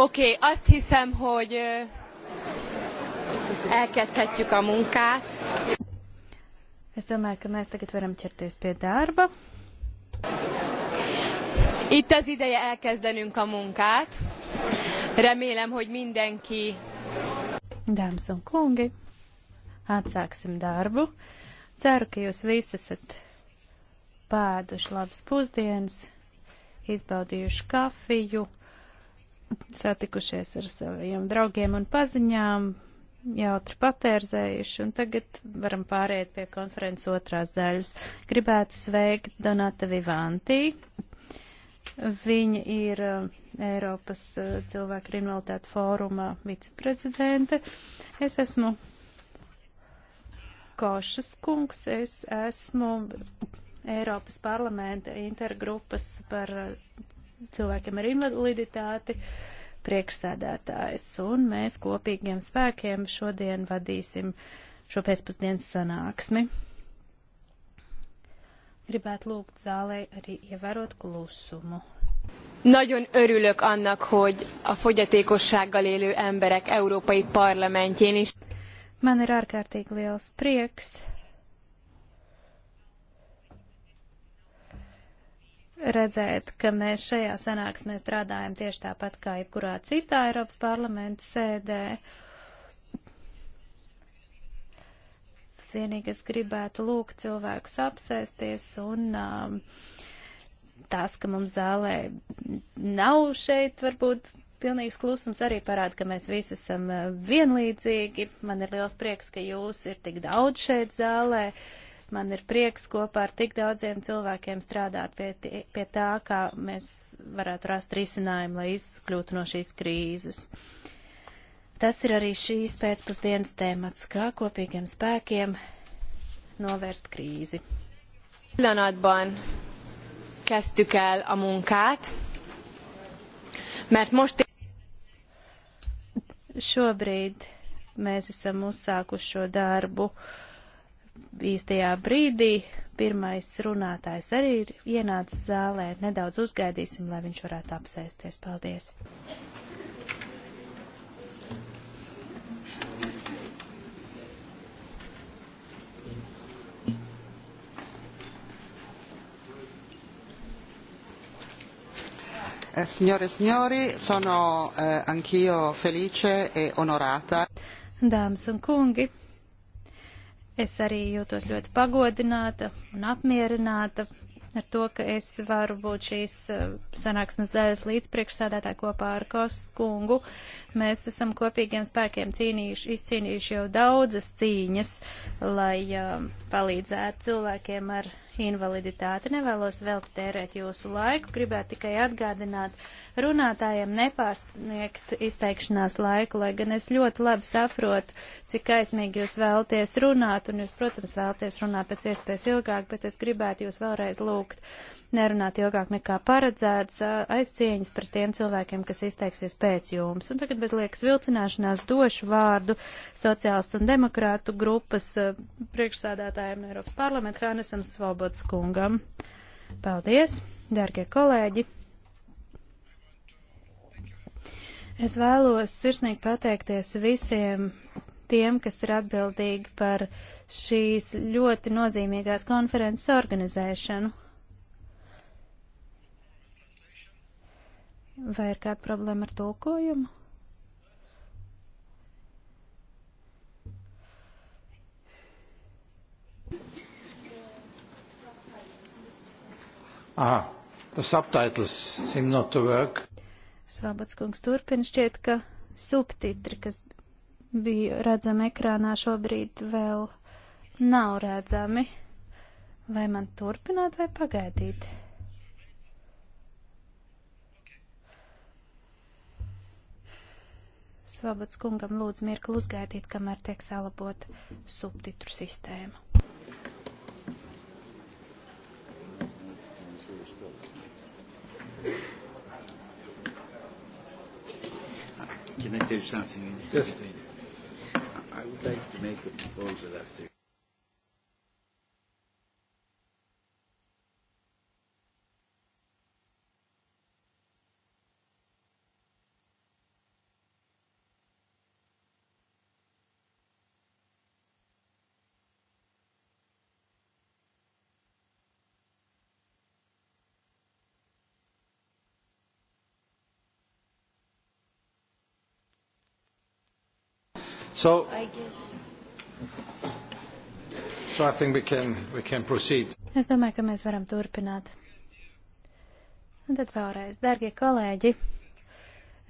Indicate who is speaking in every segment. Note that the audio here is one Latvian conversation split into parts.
Speaker 1: Oké, okay, azt hiszem, hogy
Speaker 2: elkezdhetjük a munkát. Es domāju, ka mēs tagad varam ķerties pie darba. Itt
Speaker 1: az ideje elkezdenünk a munkát. Remélem, hogy mindenki.
Speaker 2: Dāmas un kungi, atsāksim darbu. Ceru, ka jūs visi esat pēduši labas pusdienas, izbaudījuši kafiju satikušies ar saviem draugiem un paziņām, jautri patērzējuši, un tagad varam pāriet pie konferences otrās daļas. Gribētu sveikt Donata Vivantī. Viņa ir eh, Eiropas eh, cilvēku kriminalitāte fóruma viceprezidente. Es esmu Košas kungs, es esmu Eiropas parlamenta intergrupas par cilvēkiem ar invaliditāti priekšsēdētājs. Un mēs kopīgiem spēkiem šodien vadīsim šo pēcpusdienas sanāksmi. Gribētu lūgt zālē arī ievērot klusumu.
Speaker 1: Nagyon örülök annak, hogy a fogyatékossággal élő emberek Európai
Speaker 2: Parlamentjén is. Man ir ārkārtīgi liels prieks, redzēt, ka mēs šajā sanāksmē strādājam tieši tāpat kā jebkurā citā Eiropas parlamenta sēdē. Vienīgi es gribētu lūgt cilvēkus apsēsties un um, tas, ka mums zālē nav šeit varbūt pilnīgs klusums arī parāda, ka mēs visi esam uh, vienlīdzīgi. Man ir liels prieks, ka jūs ir tik daudz šeit zālē. Uh, Man ir prieks kopā ar tik daudziem cilvēkiem strādāt pie, tie, pie tā, kā mēs varētu rast risinājumu, lai izkļūtu no šīs krīzes. Tas ir arī šīs pēcpusdienas tēmats, kā kopīgiem spēkiem novērst krīzi. Pillanatban kezdtük el a munkát, mert most šobrīd mēs esam uzsākuši šo darbu. Uh, īstajā brīdī. Pirmais runātājs arī ir ienācis zālē. Nedaudz uzgaidīsim, lai viņš varētu apsēsties. Paldies!
Speaker 3: Eh, signore e signori, sono eh, anch'io felice e onorata.
Speaker 2: Dāmas un kungi, Es arī jūtos ļoti pagodināta un apmierināta ar to, ka es varu būt šīs eh, sanāksmes daļas līdzpriekšsādātāja kopā ar Koskungu. Mēs esam kopīgiem spēkiem cīnījuši, izcīnījuši jau daudzas cīņas, lai uh, palīdzētu cilvēkiem ar invaliditāti. Nevēlos vēl tērēt jūsu laiku, gribētu tikai atgādināt runātājiem nepārsniegt izteikšanās laiku, lai gan es ļoti labi saprotu, cik aizmīgi jūs vēlaties runāt, un jūs, protams, vēlaties runāt pēc iespējas ilgāk, bet es gribētu jūs vēlreiz lūgt nerunāt ilgāk nekā paredzēts, aizcieņas par tiem cilvēkiem, kas izteiksies pēc jums. Un tagad bez liekas vilcināšanās došu vārdu sociālistu un demokrātu grupas priekšsādātājiem no Eiropas parlamenta Hanesam Svobodskungam. Paldies, dārgie kolēģi! Es vēlos sirsnīgi pateikties visiem tiem, kas ir atbildīgi par šīs ļoti nozīmīgās konferences organizēšanu. Vai ir kāda problēma ar tulkojumu?
Speaker 3: Ah, the subtitles seem
Speaker 4: not to work.
Speaker 2: Svabats kungs turpina šķiet, ka subtitri, kas bija redzami ekrānā šobrīd vēl nav redzami. Vai man turpināt vai pagaidīt? Svabats kungam lūdzu mirkli uzgaidīt, kamēr tiek salabot subtitru sistēma.
Speaker 4: Can I tell you something? Yes.
Speaker 3: I would like to make a proposal after.
Speaker 5: So,
Speaker 2: I guess.
Speaker 5: so I think we can, we can proceed.
Speaker 2: Es domāju, ka mēs varam turpināt. Un tad vēlreiz, darbie kolēģi,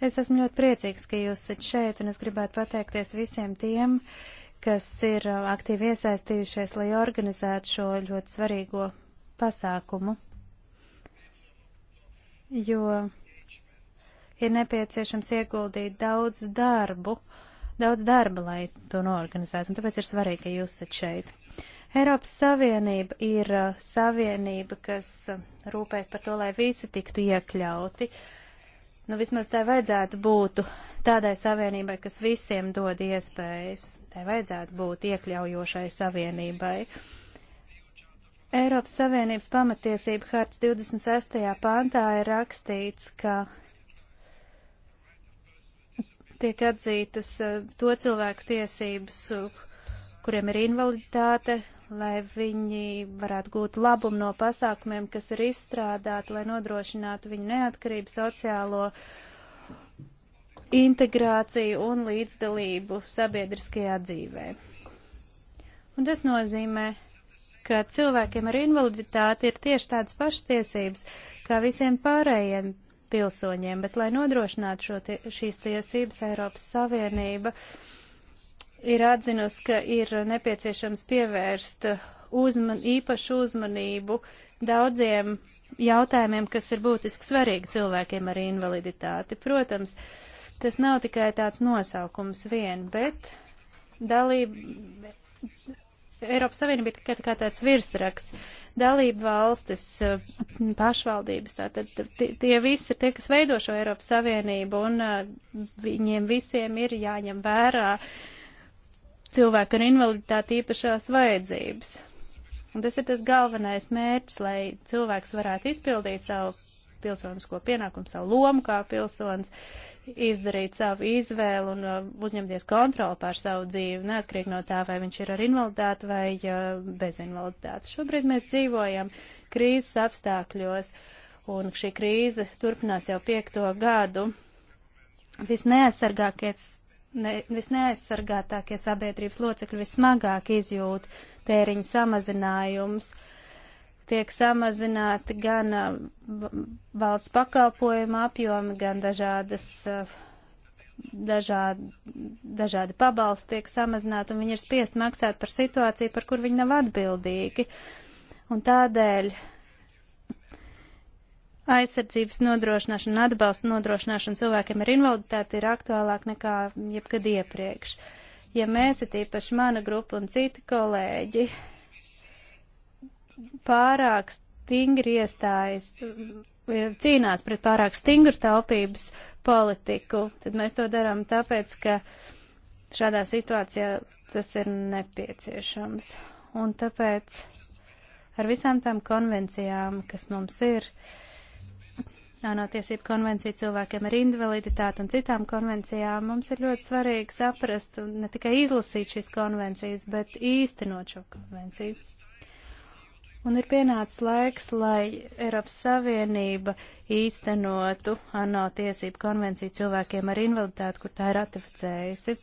Speaker 2: es esmu ļoti priecīgs, ka jūs esat šeit, un es gribētu pateikties visiem tiem, kas ir uh, aktīvi iesaistījušies, lai organizētu šo ļoti svarīgo pasākumu. Jo ir nepieciešams ieguldīt daudz darbu, uh, daudz darba, lai to norganizētu, un tāpēc ir svarīgi, ka jūs esat šeit. Eiropas Savienība ir uh, savienība, kas uh, rūpēs par to, lai visi tiktu iekļauti. Nu, vismaz tai vajadzētu būt tādai savienībai, kas visiem dod iespējas. Tai vajadzētu būt iekļaujošai savienībai. Eiropas Savienības pamatiesība hartas 26. pantā ir rakstīts, ka tiek atzītas eh, to cilvēku tiesības, kuriem ir invaliditāte, lai viņi varētu gūt labumu no pasākumiem, kas ir izstrādāti, lai nodrošinātu viņu neatkarību, sociālo integrāciju un līdzdalību sabiedriskajā dzīvē. Un tas nozīmē, ka cilvēkiem ar invaliditāti ir tieši tādas pašas tiesības kā visiem pārējiem pilsoņiem, bet lai nodrošinātu šo tie, šīs tiesības, Eiropas Savienība ir atzinusi, ka ir nepieciešams pievērst uzman, īpašu uzmanību daudziem jautājumiem, kas ir būtiski svarīgi cilvēkiem ar invaliditāti. Protams, tas nav tikai tāds nosaukums vien, bet dalība Eiropas Savienība ir tikai kā tāds virsraks. Dalība valstis, eh, pašvaldības, tātad tie visi ir tie, kas veido šo Eiropas Savienību, un eh, viņiem visiem ir jāņem vērā cilvēku ar invaliditāti īpašās vajadzības. Un tas ir tas galvenais mērķis, lai cilvēks varētu izpildīt savu pilsonisko pienākumu, savu lomu kā pilsonis, izdarīt savu izvēlu un uh, uzņemties kontroli pār savu dzīvi, neatkarīgi no tā, vai viņš ir ar invaliditāti vai uh, bez invaliditātes. Šobrīd mēs dzīvojam krīzes apstākļos, un šī krīze turpinās jau piekto gadu. Visneaizsargākais ne, visneaizsargātākie sabiedrības locekļi vismagāk izjūt tēriņu samazinājums. Uh, tiek samazināti gan uh, valsts pakalpojuma apjomi, gan dažādas, uh, dažādi, dažādi pabalsti tiek samazināti, un viņi ir spiest maksāt par situāciju, par kur viņi nav atbildīgi. Un tādēļ aizsardzības nodrošināšana, atbalsta nodrošināšana cilvēkiem ar invaliditāti ir aktuālāk nekā jebkad iepriekš. Ja mēs, it īpaši mana grupa un citi kolēģi, pārāk stingri iestājas, eh, cīnās pret pārāk stingru taupības politiku, tad mēs to darām tāpēc, ka šādā situācijā tas ir nepieciešams. Un tāpēc ar visām tām konvencijām, kas mums ir, ANO tiesību konvencija cilvēkiem ar invaliditāti un citām konvencijām, mums ir ļoti svarīgi saprast un ne tikai izlasīt šīs konvencijas, bet īstenot šo konvenciju. Un ir pienācis laiks, lai Eiropas Savienība īstenotu ANO tiesību konvenciju cilvēkiem ar invaliditāti, kur tā ir ratificējusi.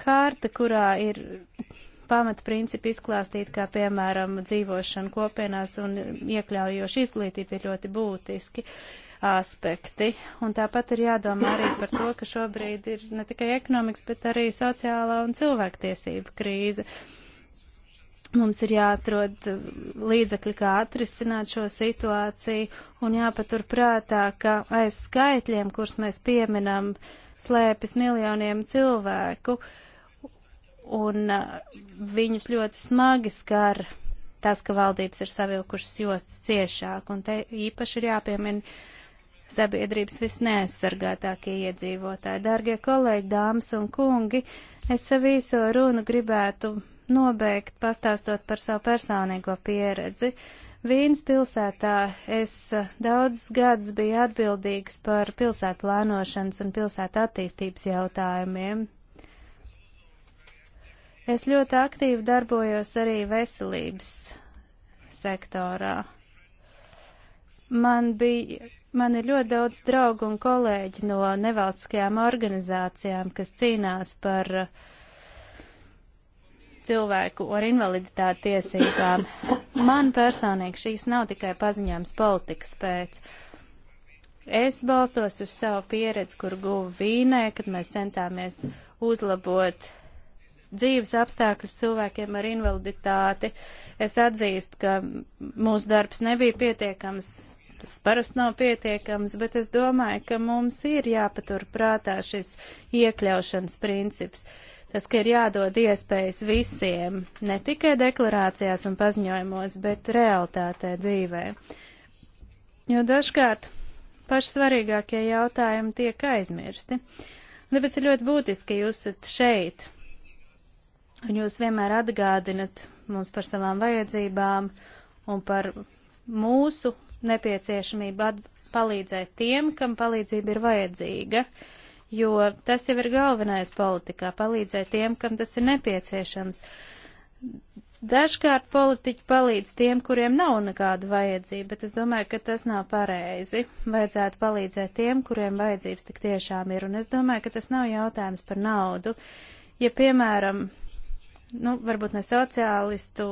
Speaker 2: Hārta, kurā ir pamatprincipi izklāstīt, kā piemēram dzīvošana kopienās un iekļaujoša izglītība ir ļoti būtiski aspekti. Un tāpat ir jādomā arī par to, ka šobrīd ir ne tikai ekonomikas, bet arī sociālā un cilvēktiesība krīze. Uh, mums ir jāatrod uh, līdzekļi, kā atrisināt šo situāciju, un jāpatur prātā, ka aiz skaitļiem, kurus mēs pieminam, slēpjas miljoniem cilvēku, un uh, viņus ļoti smagi skar tas, ka valdības ir savilkušas jostas ciešāk, un te īpaši ir jāpiemina sabiedrības visneaizsargātākie iedzīvotāji. Dārgie kolēģi, dāmas un kungi, es savu īso runu gribētu nobeigt pastāstot par savu personīgo pieredzi. Vīnas pilsētā es eh, daudzus gadus biju atbildīgs par pilsētu plānošanas un pilsētu attīstības jautājumiem. Es ļoti aktīvi darbojos arī veselības sektorā. Man bija man ir ļoti daudz draugu un kolēģi no nevalstiskajām organizācijām, kas cīnās par uh, cilvēku ar invaliditāti tiesībām. Man personīgi šīs nav tikai paziņojums politikas pēc. Es balstos uz savu pieredzi, kur guvu vīnē, kad mēs centāmies uzlabot dzīves apstākļus cilvēkiem ar invaliditāti. Es atzīstu, ka mūsu darbs nebija pietiekams, tas parasti nav pietiekams, bet es domāju, ka mums ir jāpatur prātā šis iekļaušanas princips. Uh, Tas, ka ir jādod iespējas visiem, ne tikai deklarācijās un paziņojumos, bet realitātē dzīvē. Jo dažkārt paši svarīgākie jautājumi tiek aizmirsti. Tāpēc ir ļoti būtiski, ka jūs esat šeit, un jūs vienmēr atgādinat mums par savām vajadzībām un par mūsu nepieciešamību palīdzēt tiem, kam palīdzība ir vajadzīga jo tas jau ir galvenais politikā - palīdzēt tiem, kam tas ir nepieciešams. Dažkārt politiķi palīdz tiem, kuriem nav nekāda vajadzība, bet es domāju, ka tas nav pareizi. Vajadzētu palīdzēt tiem, kuriem vajadzības tik tiešām ir, un es domāju, ka tas nav jautājums par naudu. Ja, piemēram, nu, varbūt ne sociālistu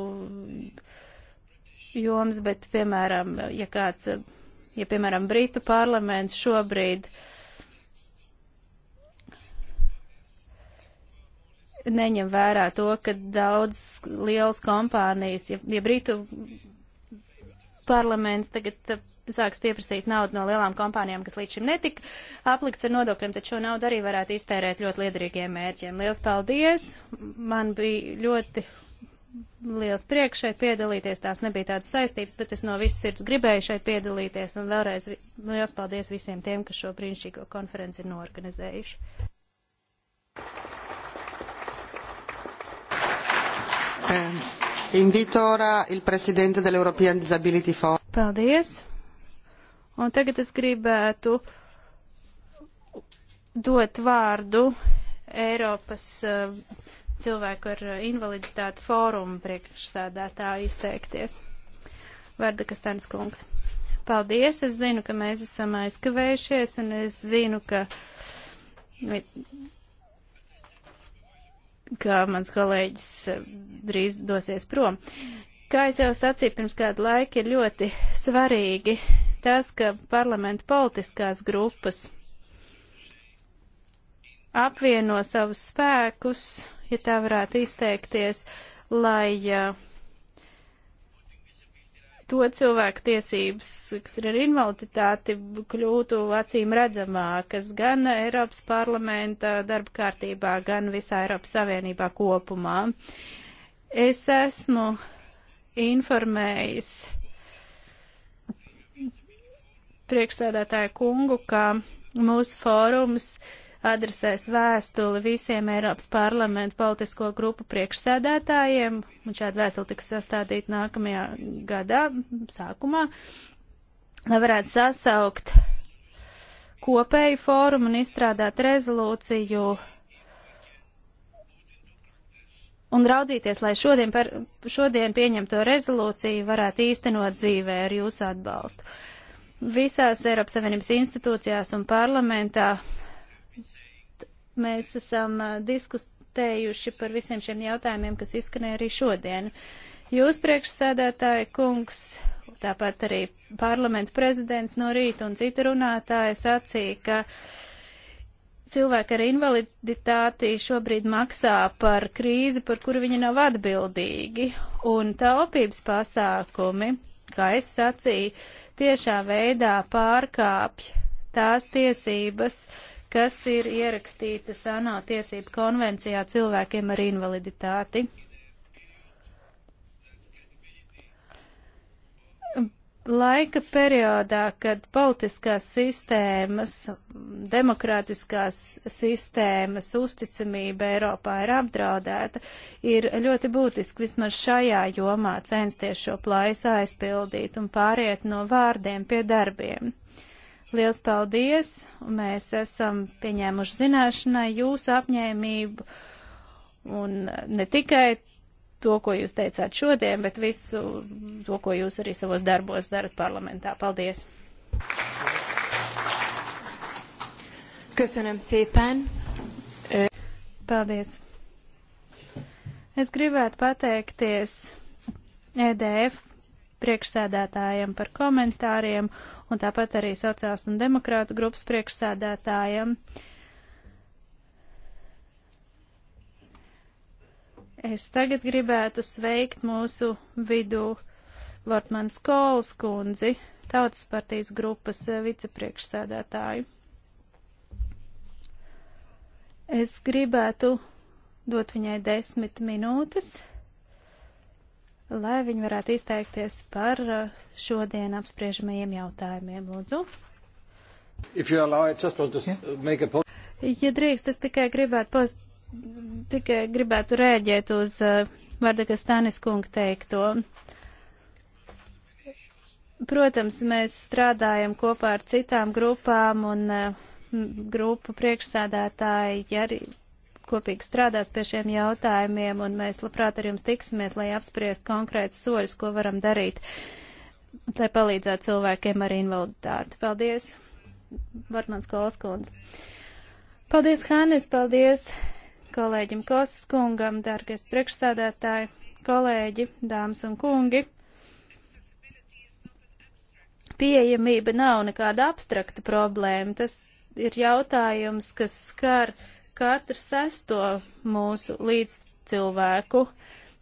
Speaker 2: joms, bet, piemēram, ja kāds, ja, piemēram, Britu parlaments šobrīd uh, neņem vērā to, ka daudz lielas kompānijas, ja, ja Britu parlaments tagad uh, sāks pieprasīt naudu no lielām kompānijām, kas līdz šim netika aplikts ar nodokļiem, tad šo naudu arī varētu iztērēt ļoti liederīgiem mērķiem. Liels paldies! Man bija ļoti liels prieks šeit piedalīties, tās nebija tādas saistības, bet es no visas sirds gribēju šeit piedalīties un vēlreiz liels paldies visiem tiem, kas šo brīnišķīgo konferenci ir norganizējuši. Thank you. Ehm, invito ora il presidente dell'European Disability Forum. Paldies. Un tagad es gribētu dot vārdu Eiropas uh, cilvēku ar eh, invaliditāti fórumu priekšstādātāju izteikties. Vārda Kastanis kungs. Paldies, es zinu, ka mēs esam aizkavējušies, un es zinu, ka ka mans kolēģis eh, drīz dosies prom. Kā es jau sacīju pirms kādu laiku, ir ļoti svarīgi tas, ka parlamenta politiskās grupas apvieno savus spēkus, ja tā varētu izteikties, lai uh, to cilvēku tiesības, kas ir ar invaliditāti, kļūtu acīm redzamākas gan Eiropas parlamenta darba kārtībā, gan visā Eiropas Savienībā kopumā. Es esmu informējis priekšsēdētāju kungu, ka mūsu fórums uh, adresēs vēstuli visiem Eiropas parlamentu politisko grupu priekšsēdētājiem, un šāda vēstule tiks sastādīta nākamajā gadā sākumā, lai varētu sasaukt kopēju fórumu un izstrādāt rezolūciju un raudzīties, lai šodien, par, šodien pieņemto rezolūciju varētu īstenot dzīvē ar jūsu atbalstu. Visās Eiropas Savienības institūcijās un parlamentā Mēs esam uh, diskutējuši par visiem šiem jautājumiem, kas izskanēja arī šodien. Jūs priekšsēdētāji kungs, tāpat arī parlamenta prezidents no rīta un citi runātāji sacīja, ka cilvēki ar invaliditāti šobrīd maksā par krīzi, par kuru viņi nav atbildīgi. Un taupības pasākumi, kā es sacīju, tiešā veidā pārkāpj tās tiesības, kas ir ierakstītas ANO tiesību konvencijā cilvēkiem ar invaliditāti. Laika periodā, kad politiskās sistēmas, demokrātiskās sistēmas uzticamība Eiropā ir apdraudēta, ir ļoti būtiski vismaz šajā jomā censties šo plaisu aizpildīt un pāriet no vārdiem pie darbiem. Liels paldies! Mēs esam pieņēmuši zināšanai jūsu apņēmību un ne tikai to, ko jūs teicāt šodien, bet visu to, ko jūs arī savos darbos darat parlamentā. Paldies! Köszönöm szépen! Paldies! Es gribētu pateikties EDF priekšsēdētājiem par komentāriem un tāpat arī sociālistu un demokrātu grupas priekšsēdētājiem. Es tagad gribētu sveikt mūsu vidū Vortmanas Kols kundzi, Tautas partijas grupas eh, vicepriekšsēdētāju. Es gribētu dot viņai desmit minūtes lai viņi varētu izteikties par uh, šodien apspriežamajiem jautājumiem. Lūdzu.
Speaker 3: Allow, yeah.
Speaker 2: Ja drīkst, es tikai gribētu, post, tikai gribētu rēģēt uz uh, Vardagas Stanis kunga teikto. Protams, mēs strādājam kopā ar citām grupām un uh, grupu priekšsādātāji arī ja kopīgi strādās pie šiem jautājumiem, un mēs labprāt ar jums tiksimies, lai apspriest konkrētus soļus, ko varam darīt, lai palīdzētu cilvēkiem ar invaliditāti. Paldies, Varmans Kolskundze. Paldies, Hannes, paldies kolēģim Kosas kungam, dārgais priekšsādātāji, kolēģi, dāmas un kungi pieejamība nav nekāda abstrakta problēma. Tas ir jautājums, kas skar katru sesto mūsu līdzcilvēku.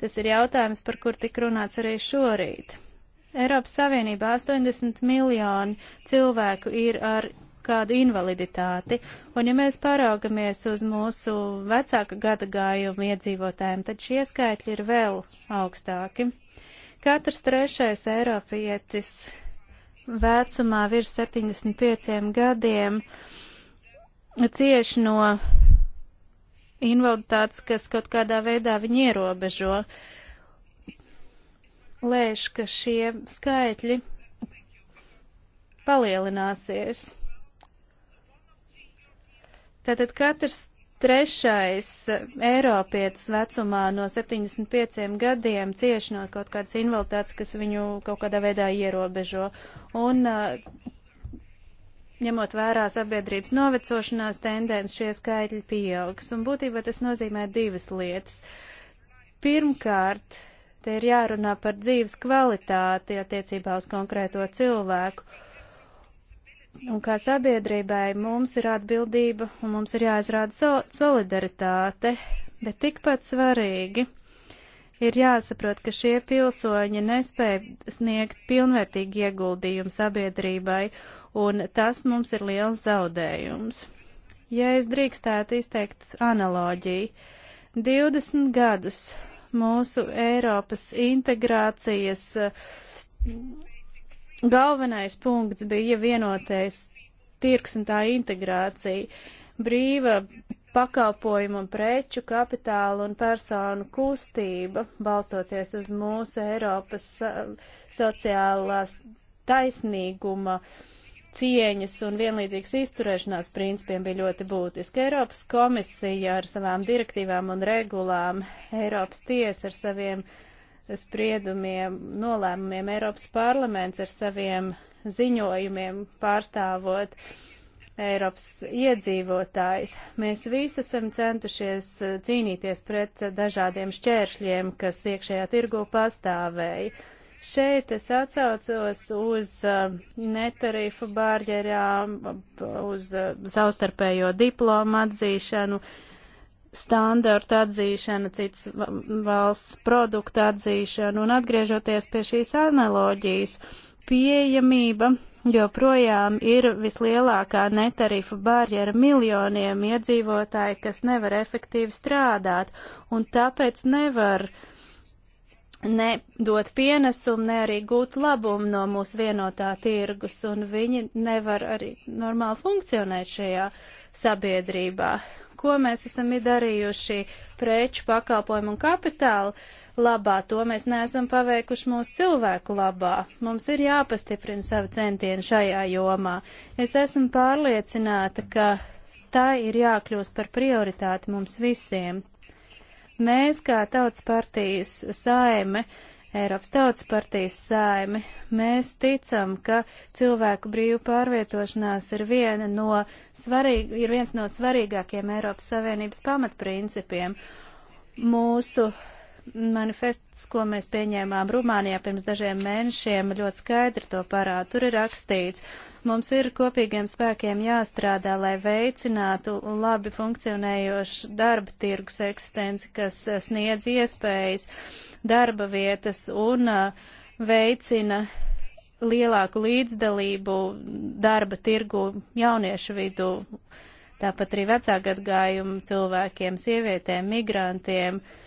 Speaker 2: Tas ir jautājums, par kur tik runāts arī šorīt. Eiropas Savienībā 80 miljoni cilvēku ir ar kādu invaliditāti, un ja mēs paraugamies uz mūsu vecāka gada gājumu iedzīvotājiem, tad šie skaitļi ir vēl augstāki. Katrs trešais eiropietis vecumā virs 75 gadiem cieši no invaliditātes, kas kaut kādā veidā viņu ierobežo. Lēš, ka šie skaitļi palielināsies. Tātad katrs trešais Eiropietis vecumā no 75 gadiem cieši no kaut kādas invaliditātes, kas viņu kaut kādā veidā ierobežo. Un ņemot vērā sabiedrības novecošanās tendences, šie skaitļi pieaugs. Un būtībā tas nozīmē divas lietas. Pirmkārt, te ir jārunā par dzīves kvalitāti attiecībā uz konkrēto cilvēku. Un kā sabiedrībai mums ir atbildība un mums ir jāizrāda so solidaritāte, bet tikpat svarīgi ir jāsaprot, ka šie pilsoņi nespēja sniegt pilnvērtīgu ieguldījumu sabiedrībai un tas mums ir liels zaudējums. Ja es drīkstētu izteikt analoģiju, 20 gadus mūsu Eiropas integrācijas eh, galvenais punkts bija vienotais tirgs un tā integrācija, brīva pakalpojumu un preču, kapitālu un personu kustība, balstoties uz mūsu Eiropas eh, sociālās taisnīguma uh, cieņas un vienlīdzīgas izturēšanās principiem bija ļoti būtiski. Eiropas komisija ar savām direktīvām un regulām, Eiropas tiesa ar saviem spriedumiem, nolēmumiem, Eiropas parlaments ar saviem ziņojumiem pārstāvot Eiropas iedzīvotājs. Mēs visi esam centušies eh, cīnīties pret dažādiem šķēršļiem, kas iekšējā tirgu pastāvēja Šeit es atsaucos uz um, netarifu barjerām, uz uh, savstarpējo diplomu atzīšanu, standartu atzīšanu, citas valsts produktu atzīšanu un atgriežoties pie šīs analoģijas, pieejamība joprojām ir vislielākā netarifu barjera miljoniem iedzīvotāju, kas nevar efektīvi strādāt un tāpēc nevar uh, nedot pienesumu, ne arī gūt labumu no mūsu vienotā tirgus, un viņi nevar arī normāli funkcionēt šajā sabiedrībā. Ko mēs esam darījuši preču, pakalpojumu un kapitālu labā, to mēs neesam paveikuši mūsu cilvēku labā. Mums ir jāpastiprina savu centienu šajā jomā. Es esmu pārliecināta, ka tā ir jākļūst par prioritāti mums visiem. Mēs, kā tautas partijas saime, Eiropas tautas partijas saime, mēs ticam, ka cilvēku brīvu pārvietošanās ir, viena no svarīg, ir viens no svarīgākiem Eiropas Savienības pamatprincipiem. Mūsu Manifests, ko mēs pieņēmām Rumānijā pirms dažiem mēnešiem, ļoti skaidri to parāda. Tur ir rakstīts, mums ir kopīgiem spēkiem jāstrādā, lai veicinātu labi funkcionējošu darba tirgus eksistenci, kas sniedz iespējas, darba vietas un uh, veicina lielāku līdzdalību darba tirgu jauniešu vidū, tāpat arī vecākatgājumu cilvēkiem, sievietēm, migrantiem. Uh,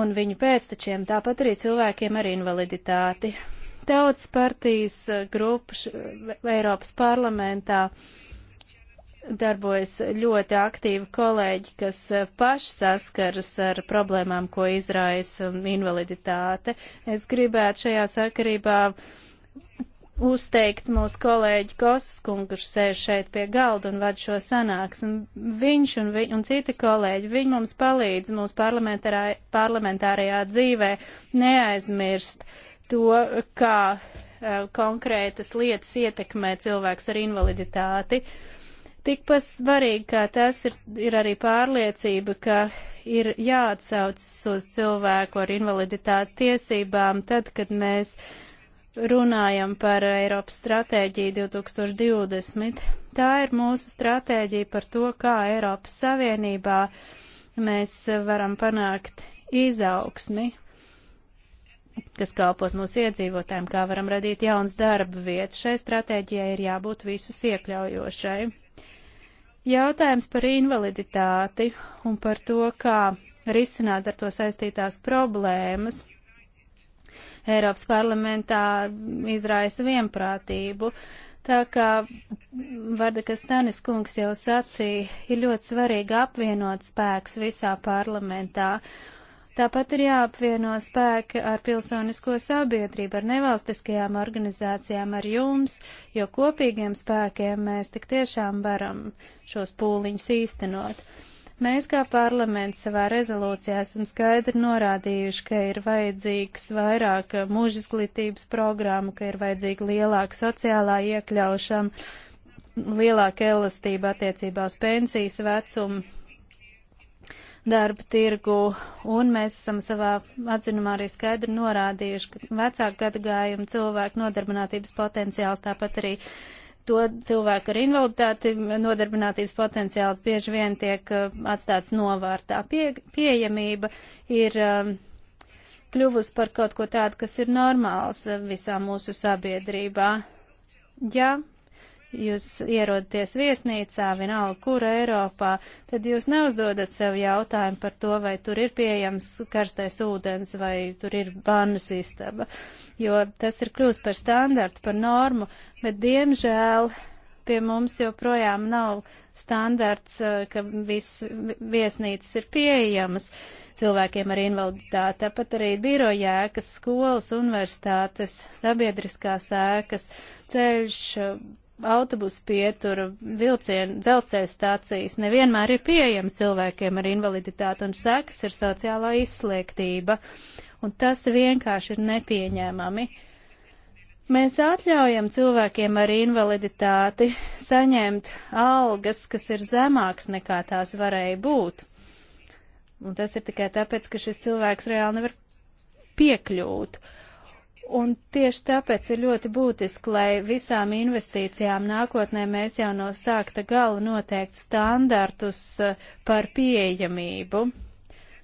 Speaker 2: un viņu pēctečiem, tāpat arī cilvēkiem ar invaliditāti. Tautas partijas eh, grupas Eiropas parlamentā darbojas ļoti aktīvi kolēģi, kas eh, paši saskaras ar problēmām, ko izraisa invaliditāte. Es gribētu šajā sakarībā uzteikt mūsu kolēģi Koskungu, kurš sēž šeit pie galda un vad šo sanāksmi. Viņš un, vi, un citi kolēģi, viņi mums palīdz mūsu parlamentārā, parlamentārajā dzīvē neaizmirst to, kā uh, konkrētas lietas ietekmē cilvēks ar invaliditāti. Tikpat svarīgi, kā tas ir, ir arī pārliecība, ka ir jāatsaucas uz cilvēku ar invaliditāti tiesībām tad, kad mēs uh, runājam par Eiropas stratēģiju 2020. Tā ir mūsu stratēģija par to, kā Eiropas Savienībā mēs varam panākt izaugsmi, kas kalpot mūsu iedzīvotājiem, kā varam radīt jauns darba vietas. Šai stratēģijai ir jābūt visus iekļaujošai. Jautājums par invaliditāti un par to, kā risināt ar to saistītās problēmas Eiropas parlamentā izraisa vienprātību. Tā kā Vardakas Tanis kungs jau sacīja, ir ļoti svarīgi apvienot spēkus visā parlamentā. Tāpat ir jāapvieno spēki ar pilsonisko sabiedrību, ar nevalstiskajām organizācijām, ar jums, jo kopīgiem spēkiem mēs tik tiešām varam šos pūliņus īstenot. Mēs kā parlaments savā rezolūcijā esam skaidri norādījuši, ka ir vajadzīgs vairāk mūža izglītības programmu, ka ir vajadzīga lielāka sociālā iekļaušana, lielāka elastība attiecībā uz pensijas vecumu, darba tirgu, un mēs esam savā atzinumā arī skaidri norādījuši, ka vecāku gadagājumu cilvēku nodarbinātības potenciāls tāpat arī to cilvēku ar invaliditāti nodarbinātības potenciāls bieži vien tiek uh, atstāts novārtā. Pie, pieejamība ir um, kļuvusi par kaut ko tādu, kas ir normāls uh, visā mūsu sabiedrībā. Ja jūs ierodaties viesnīcā, vienalga, kur Eiropā, tad jūs neuzdodat sev jautājumu par to, vai tur ir pieejams karstais ūdens vai tur ir vannas istaba. Uh, jo tas ir kļūst par standartu, par normu, bet diemžēl pie mums joprojām nav standarts, eh, ka viss viesnīcas ir pieejamas cilvēkiem ar invaliditāti. Tāpat arī birojēkas, skolas, universitātes, sabiedriskās ēkas, ceļš, autobusu pietura, vilcienu, dzelzceļa stācijas nevienmēr ir pieejams cilvēkiem ar invaliditāti, un sekas ir sociālā izslēgtība un tas vienkārši ir nepieņēmami. Mēs atļaujam cilvēkiem ar invaliditāti saņemt algas, kas ir zemāks nekā tās varēja būt. Un tas ir tikai tāpēc, ka šis cilvēks reāli nevar piekļūt. Un tieši tāpēc ir ļoti būtiski, lai visām investīcijām nākotnē mēs jau no sākta gala noteiktu standartus eh, par pieejamību.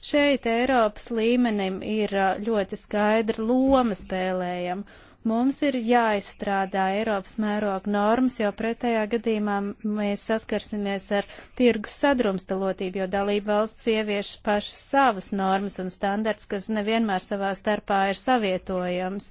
Speaker 2: Šeit Eiropas līmenim ir ļoti skaidra loma spēlējama. Mums ir jāizstrādā Eiropas mēroga normas, jo pretējā gadījumā mēs saskarsimies ar tirgus sadrumstalotību, jo dalība valsts ievieš pašas savas normas un standarts, kas nevienmēr savā starpā ir savietojams.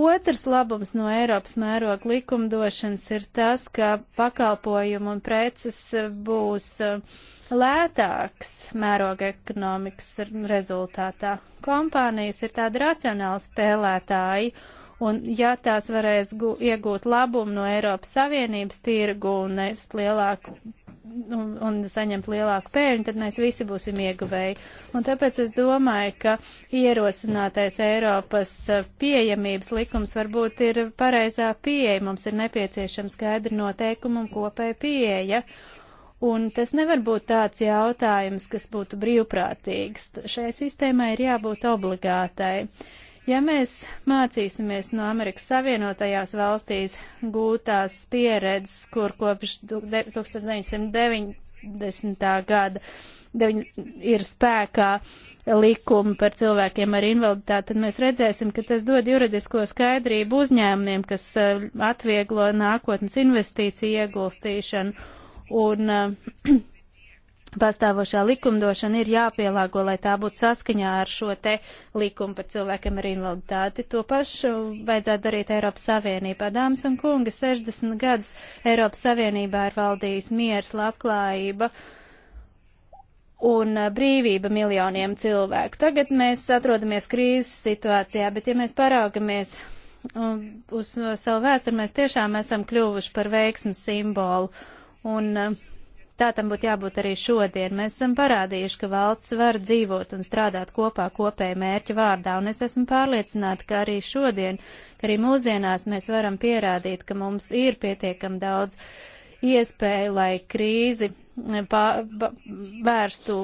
Speaker 2: Otrs labums no Eiropas mēroga likumdošanas ir tas, ka pakalpojumu un preces būs uh, lētāks mēroga ekonomikas rezultātā. Kompānijas ir tādi racionāli spēlētāji, un ja tās varēs gu, iegūt labumu no Eiropas Savienības tirgu un nest lielāku un, un saņemt lielāku pēļņu, tad mēs visi būsim ieguvēji. Un tāpēc es domāju, ka ierosinātais Eiropas pieejamības likums varbūt ir pareizā pieeja. Mums ir nepieciešama skaidra noteikuma un kopēja pieeja. Uh, Un tas nevar būt tāds jautājums, kas būtu brīvprātīgs. Šai sistēmai ir jābūt obligātai. Ja mēs mācīsimies no Amerikas Savienotajās valstīs gūtās pieredzes, kur kopš 1990. gada ir spēkā likumi par cilvēkiem ar invaliditāti, tad mēs redzēsim, ka tas dod juridisko skaidrību uzņēmumiem, kas eh, atvieglo nākotnes investīciju iegulstīšanu un eh, pastāvošā likumdošana ir jāpielāgo, lai tā būtu saskaņā ar šo te likumu par cilvēkiem ar invaliditāti. To pašu vajadzētu darīt Eiropas Savienībā. Dāmas un kungi, 60 gadus Eiropas Savienībā ir valdījis miers, labklājība un eh, brīvība miljoniem cilvēku. Tagad mēs atrodamies krīzes situācijā, bet ja mēs paraugamies um, uz savu vēsturi, mēs tiešām esam kļuvuši par veiksmu simbolu Un eh, tā tam būtu jābūt arī šodien. Mēs esam parādījuši, ka valsts var dzīvot un strādāt kopā kopēja mērķa vārdā, un es esmu pārliecināta, ka arī šodien, ka arī mūsdienās mēs varam pierādīt, ka mums ir pietiekam daudz iespēju, lai krīzi pā, eh, pā, vērstu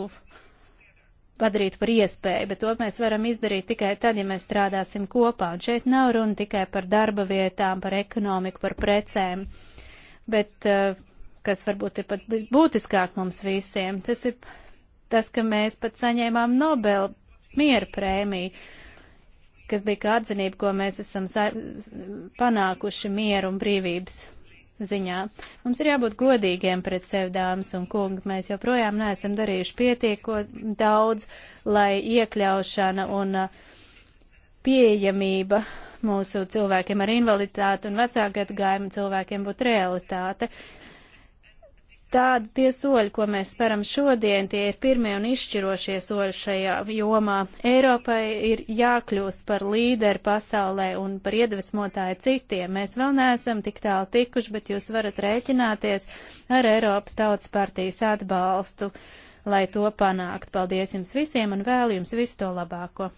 Speaker 2: padarītu par iespēju, bet to mēs varam izdarīt tikai tad, ja mēs strādāsim kopā. Un šeit nav runa tikai par darba vietām, par ekonomiku, par precēm, bet uh, kas varbūt ir pat būtiskāk mums visiem. Tas ir tas, ka mēs pat saņēmām Nobel miera prēmiju, kas bija kā atzinība, ko mēs esam panākuši mieru un brīvības ziņā. Mums ir jābūt godīgiem pret sevi, dāmas un kungi. Mēs joprojām neesam darījuši pietieko daudz, lai iekļaušana un uh, pieejamība mūsu cilvēkiem ar invaliditāti un vecāku gadagājumu cilvēkiem būtu realitāte. Uh, Tādi tie soļi, ko mēs speram šodien, tie ir pirmie un izšķirošie soļi šajā jomā. Eiropai ir jākļūst par līderi pasaulē un par iedvesmotāju citiem. Mēs vēl neesam tik tālu tikuši, bet jūs varat rēķināties ar Eiropas Tautas partijas atbalstu, lai to panākt. Paldies jums visiem un vēl jums visu to labāko!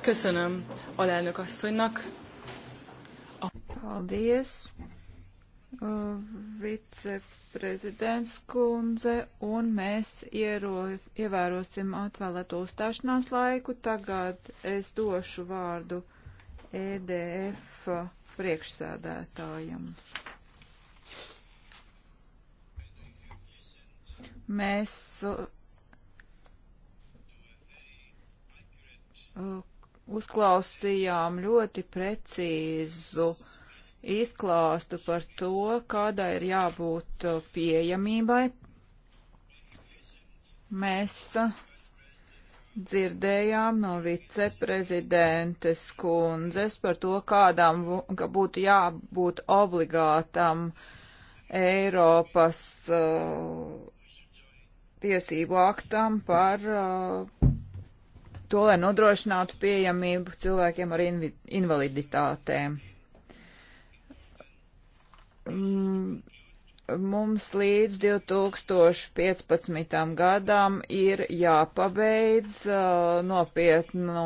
Speaker 1: Köszönöm alelnök asszonynak.
Speaker 3: Paldies, viceprezidents kundze, un mēs iero, ievērosim atvēlēto uzstāšanās laiku. Tagad es došu vārdu EDF priekšsēdētājam. Mēs uh, uzklausījām ļoti precīzu izklāstu par to, kādā ir jābūt uh, pieejamībai. Mēs uh, dzirdējām no viceprezidentes kundzes par to, kādam ka būtu jābūt obligātam Eiropas uh, tiesību aktam par uh, to, lai nodrošinātu pieejamību cilvēkiem ar invi, invaliditātēm. Mm, mums līdz 2015. gadam ir jāpabeidz uh, nopietnu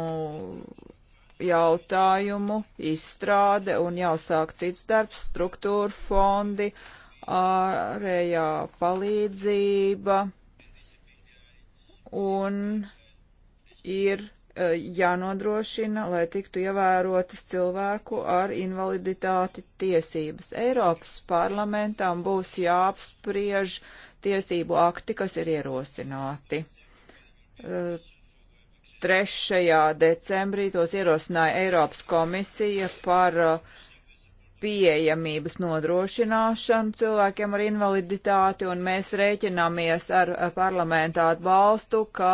Speaker 3: jautājumu izstrāde un jāsāk cits darbs, struktūra fondi, ārējā palīdzība un uh, ir e, jānodrošina, lai tiktu ievērotas cilvēku ar invaliditāti tiesības. Eiropas parlamentam būs jāapspriež tiesību akti, kas ir ierosināti. 3. E, decembrī tos ierosināja Eiropas komisija par uh, pieejamības nodrošināšanu cilvēkiem ar invaliditāti, un mēs rēķināmies ar parlamentu atbalstu, ka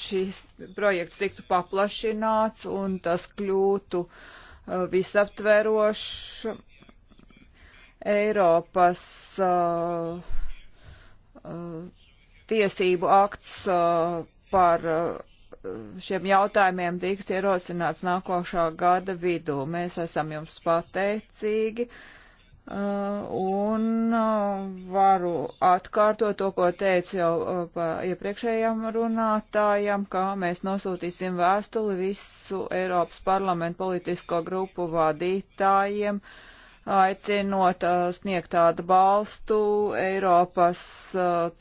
Speaker 3: šis projekts tiktu paplašināts un tas kļūtu uh, visaptverošs Eiropas uh, uh, tiesību akts uh, par uh, šiem jautājumiem tiks ierosināts nākošā gada vidū. Mēs esam jums pateicīgi. Uh, un uh, varu atkārtot to, ko teicu jau uh, iepriekšējam runātājam, kā mēs nosūtīsim vēstuli visu Eiropas parlamentu politisko grupu vadītājiem, aicinot sniegt tādu balstu Eiropas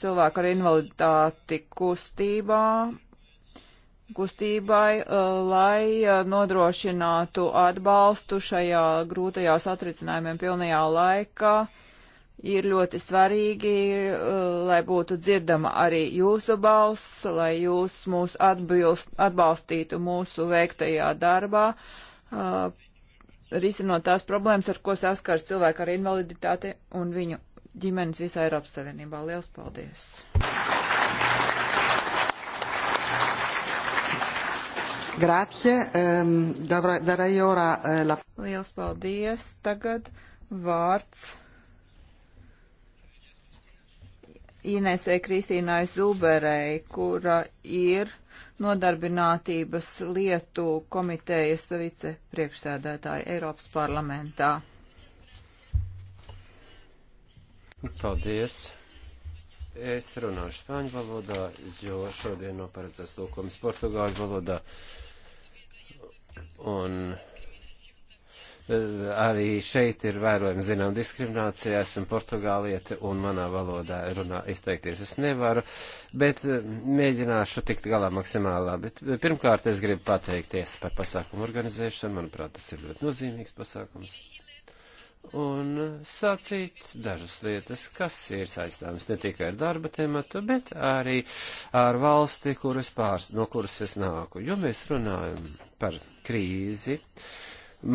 Speaker 3: cilvēku ar invaliditāti kustībā kustībai, uh, lai uh, nodrošinātu atbalstu šajā grūtajā satricinājumiem pilnajā laikā. Ir ļoti svarīgi, uh, lai būtu dzirdama arī jūsu balss, lai jūs mūs atbilst, atbalstītu mūsu veiktajā darbā, risinot tās problēmas, ar ko saskars cilvēki ar invaliditāti un viņu ģimenes visā Eiropas Savienībā. Liels paldies! Grazie. Um, darei ora uh, la... Liels paldies. Tagad vārds Inesē Kristīnai Zuberei, kura ir nodarbinātības lietu komitejas vicepriekšsēdētāja Eiropas parlamentā.
Speaker 4: Paldies. Es runāšu spāņu valodā, jo šodien nav paredzēts lūkums portugāļu valodā. Uh, Un e, arī šeit ir vērojama zinām diskriminācija, esmu portugāliete un manā valodā runā izteikties es nevaru, bet e, mēģināšu tikt galā maksimālā. Bet e, pirmkārt es gribu pateikties par pasākumu organizēšanu, manuprāt, tas ir ļoti nozīmīgs pasākums. Un sacīt dažas lietas, kas ir saistāmas ne tikai ar darba tematu, bet arī ar valsti, kuras pārs, no kuras es nāku, jo mēs runājam par krīzi.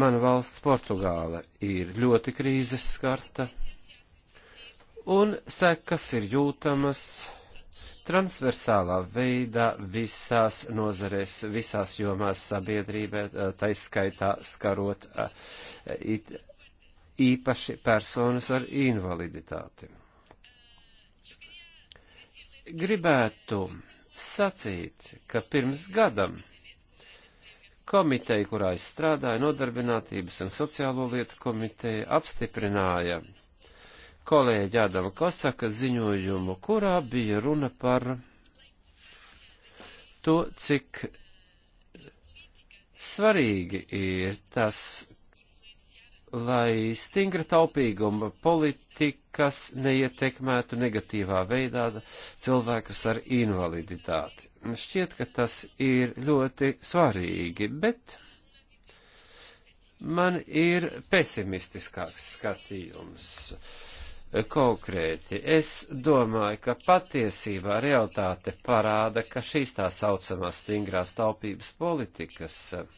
Speaker 4: Mana valsts Portugāla ir ļoti krīzes skarta, un sekas ir jūtamas transversālā veidā visās nozarēs, visās jomās sabiedrībā, eh, taiskaitā skarot eh, it, īpaši personas ar invaliditāti. Gribētu sacīt, ka pirms gadam komiteja, kurā es strādāju, Nodarbinātības un sociālo lietu komiteja, apstiprināja kolēģi Ādama Kosaka ziņojumu, kurā bija runa par to, cik svarīgi ir tas, lai stingra taupīguma politikas neietekmētu negatīvā veidā cilvēkus ar invaliditāti. Šķiet, ka tas ir ļoti svarīgi, bet man ir pesimistiskāks skatījums. Konkrēti, es domāju, ka patiesībā realitāte parāda, ka šīs tā saucamās stingrās taupības politikas uh,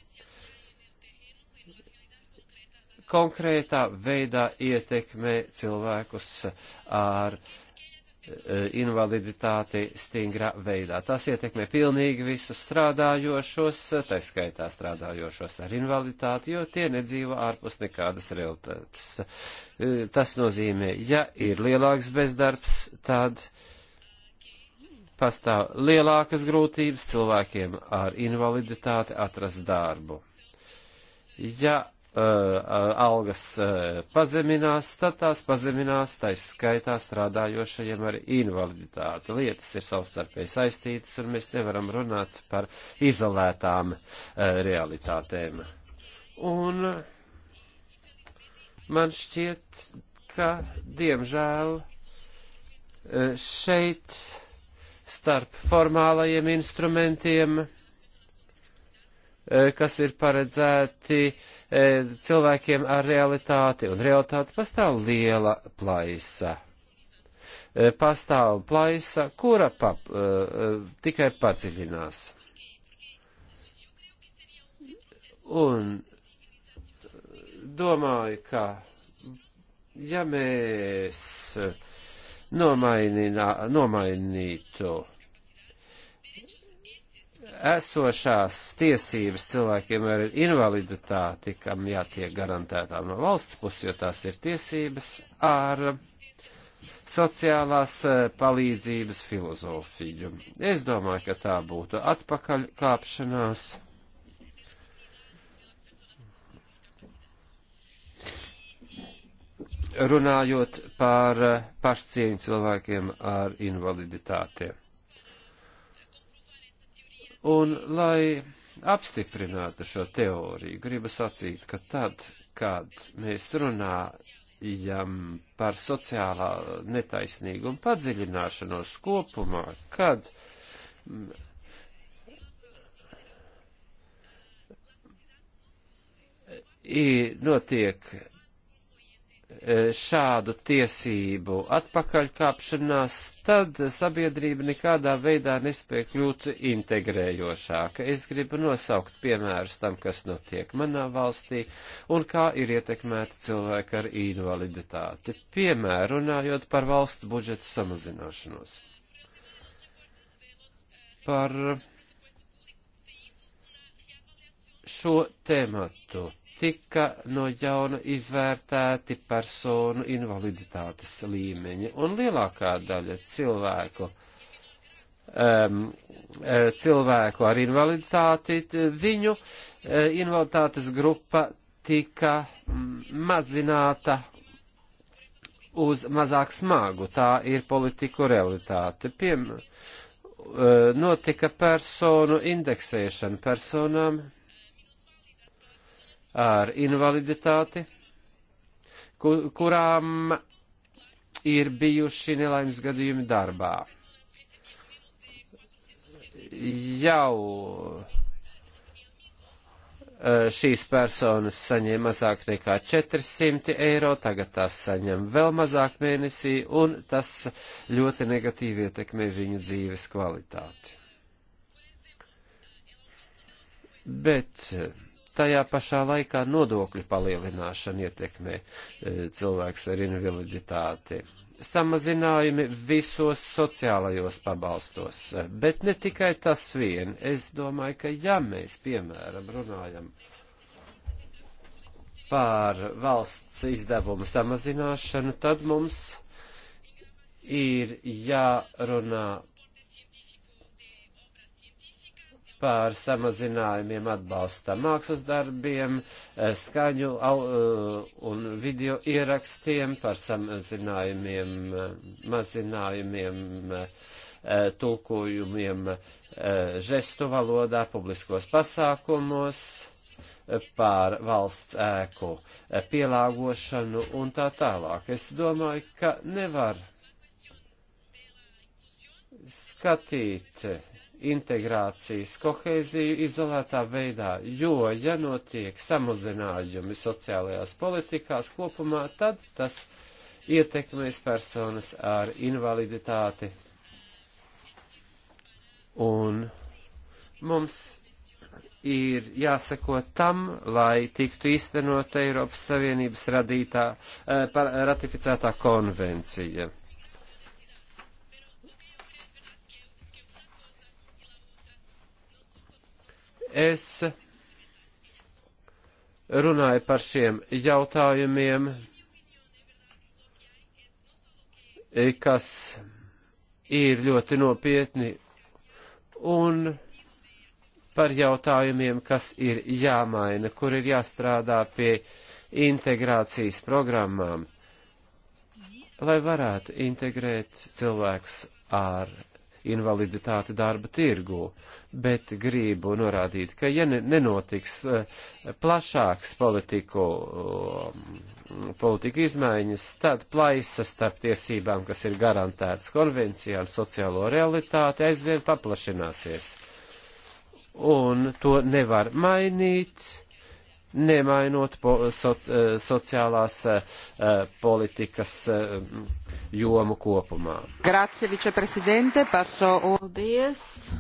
Speaker 4: konkrētā veidā ietekmē cilvēkus ar e, invaliditāti stingrā veidā. Tas ietekmē pilnīgi visus strādājošos, tā skaitā strādājošos ar invaliditāti, jo tie nedzīvo ārpus nekādas realitātes. E, tas nozīmē, ja ir lielāks bezdarbs, tad pastāv lielākas grūtības cilvēkiem ar invaliditāti atrast darbu. Ja algas pazeminās, tad tās pazeminās, taisa skaitā strādājošajiem ar invaliditāti. Lietas ir savstarpēji saistītas, un mēs nevaram runāt par izolētām realitātēm. Un man šķiet, ka, diemžēl, šeit starp formālajiem instrumentiem E, kas ir paredzēti e, cilvēkiem ar realitāti, un realitāte pastāv liela plaisa. E, pastāv plaisa, kura pap, tikai padziļinās. Un domāju, ka ja mēs nomainītu esošās tiesības cilvēkiem ar invaliditāti, kam jātiek garantētām no valsts puses, jo tās ir tiesības ar sociālās eh, palīdzības filozofiju. Es domāju, ka tā būtu atpakaļ kāpšanās. Runājot par eh, pašcieņu cilvēkiem ar invaliditātiem. Un, lai apstiprinātu šo teoriju, gribu sacīt, ka tad, kad mēs runājam par sociālā netaisnīgumu padziļināšanos kopumā, kad notiek E, šādu tiesību atpakaļkāpšanās, tad sabiedrība nekādā veidā nespēja kļūt integrējošāka. Es gribu nosaukt piemērus tam, kas notiek manā valstī un kā ir ietekmēti cilvēki ar invaliditāti. Piemēru runājot par valsts budžeta samazināšanos. Par šo tēmatu tika no jauna izvērtēti personu invaliditātes līmeņi, un lielākā daļa cilvēku um, cilvēku ar invaliditāti, viņu eh, invaliditātes grupa tika mazināta uz mazāk smagu. Tā ir politiku realitāte. Piem, eh, notika personu indeksēšana personām ar invaliditāti, kur, kurām ir bijuši nelaimes gadījumi darbā. Jau e, šīs personas saņēma mazāk nekā 400 eiro, tagad tās saņem vēl mazāk mēnesī, un tas ļoti negatīvi ietekmē viņu dzīves kvalitāti. Bet tajā pašā laikā nodokļu palielināšana ietekmē e, cilvēks ar invaliditāti. Samazinājumi visos sociālajos pabalstos, e, bet ne tikai tas vien. Es domāju, ka ja mēs, piemēram, runājam par valsts izdevumu samazināšanu, tad mums ir jārunā par samazinājumiem atbalsta mākslas darbiem, eh, skaņu eh, un video ierakstiem, par samazinājumiem, eh, mazinājumiem, tulkojumiem žestu valodā, publiskos pasākumos pār valsts ēku pielāgošanu un tā tālāk. Es domāju, ka nevar skatīt integrācijas kohēziju izolētā veidā, jo, ja notiek samazinājumi sociālajās politikās kopumā, tad tas ietekmēs personas ar invaliditāti. Un mums ir jāsako tam, lai tiktu īstenot Eiropas Savienības radītā, eh, ratificētā konvencija. Es runāju par šiem jautājumiem, kas ir ļoti nopietni, un par jautājumiem, kas ir jāmaina, kur ir jāstrādā pie integrācijas programmām, lai varētu integrēt cilvēkus ar invaliditāti darba tirgū, bet gribu norādīt, ka ja nenotiks eh, plašāks politiku, um, politiku izmaiņas, tad plaisa starp tiesībām, kas ir garantētas konvencijā un sociālo realitāti, aizvien paplašināsies. Un to nevar mainīt nemainot po, so, eh, sociālās uh, politikas uh, jomu kopumā.
Speaker 3: Grazie, viceprezidente, paso. Paldies,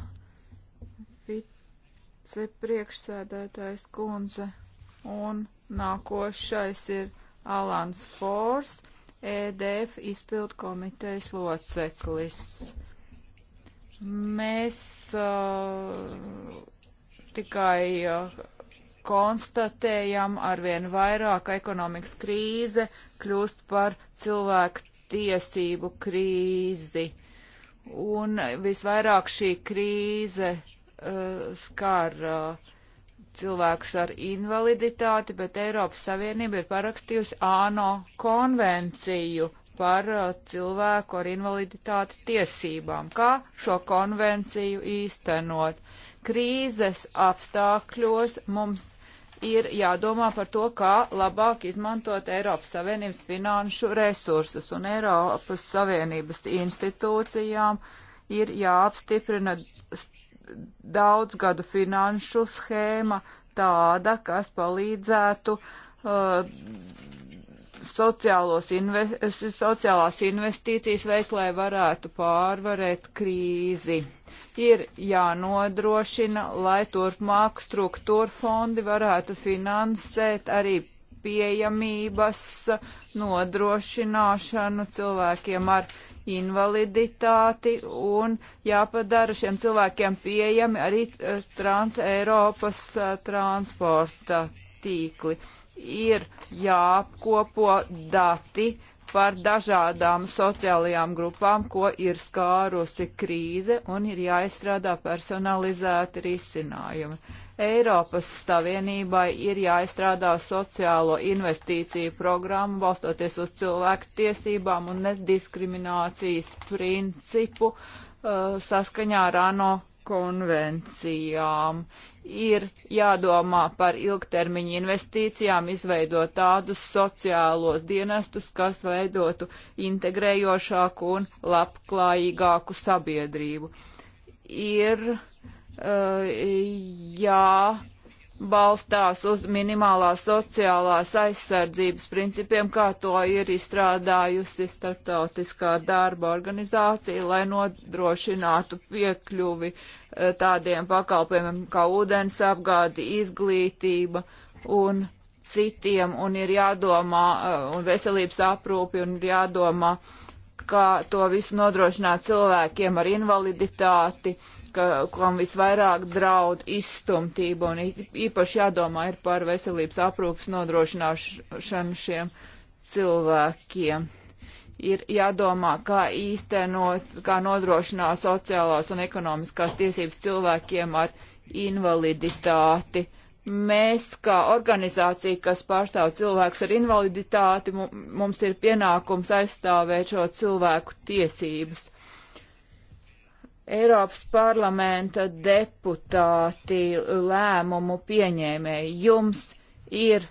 Speaker 3: vicepriekšsēdētājs kundze. Un nākošais ir Alans Fors, EDF izpildu komitejas loceklis. Mēs uh, tikai uh, konstatējam arvien vairāk ekonomikas krīze kļūst par cilvēku tiesību krīzi. Un visvairāk šī krīze uh, skar uh, cilvēkus ar invaliditāti, bet Eiropas Savienība ir parakstījusi ANO konvenciju par uh, cilvēku ar invaliditāti tiesībām. Kā šo konvenciju īstenot? Krīzes apstākļos mums ir jādomā par to, kā labāk izmantot Eiropas Savienības finanšu resursus un Eiropas Savienības institūcijām ir jāapstiprina daudzgadu finanšu schēma tāda, kas palīdzētu uh, invest, sociālās investīcijas veikt, lai varētu pārvarēt krīzi. Uh, ir jānodrošina, lai turpmāk struktūra fondi varētu finansēt arī pieejamības nodrošināšanu cilvēkiem ar invaliditāti un jāpadara šiem cilvēkiem pieejami arī e, Trans-Eiropas e, transporta tīkli. Ir jāapkopo dati par dažādām sociālajām grupām, ko ir skārusi krīze un ir jāizstrādā personalizēti risinājumi. Eiropas Savienībai ir jāizstrādā sociālo investīciju programma, balstoties uz cilvēku tiesībām un nediskriminācijas principu uh, saskaņā ar ANO konvencijām. Ir jādomā par ilgtermiņa investīcijām, izveidot tādus sociālos dienestus, kas veidotu integrējošāku un labklājīgāku sabiedrību. Ir uh, jā balstās uz minimālās sociālās aizsardzības principiem, kā to ir izstrādājusi starptautiskā darba organizācija, lai nodrošinātu piekļuvi eh, tādiem pakalpojumiem kā ūdens apgādi, izglītība un citiem, un ir jādomā, eh, un veselības aprūpi, un ir jādomā, kā to visu nodrošināt cilvēkiem ar invaliditāti, ka, kam visvairāk draud izstumtība un īpaši jādomā ir par veselības aprūpas nodrošināšanu šiem cilvēkiem. Ir jādomā, kā īstenot, kā nodrošināt sociālās un ekonomiskās tiesības cilvēkiem ar invaliditāti mēs, kā organizācija, kas pārstāv cilvēkus ar invaliditāti, mums ir pienākums aizstāvēt šo cilvēku tiesības. Eiropas parlamenta deputāti lēmumu pieņēmēji. Jums ir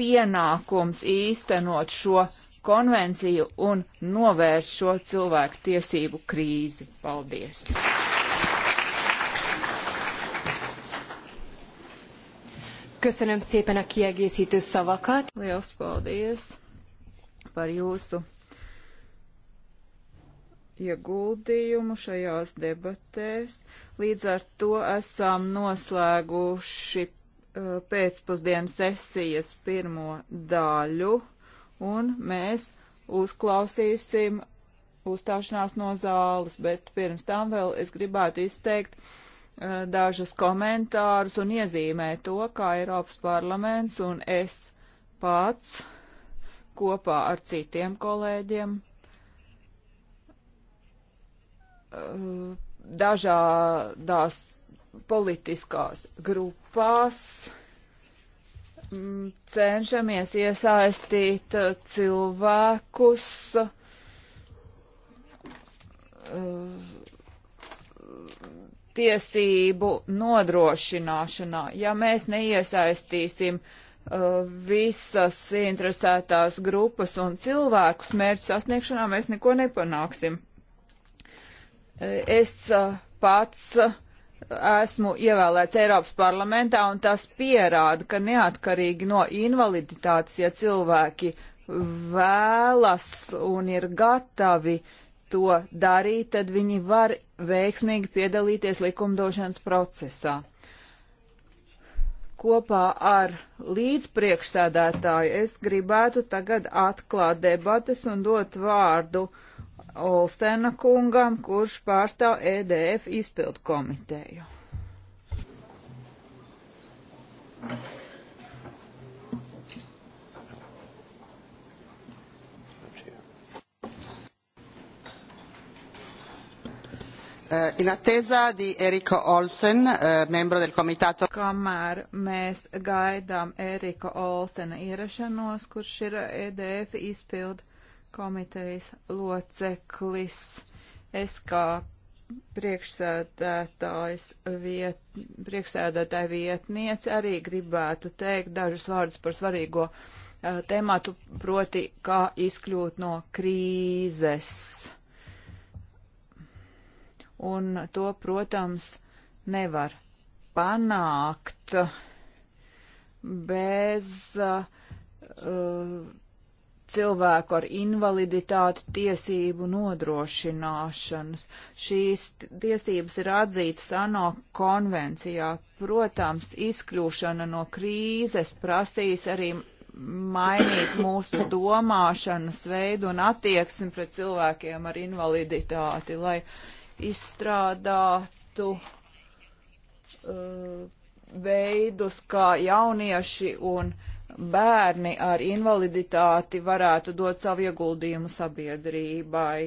Speaker 3: pienākums īstenot šo konvenciju un novērst šo cilvēku tiesību krīzi. Paldies!
Speaker 1: Köszönöm szépen a kiegészítő szavakat. Liels paldies par jūsu ieguldījumu
Speaker 3: šajās debatēs. Līdz ar to esam noslēguši uh, pēcpusdienas sesijas pirmo daļu, un mēs uzklausīsim uzstāšanās no zāles, bet pirms tam vēl es gribētu izteikt uh, dažus komentārus un iezīmēt to, kā Eiropas parlaments un es pats kopā ar citiem kolēģiem Eh, dažādās politiskās grupās mm, cenšamies iesaistīt eh, cilvēkus eh, tiesību nodrošināšanā. Ja mēs neiesaistīsim visas interesētās grupas un cilvēkus mērķu sasniegšanā, mēs neko nepanāksim. Es pats esmu ievēlēts Eiropas parlamentā, un tas pierāda, ka neatkarīgi no invaliditātes, ja cilvēki vēlas un ir gatavi to darīt, tad viņi var veiksmīgi piedalīties likumdošanas procesā. Kopā ar līdzpriekšsēdētāju es gribētu tagad atklāt debates un dot vārdu uh, Olsena kungam, kurš pārstāv EDF izpildu komiteju. Eh, in attesa di Eriko Olsen, eh, membro del comitato. Kamēr mēs gaidām Eriko Olsena ierašanos, kurš ir EDF izpildu komitejas loceklis. Es kā priekšsēdētājs viet, priekšsēdētāja vietniece arī gribētu teikt dažus vārdus par svarīgo uh, tēmātu, proti, kā izkļūt no krīzes. Un to, protams, nevar panākt bez uh, cilvēku ar invaliditāti tiesību nodrošināšanas. Šīs tiesības ir atzītas ANO konvencijā. Protams, izkļūšana no krīzes prasīs arī mainīt mūsu domāšanas veidu un attieksmi pret cilvēkiem ar invaliditāti, lai izstrādātu uh, veidus, kā jaunieši un uh, bērni ar invaliditāti varētu dot savu ieguldījumu sabiedrībai.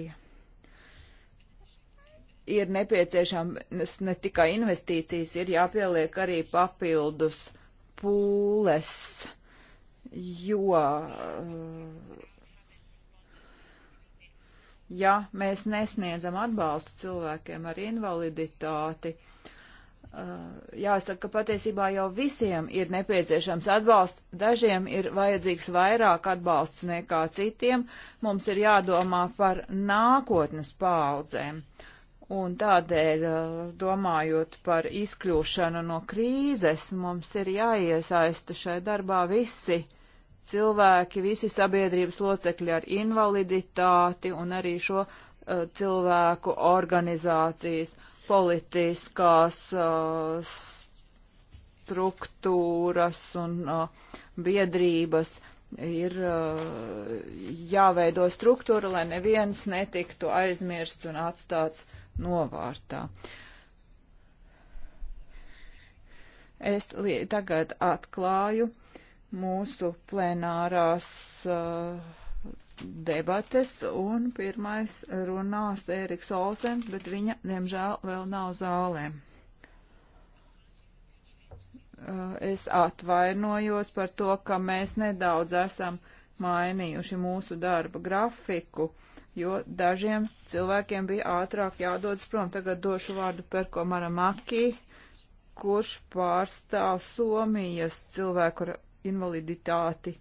Speaker 3: Ir nepieciešams ne tikai investīcijas, ir jāpieliek arī papildus pūles, jo, ja mēs nesniedzam atbalstu cilvēkiem ar invaliditāti, Eh, jāsaka, ka patiesībā jau visiem ir nepieciešams atbalsts, dažiem ir vajadzīgs vairāk atbalsts nekā citiem, mums ir jādomā par nākotnes paudzēm. Un tādēļ, eh, domājot par izkļūšanu no krīzes, mums ir jāiesaista šai darbā visi cilvēki, visi sabiedrības locekļi ar invaliditāti un arī šo uh, cilvēku organizācijas. Uh, politiskās uh, struktūras un uh, biedrības ir uh, jāveido struktūra, lai neviens netiktu aizmirsts un atstāts novārtā. Es tagad atklāju mūsu plenārās uh, debates, un pirmais runās Ēriks Olsens, bet viņa, diemžēl, vēl nav zālē. Eh, es atvainojos par to, ka mēs nedaudz esam mainījuši mūsu darba grafiku, jo dažiem cilvēkiem bija ātrāk jādodas prom. Tagad došu vārdu Perko Maramakī, kurš pārstāv Somijas cilvēku invaliditāti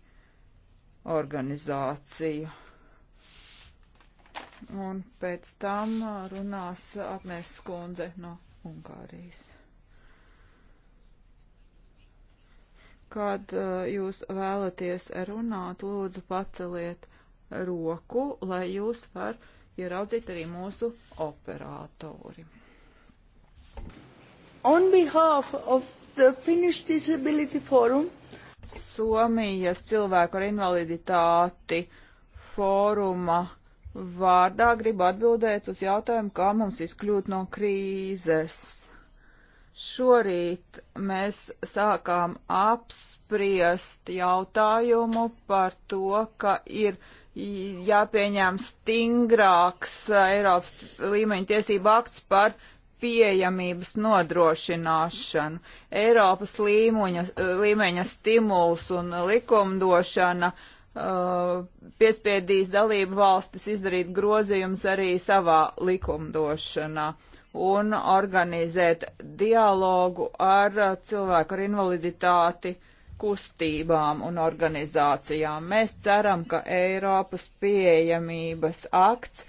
Speaker 3: organizāciju. Un pēc tam uh, runās Agnēs Skundze no Ungārijas. Kad uh, jūs vēlaties runāt, lūdzu paceliet roku, lai jūs var ieraudzīt arī mūsu operatori. On behalf of the Finnish Disability Forum, Somijas cilvēku ar invaliditāti fóruma vārdā gribu atbildēt uz jautājumu, kā mums izkļūt no krīzes. Šorīt mēs sākām apspriest jautājumu par to, ka ir jāpieņem stingrāks Eiropas līmeņa tiesība akts par pieejamības nodrošināšanu. Eiropas līmuņa, līmeņa stimuls un likumdošana uh, piespiedīs dalību valstis izdarīt grozījumus arī savā likumdošanā un organizēt dialogu ar uh, cilvēku ar invaliditāti kustībām un organizācijām. Mēs ceram, ka Eiropas pieejamības akts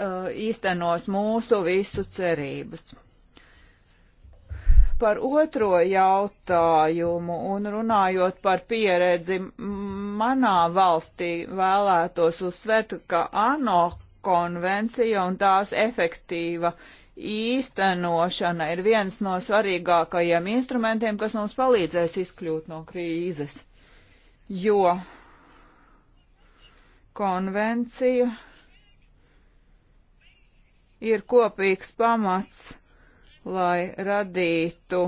Speaker 3: Uh, īstenos mūsu visu cerības. Par otro jautājumu un runājot par pieredzi, manā valstī vēlētos uzsvert, ka ANO konvencija un tās efektīva īstenošana ir viens no svarīgākajiem instrumentiem, kas mums palīdzēs izkļūt no krīzes. Jo konvencija ir kopīgs pamats, lai radītu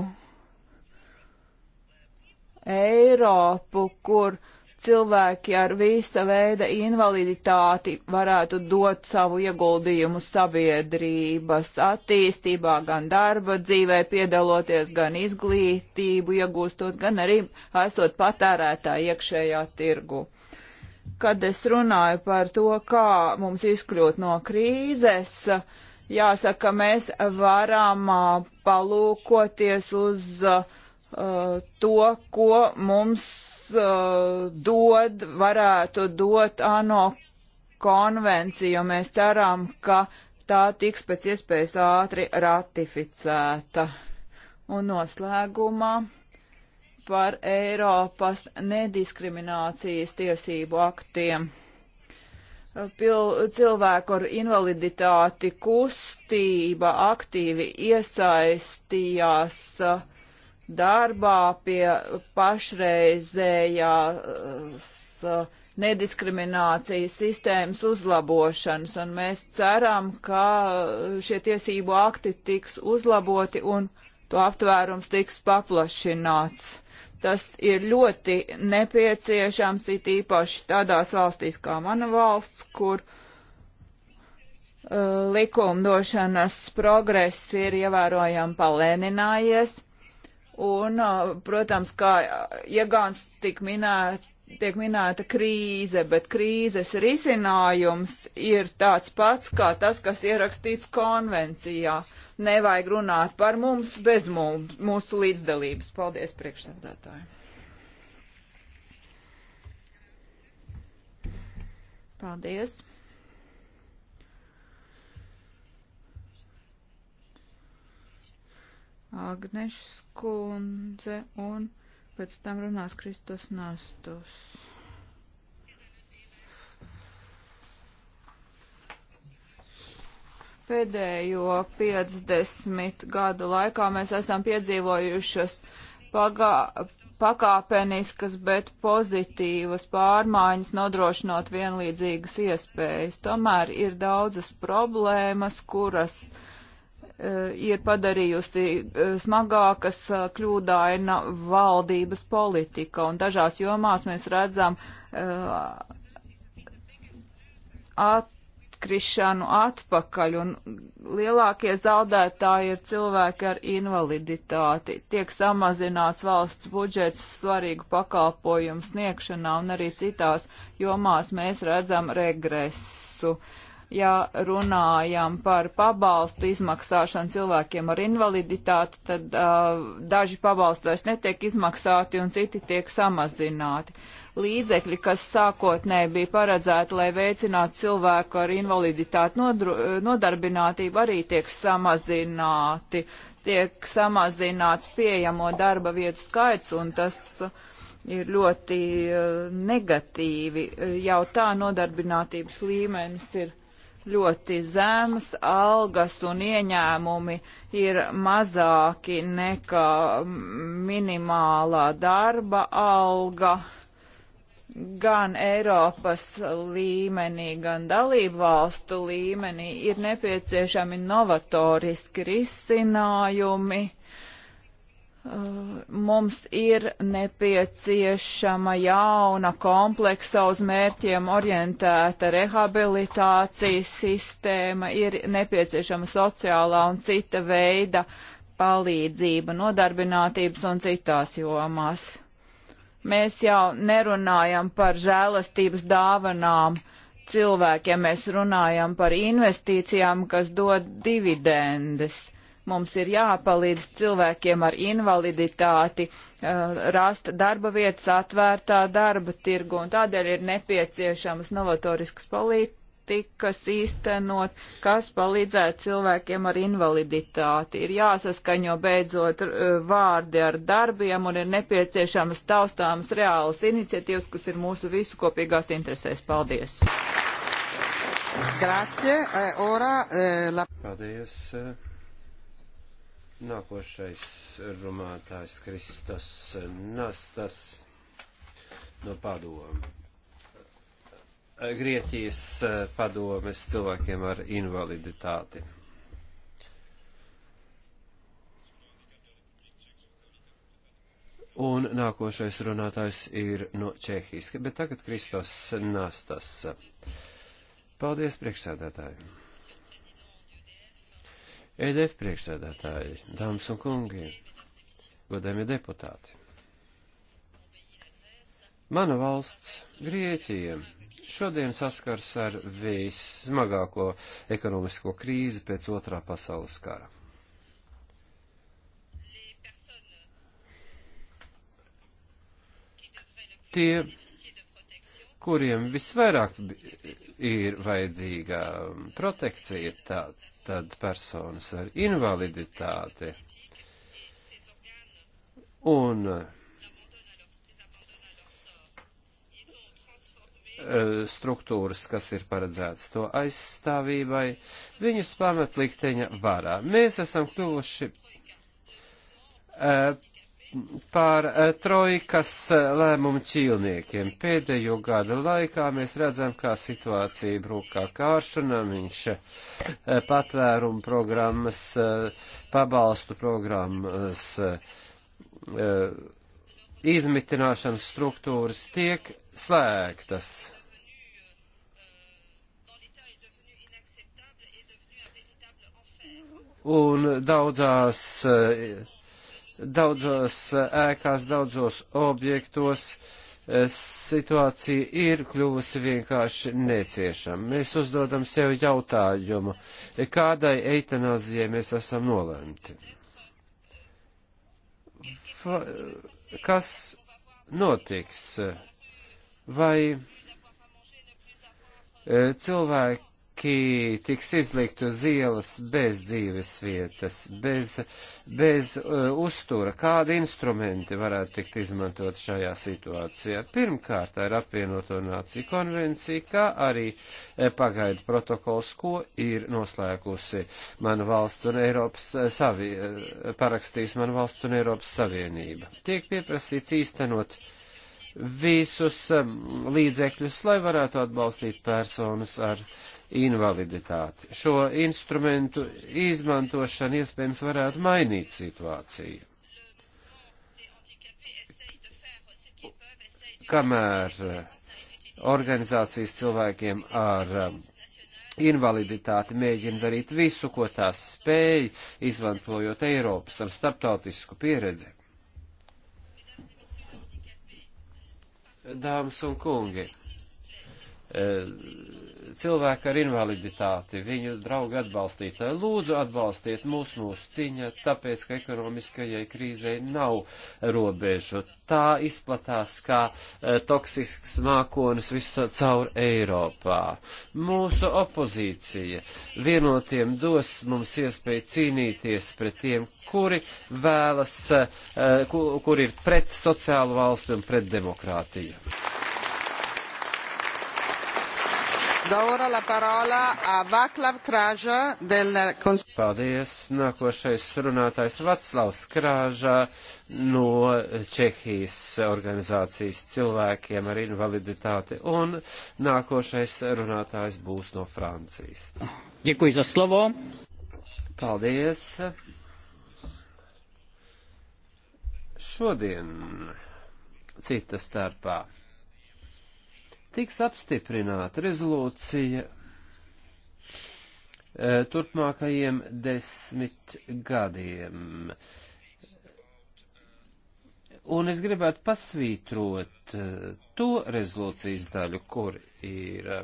Speaker 3: Eiropu, kur cilvēki ar visa veida invaliditāti varētu dot savu ieguldījumu sabiedrības attīstībā, gan darba dzīvē, piedaloties gan izglītību iegūstot, gan arī esot patērētā iekšējā tirgu. Kad es runāju par to, kā mums izkļūt no krīzes, uh, jāsaka, mēs varam palūkoties uz uh, to, ko mums uh, dod, varētu dot ANO konvenciju. Mēs ceram, ka tā tiks pēc iespējas ātri ratificēta. Un noslēgumā par Eiropas nediskriminācijas tiesību aktiem pil, cilvēku ar invaliditāti kustība aktīvi iesaistījās uh, darbā pie pašreizējās uh, nediskriminācijas sistēmas uzlabošanas, un mēs ceram, ka šie tiesību akti tiks uzlaboti un to aptvērums tiks paplašināts Tas ir ļoti nepieciešams, it īpaši tādās valstīs kā mana valsts, kur uh, likumdošanas progress ir ievērojami palēninājies. Un, uh, protams, kā iegāns tik minēt, tiek minēta krīze, bet krīzes risinājums ir tāds pats kā tas, kas ierakstīts konvencijā. Nevajag runāt par mums bez mums, mūsu līdzdalības. Paldies priekšsēdētāji. Paldies. Agnešs kundze un. Pēc tam runās Kristus Nāstos. Pēdējo 50 gadu laikā mēs esam piedzīvojušas pagā, pakāpeniskas, bet pozitīvas pārmaiņas nodrošinot vienlīdzīgas iespējas. Tomēr ir daudzas problēmas, kuras uh, Eh, ir padarījusi eh, smagākas eh, kļūdaina valdības politika, un dažās jomās mēs redzam atkrišanu atpakaļ, un lielākie zaudētāji ir cilvēki ar invaliditāti. Tiek samazināts valsts budžets svarīgu pakalpojumu sniegšanā, un arī citās jomās mēs redzam regresu. Uh, ja runājam par pabalstu izmaksāšanu cilvēkiem ar invaliditāti, tad uh, daži pabalsti vairs netiek izmaksāti un citi tiek samazināti. Līdzekļi, kas sākotnēji bija paredzēti, lai veicinātu cilvēku ar invaliditāti nodru, nodarbinātību, arī tiek samazināti. Tiek samazināts pieejamo darba vietu skaits un tas uh, ir ļoti uh, negatīvi. Jau tā nodarbinātības līmenis ir ļoti zemas, algas un ieņēmumi ir mazāki nekā minimālā darba alga gan Eiropas līmenī, gan dalību valstu līmenī ir nepieciešami novatoriski risinājumi. Uh, mums ir nepieciešama jauna kompleksa uz mērķiem orientēta rehabilitācijas sistēma, ir nepieciešama sociālā un cita veida palīdzība nodarbinātības un citās jomās. Mēs jau nerunājam par žēlastības dāvanām cilvēkiem, mēs runājam par investīcijām, kas dod dividendes Mums ir jāpalīdz cilvēkiem ar invaliditāti uh, rast darba vietas atvērtā darba tirgu, un tādēļ ir nepieciešamas novatoriskas politikas īstenot, kas palīdzētu cilvēkiem ar invaliditāti. Ir jāsaskaņo beidzot uh, vārdi ar darbiem, un ir nepieciešamas taustāmas reālas iniciatīvas, kas ir mūsu visu kopīgās interesēs.
Speaker 4: Paldies! Grazie, eh, ora, eh, la... Paldies. Eh, Nākošais runātājs Kristus Nastas no padomu. Grieķijas padomes cilvēkiem ar invaliditāti. Un nākošais runātājs ir no Čehijas, bet tagad Kristos Nastas. Paldies priekšsēdētājiem! EDF priekšsēdētāji, dāmas un kungi, godējumie deputāti. Mana valsts, Grieķija, šodien saskars ar vissmagāko ekonomisko krīzi pēc otrā pasaules kara. Tie, kuriem visvairāk ir vajadzīga protekcija, tā, tad personas ar invaliditāti un e, struktūras, kas ir paredzētas to aizstāvībai, viņus pamat likteņa varā. Mēs esam kļuvuši e, par eh, trojkas eh, lēmumu ķīlniekiem. Pēdējo gadu laikā mēs redzam, kā situācija brūkā kāršanā, viņš eh, patvērumu programmas, pabalstu programmas, izmitināšanas struktūras tiek slēgtas. Un daudzās uh, daudzos ēkās, daudzos objektos eh, situācija ir kļuvusi vienkārši neciešama. Mēs uzdodam sev jautājumu, kādai eitanāzijai mēs esam nolemti. Va, kas notiks? Vai eh, cilvēki cilvēki tiks izlikt uz ielas bez dzīves vietas, bez, bez uh, uztura. Kādi instrumenti varētu tikt izmantot šajā situācijā? Pirmkārt, ir apvienoto nāciju konvencija, kā arī eh, pagaidu protokols, ko ir noslēgusi manu valstu un Eiropas eh, savi, eh, parakstījis manu valstu un Eiropas Savienība. Tiek pieprasīts īstenot visus um, līdzekļus, lai varētu atbalstīt personas ar uh, invaliditāti. Šo instrumentu izmantošana iespējams varētu mainīt situāciju. Kamēr eh, organizācijas cilvēkiem ar eh, invaliditāti mēģina darīt visu, ko tās spēj, izmantojot Eiropas ar starptautisku pieredzi. Dāmas un kungi! Eh, cilvēki ar invaliditāti, viņu draugi atbalstītāji. Eh, lūdzu, atbalstiet mūs, mūsu ciņa, tāpēc, ka ekonomiskajai krīzei nav robežu. Tā izplatās kā e, toksisks mākonis visu caur Eiropā. Mūsu opozīcija vienotiem dos mums iespēju cīnīties pret tiem, kuri vēlas, e, kur, kur ir pret sociālu valsti un pret demokrātiju. Paldies. Nākošais runātājs Vaclavs Krāžā no Čehijas organizācijas cilvēkiem ar invaliditāti. Un nākošais runātājs būs no Francijas. Dziekuji za slovo. Paldies. Šodien cita starpā tiks apstiprināta rezolūcija e, turpmākajiem desmit gadiem. Un es gribētu pasvītrot e, to rezolūcijas daļu, kur ir e,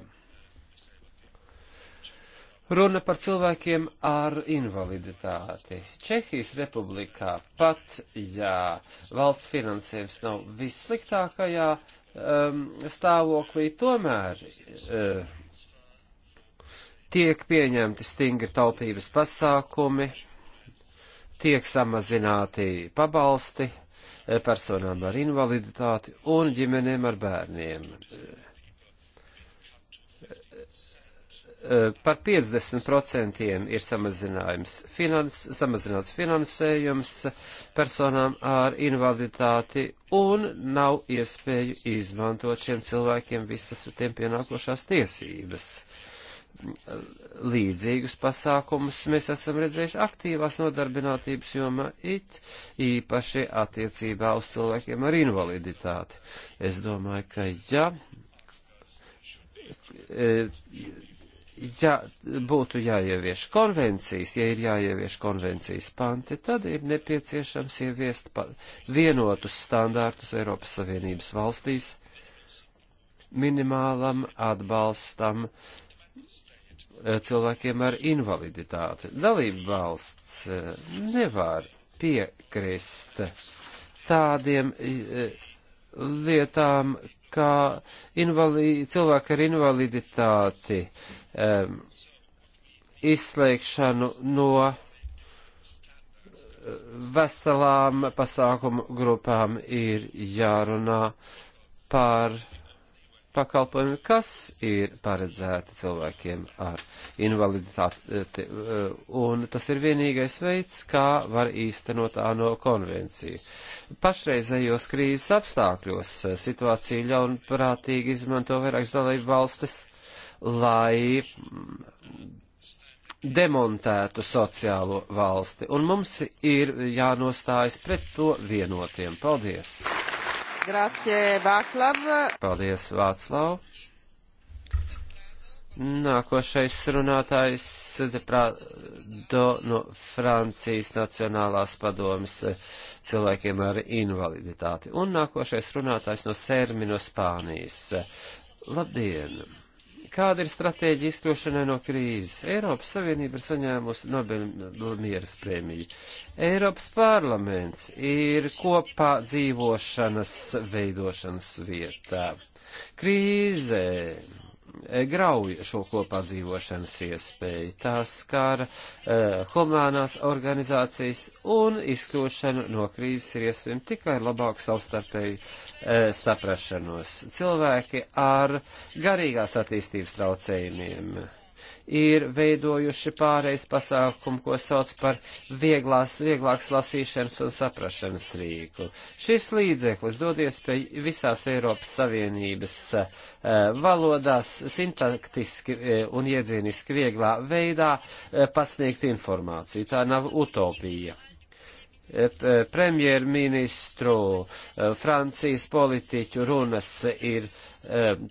Speaker 4: runa par cilvēkiem ar invaliditāti. Čehijas republikā pat, ja valsts finansējums nav vissliktākajā, uh, um, stāvoklī tomēr uh, tiek pieņemti stingri taupības pasākumi, tiek samazināti pabalsti eh, personām ar invaliditāti un ģimenēm ar bērniem. Eh, par 50% ir samazinājums finans, samazināts finansējums personām ar invaliditāti un nav iespēju izmantot šiem cilvēkiem visas tiem pienākošās tiesības. Līdzīgus pasākumus mēs esam redzējuši aktīvās nodarbinātības jomā it īpaši attiecībā uz cilvēkiem ar invaliditāti. Es domāju, ka ja eh, ja būtu jāievieš konvencijas, ja ir jāievieš konvencijas panti, tad ir nepieciešams ieviest vienotus standārtus Eiropas Savienības valstīs minimālam atbalstam eh, cilvēkiem ar invaliditāti. Dalība valsts eh, nevar piekrist tādiem eh, lietām, kā invalī, cilvēki ar invaliditāti, um, izslēgšanu no eh, veselām pasākumu grupām ir jārunā par pakalpojumi, kas ir paredzēti cilvēkiem ar invaliditāti, eh, un tas ir vienīgais veids, kā var īstenot ANO konvenciju. Pašreizējos krīzes apstākļos eh, situācija ļaunprātīgi izmanto vairākas dalību valstis, lai mm, demontētu sociālo valsti, un mums ir jānostājas pret to vienotiem. Paldies!
Speaker 3: Grācie Vāklav.
Speaker 4: Paldies, Vāclav. Nākošais runātājs Prado no Francijas Nacionālās padomas cilvēkiem ar invaliditāti. Un nākošais runātājs no Sērmi no Spānijas. Labdien! Kāda ir stratēģija izkļūšanai no krīzes? Eiropas Savienība ir saņēmusi Nobelmieras prēmiju. Eiropas parlaments ir kopā dzīvošanas veidošanas vietā. Krīze grauj šo kopādzīvošanas iespēju. Tās skāra uh, eh, humānās organizācijas un izkļūšana no krīzes ir iespējama tikai ar labāku savstarpēju uh, saprašanos. Cilvēki ar garīgās attīstības traucējumiem, ir veidojuši pāreiz pasākumu, ko sauc par vieglās, vieglāks lasīšanas un saprašanas rīku. Šis līdzeklis dodies pie visās Eiropas Savienības eh, valodās sintaktiski eh, un iedzīniski vieglā veidā eh, pasniegt informāciju. Tā nav utopija. E, e, premjerministru, e, Francijas politiķu runas ir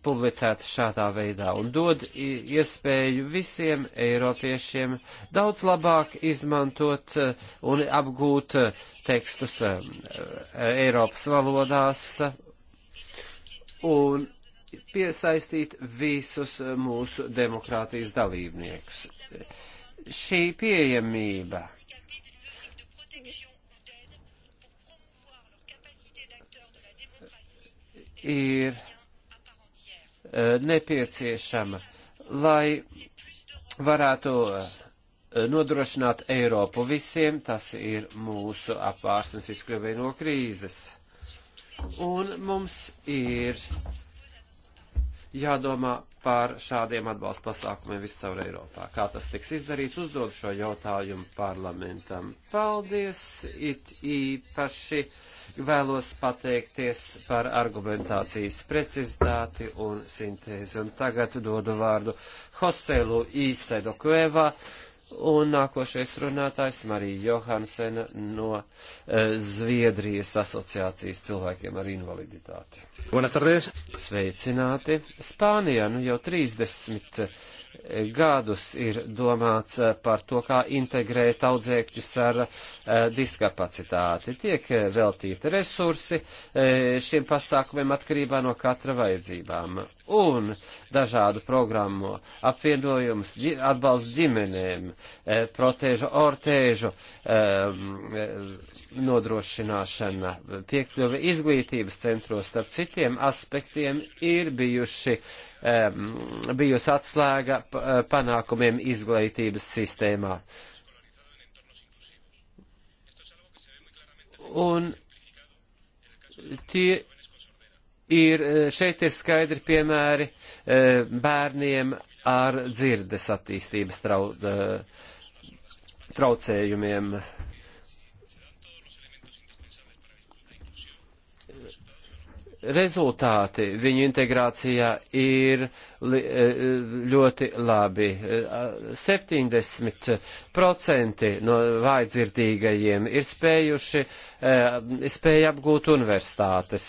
Speaker 4: publicētas šādā veidā un dod iespēju visiem eiropiešiem daudz labāk izmantot un apgūt tekstus Eiropas valodās un piesaistīt visus mūsu demokrātijas dalībniekus. Šī pieejamība ir e, nepieciešama, lai varētu e, nodrošināt Eiropu visiem, tas ir mūsu apvārsnes izkļuvē no krīzes. Un mums ir jādomā par šādiem atbalsta pasākumiem viscaur Eiropā. Kā tas tiks izdarīts, uzdod šo jautājumu parlamentam. Paldies! It īpaši vēlos pateikties par argumentācijas precizitāti un sintēzi. Un tagad dodu vārdu Hoselu Īsedo Kuevā Un nākošais runātājs Marija Johansena no eh, Zviedrijas asociācijas cilvēkiem ar invaliditāti. Sveicināti! Spānijā nu jau 30 eh, gadus ir domāts eh, par to, kā integrēt audzēkļus ar diskapacitāti. Tiek veltīti resursi šiem pasākumiem atkarībā no katra vajadzībām un dažādu programmu apvienojums, atbalsts ģimenēm, e, protēžu, ortēžu e, e, nodrošināšana, piekļuve izglītības centros, starp citiem aspektiem ir bijuši, bijusi atslēga panākumiem izglītības sistēmā. Un tie ir, eh, šeit ir skaidri piemēri eh, bērniem ar dzirdes attīstības trau, eh, traucējumiem. rezultāti viņu integrācijā ir li, e, ļoti labi. 70% e, no vājdzirdīgajiem ir spējuši, e, spēja apgūt universitātes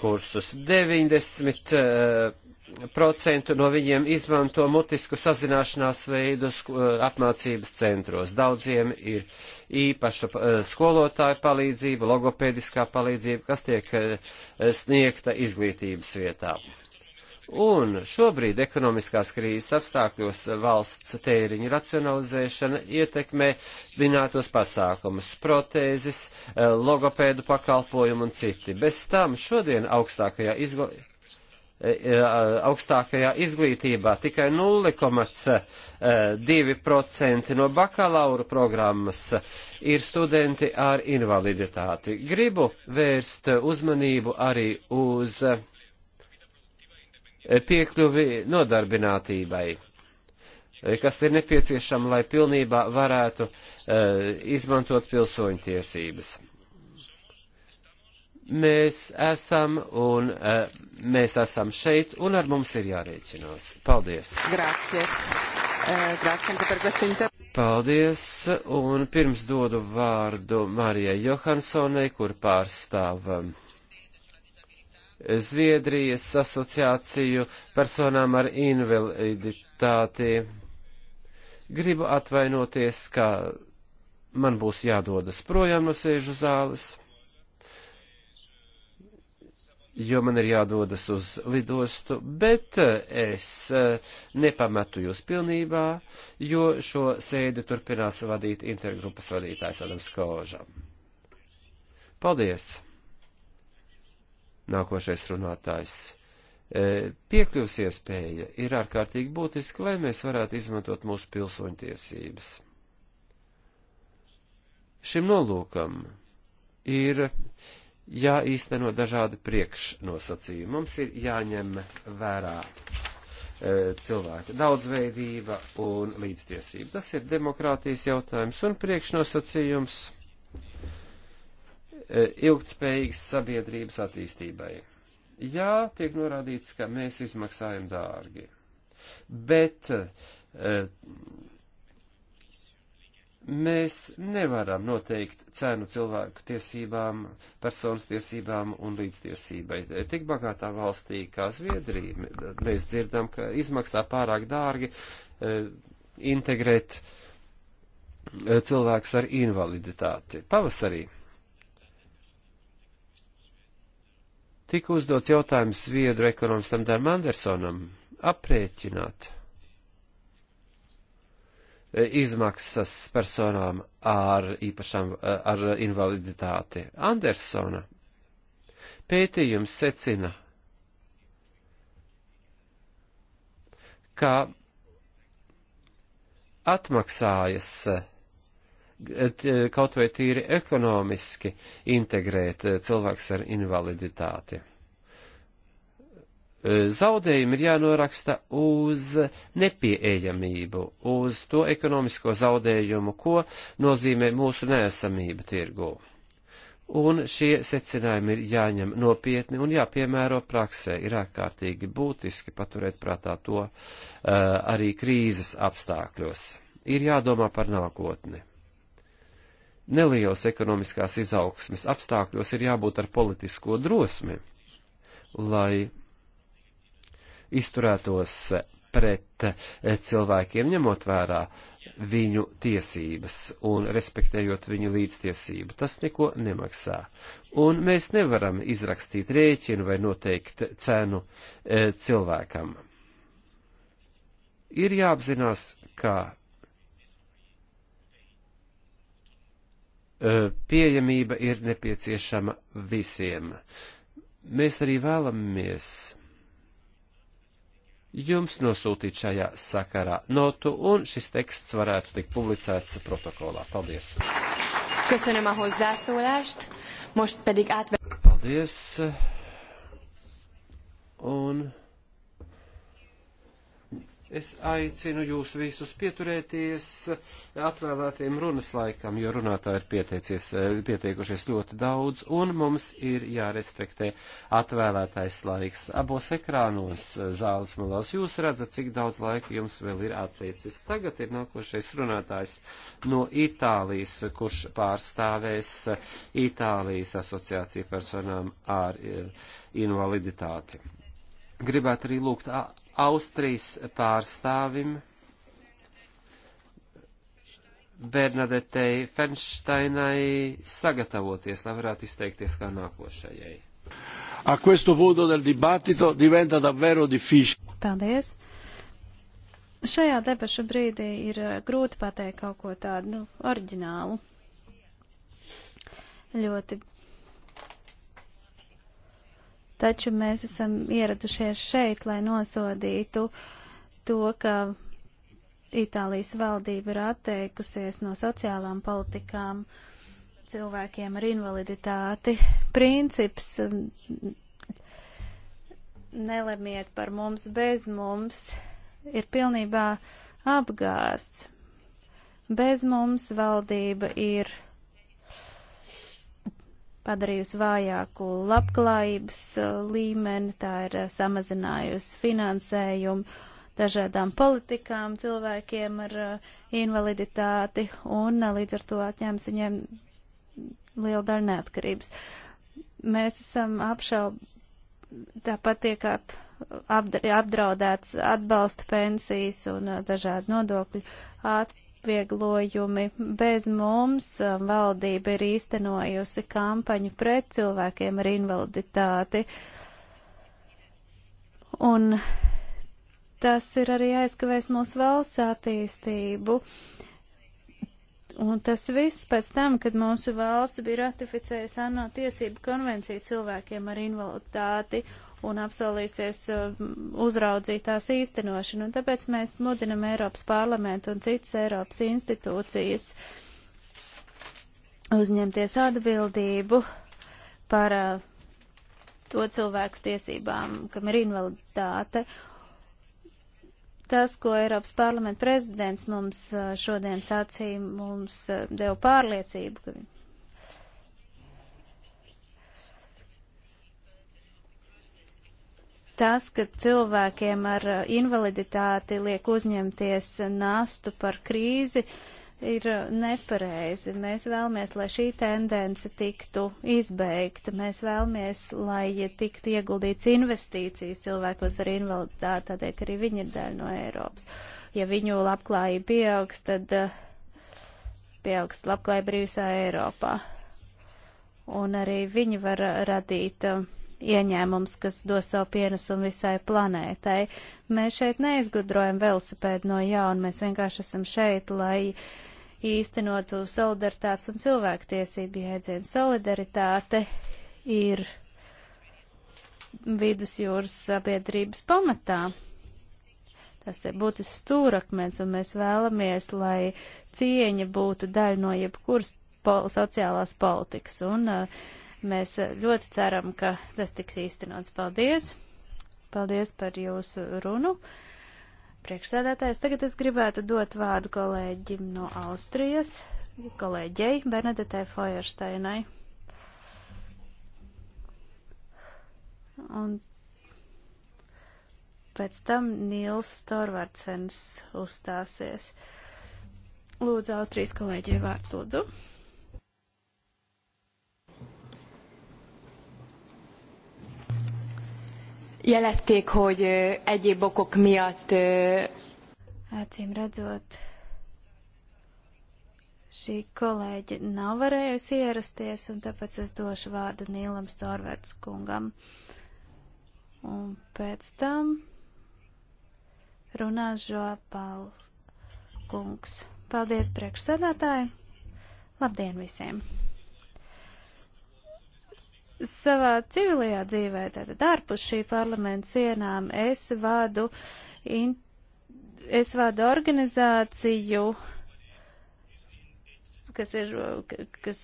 Speaker 4: kursus. 90 procentu no viņiem izmanto mutisku sazināšanās veidus eh, apmācības centros. Daudziem ir īpaša eh, skolotāja palīdzība, logopēdiskā palīdzība, kas tiek eh, sniegta izglītības vietā. Un šobrīd ekonomiskās krīzes apstākļos valsts tēriņu racionalizēšana ietekmē minētos pasākumus - protēzis, logopēdu pakalpojumu un citi. Bez tam šodien augstākajā izglītībā E, e, augstākajā izglītībā. Tikai 0,2% no bakalauru programmas ir studenti ar invaliditāti. Gribu vērst uzmanību arī uz piekļuvi nodarbinātībai kas ir nepieciešama, lai pilnībā varētu uh, izmantot pilsoņu tiesības mēs esam un uh, mēs esam šeit un ar mums ir jārēķinās. Paldies!
Speaker 3: Grācie. E,
Speaker 4: Paldies, un pirms dodu vārdu Marijai Johansonai, kur pārstāv e, Zviedrijas asociāciju personām ar invaliditāti. Gribu atvainoties, ka man būs jādodas projām no sēžu zāles jo man ir jādodas uz lidostu, bet eh, es eh, nepametu jūs pilnībā, jo šo sēdi turpinās vadīt intergrupas vadītājs Adams Kožam. Paldies! Nākošais runātājs. Eh, piekļuvs iespēja ir ārkārtīgi būtiski, lai mēs varētu izmantot mūsu pilsoņu tiesības. Šim nolūkam ir jāīsteno dažādi priekšnosacījumi. Mums ir jāņem vērā e, cilvēka daudzveidība un līdztiesība. Tas ir demokrātijas jautājums un priekšnosacījums e, ilgtspējīgas sabiedrības attīstībai. Jā, tiek norādīts, ka mēs izmaksājam dārgi, bet e, Mēs nevaram noteikt cenu cilvēku tiesībām, personas tiesībām un līdztiesībai. Tik bagātā valstī kā Zviedrija mēs dzirdam, ka izmaksā pārāk dārgi e, integrēt e, cilvēkus ar invaliditāti. Pavasarī tika uzdots jautājums Zviedru ekonomistam Dārm Andersonam aprēķināt izmaksas personām ar īpašām, ar invaliditāti. Andersona pētījums secina, ka atmaksājas kaut vai tīri ekonomiski integrēt cilvēks ar invaliditāti. E, zaudējumi ir jānoraksta uz nepieejamību, uz to ekonomisko zaudējumu, ko nozīmē mūsu neesamība tirgū. Un šie secinājumi ir jāņem nopietni un jāpiemēro praksē. Ir ārkārtīgi būtiski paturēt prātā to uh, arī krīzes apstākļos. Ir jādomā par nākotni. Nelielas ekonomiskās izaugsmes apstākļos ir jābūt ar politisko drosmi, lai izturētos pret eh, cilvēkiem, ņemot vērā viņu tiesības un respektējot viņu līdztiesību. Tas neko nemaksā. Un mēs nevaram izrakstīt rēķinu vai noteikt cenu e, cilvēkam. Ir jāapzinās, ka eh, pieejamība ir nepieciešama visiem. Mēs arī vēlamies jums nosūtīt šajā sakarā notu, un šis teksts varētu tikt publicēts protokolā. Paldies!
Speaker 1: Köszönöm a hozzászólást, most pedig átve...
Speaker 4: Paldies! Un... Es aicinu jūs visus pieturēties atvēlētiem runas laikam, jo runātāji ir pieteikušies ļoti daudz, un mums ir jārespektē atvēlētais laiks. Abos ekrānos zāles malās jūs redzat, cik daudz laika jums vēl ir atlicis. Tagad ir nākošais runātājs no Itālijas, kurš pārstāvēs Itālijas asociāciju personām ar eh, invaliditāti. Gribētu arī lūgt Austrijas pārstāvim Bernadetei Fensteinai sagatavoties, lai varētu izteikties kā nākošajai.
Speaker 5: A questo punto del dibattito diventa davvero difficile.
Speaker 2: Paldies. Šajā debašu brīdī ir eh, grūti pateikt kaut ko tādu nu, oriģinālu. Ļoti taču mēs esam ieradušies šeit, lai nosodītu to, ka Itālijas valdība ir atteikusies no sociālām politikām cilvēkiem ar invaliditāti. Princips mm, nelemiet par mums bez mums ir pilnībā apgāsts. Bez mums valdība ir padarījusi vājāku labklājības uh, līmeni, tā ir uh, samazinājusi finansējumu dažādām politikām cilvēkiem ar uh, invaliditāti un līdz ar to atņēmis viņiem liela daļa neatkarības. Mēs esam apšaub, tāpat tiek ap, apdra, apdraudēts atbalsta pensijas un dažādi nodokļu atpakaļ atvieglojumi. Bez mums eh, valdība ir īstenojusi kampaņu pret cilvēkiem ar invaliditāti. Un tas ir arī aizkavējis mūsu valsts attīstību. Un tas viss pēc tam, kad mūsu valsts bija ratificējusi ANO tiesību konvenciju cilvēkiem ar invaliditāti un apsolīsies uh, uzraudzīt tās īstenošanu. Un tāpēc mēs mudinam Eiropas parlamentu un citas Eiropas institūcijas uzņemties atbildību par uh, to cilvēku tiesībām, kam ir invaliditāte. Tas, ko Eiropas parlamenta prezidents mums uh, šodien sacīja, mums deva pārliecību, ka tas, ka cilvēkiem ar uh, invaliditāti liek uzņemties uh, nastu par krīzi, ir uh, nepareizi. Mēs vēlamies, lai šī tendence tiktu izbeigta. Mēs vēlamies, lai tiktu ieguldīts investīcijas cilvēkos ar invaliditāti, tādēļ, ka arī viņi ir daļa no Eiropas. Ja viņu labklājība pieaugs, tad pieaugs labklājība arī visā Eiropā. Un arī viņi var radīt uh, ieņēmums, kas dos savu pienesumu visai planētai. Mēs šeit neizgudrojam velosipēdu no jauna, mēs vienkārši esam šeit, lai īstenotu solidaritātes un cilvēktiesību jēdzienu. Solidaritāte ir vidusjūras sabiedrības pamatā. Tas ir būtisks stūrakmens, un mēs vēlamies, lai cieņa būtu daļa no jebkuras pol sociālās politikas. Un, uh, Mēs ļoti ceram, ka tas tiks īstenots. Paldies! Paldies par jūsu runu. Priekšsēdētājs, tagad es gribētu dot vārdu kolēģim no Austrijas, kolēģei Benedetē Feuersteinai. Un pēc tam Nils Torvardsens uzstāsies. Lūdzu, Austrijas kolēģei vārds, lūdzu.
Speaker 1: jelezték, hogy egyéb okok miatt...
Speaker 2: Acīm redzot, šī kolēģe nav varējusi ierasties, un tāpēc es došu vārdu Nīlam Storvērts kungam. Un pēc tam runās Žopal kungs. Paldies priekšsēdētāji! Labdien visiem! savā civilajā dzīvē, tātad ārpus šī parlamenta sienām, es vādu, in, es vādu organizāciju, kas ir, kas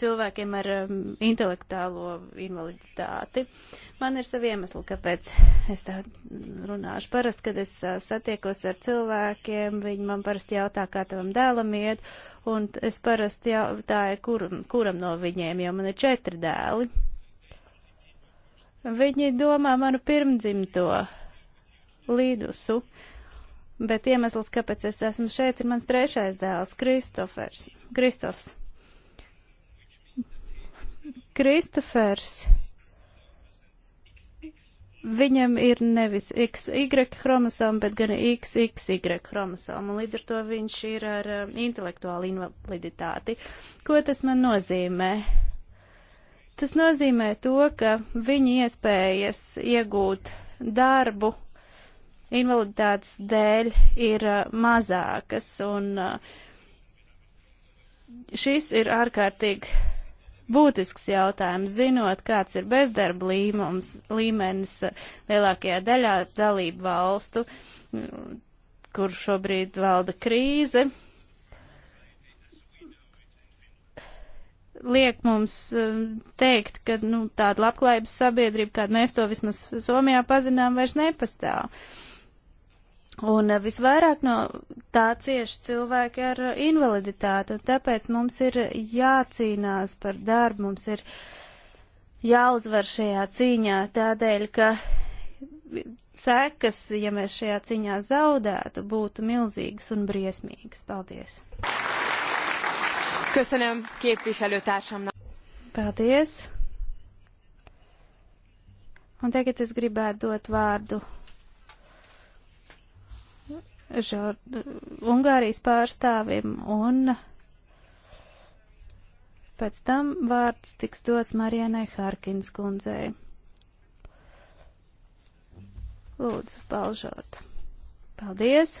Speaker 2: cilvēkiem ar um, intelektuālo invaliditāti. Man ir savi iemesli, kāpēc es tā runāšu. Parasti, kad es uh, satiekos ar cilvēkiem, viņi man parasti jautā, kā tavam dēlam iet, un es parasti jautāju, kur, kuram no viņiem, jo man ir četri dēli. Viņi domā manu pirmdzimto līdusu. Bet iemesls, kāpēc es esmu šeit, ir mans trešais dēls, Kristofers. Kristofs. Kristofers, viņam ir nevis XY chromosoma, bet gan XXY chromosoma, un līdz ar to viņš ir ar um, intelektuālu invaliditāti. Ko tas man nozīmē? Tas nozīmē to, ka viņa iespējas iegūt darbu invaliditātes dēļ ir uh, mazākas, un uh, šis ir ārkārtīgi būtisks jautājums, zinot, kāds ir bezdarba līmums, līmenis eh, lielākajā daļā dalību valstu, mm, kur šobrīd valda krīze. Liek mums eh, teikt, ka nu, tāda labklājības sabiedrība, kāda mēs to vismaz Somijā pazinām, vairs nepastāv. Uh, Un eh, visvairāk no tā cieši cilvēki ar eh, invaliditāti, un tāpēc mums ir jācīnās par darbu, mums ir jāuzvar šajā cīņā tādēļ, ka sekas, ja mēs šajā cīņā zaudētu, būtu milzīgas un briesmīgas. Paldies!
Speaker 1: Köszönöm képviselőtársamnak.
Speaker 2: Paldies! Un tagad es gribētu dot vārdu žor, Ungārijas pārstāvim un pēc tam vārds tiks dots Marijanai Harkins kundzei. Lūdzu, balžot. Paldies!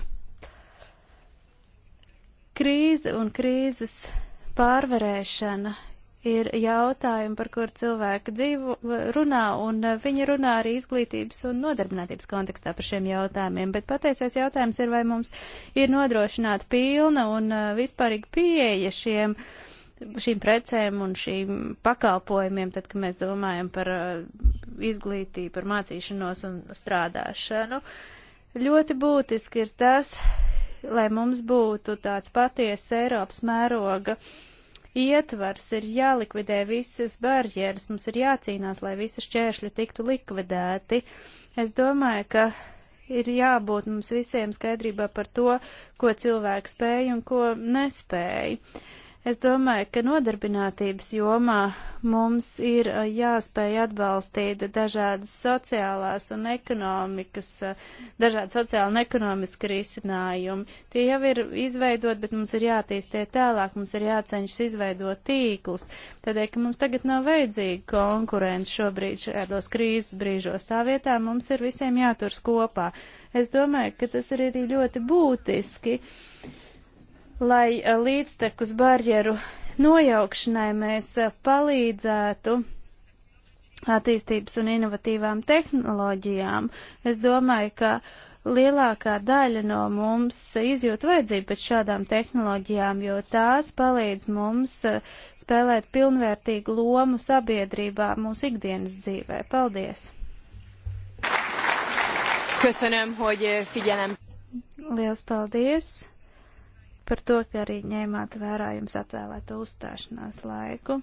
Speaker 2: Krīze un krīzes pārvarēšana ir jautājumi, par kur cilvēki dzīvo, runā, un eh, viņi runā arī izglītības un nodarbinātības kontekstā par šiem jautājumiem. Bet pateicies jautājums ir, vai mums ir nodrošināta pilna un eh, vispārīga pieeja šiem, šīm precēm un šīm pakalpojumiem, tad, kad mēs domājam par eh, izglītību, par mācīšanos un strādāšanu. Ļoti būtiski ir tas, lai mums būtu tāds paties Eiropas mēroga uh, ietvars, ir jālikvidē visas barjeras, mums ir jācīnās, lai visas šķēršļi tiktu likvidēti. Es domāju, ka ir jābūt mums visiem skaidrībā par to, ko cilvēks spēj un ko nespēj. Uh, Es domāju, ka nodarbinātības jomā mums ir jāspēj atbalstīt dažādas sociālās un ekonomikas, dažādi sociāli un ekonomiski risinājumi. Tie jau ir izveidot, bet mums ir jātīstie tālāk, mums ir jāceņšas izveidot tīklus. Tādēļ, ka mums tagad nav vajadzīga konkurence šobrīd šādos krīzes brīžos. Tā vietā mums ir visiem jāturs kopā. Es domāju, ka tas ir arī ļoti būtiski. Uh, lai eh, līdztekus barjeru nojaukšanai mēs eh, palīdzētu attīstības un inovatīvām tehnoloģijām. Es domāju, ka lielākā daļa no mums eh, izjūt vajadzību pēc šādām tehnoloģijām, jo tās palīdz mums spēlēt pilnvērtīgu lomu sabiedrībā mūsu ikdienas dzīvē. Paldies!
Speaker 1: Köszönöm, hogy figyelem.
Speaker 2: Liels paldies! par to, ka arī ņēmāt vērā jums atvēlēto uzstāšanās laiku.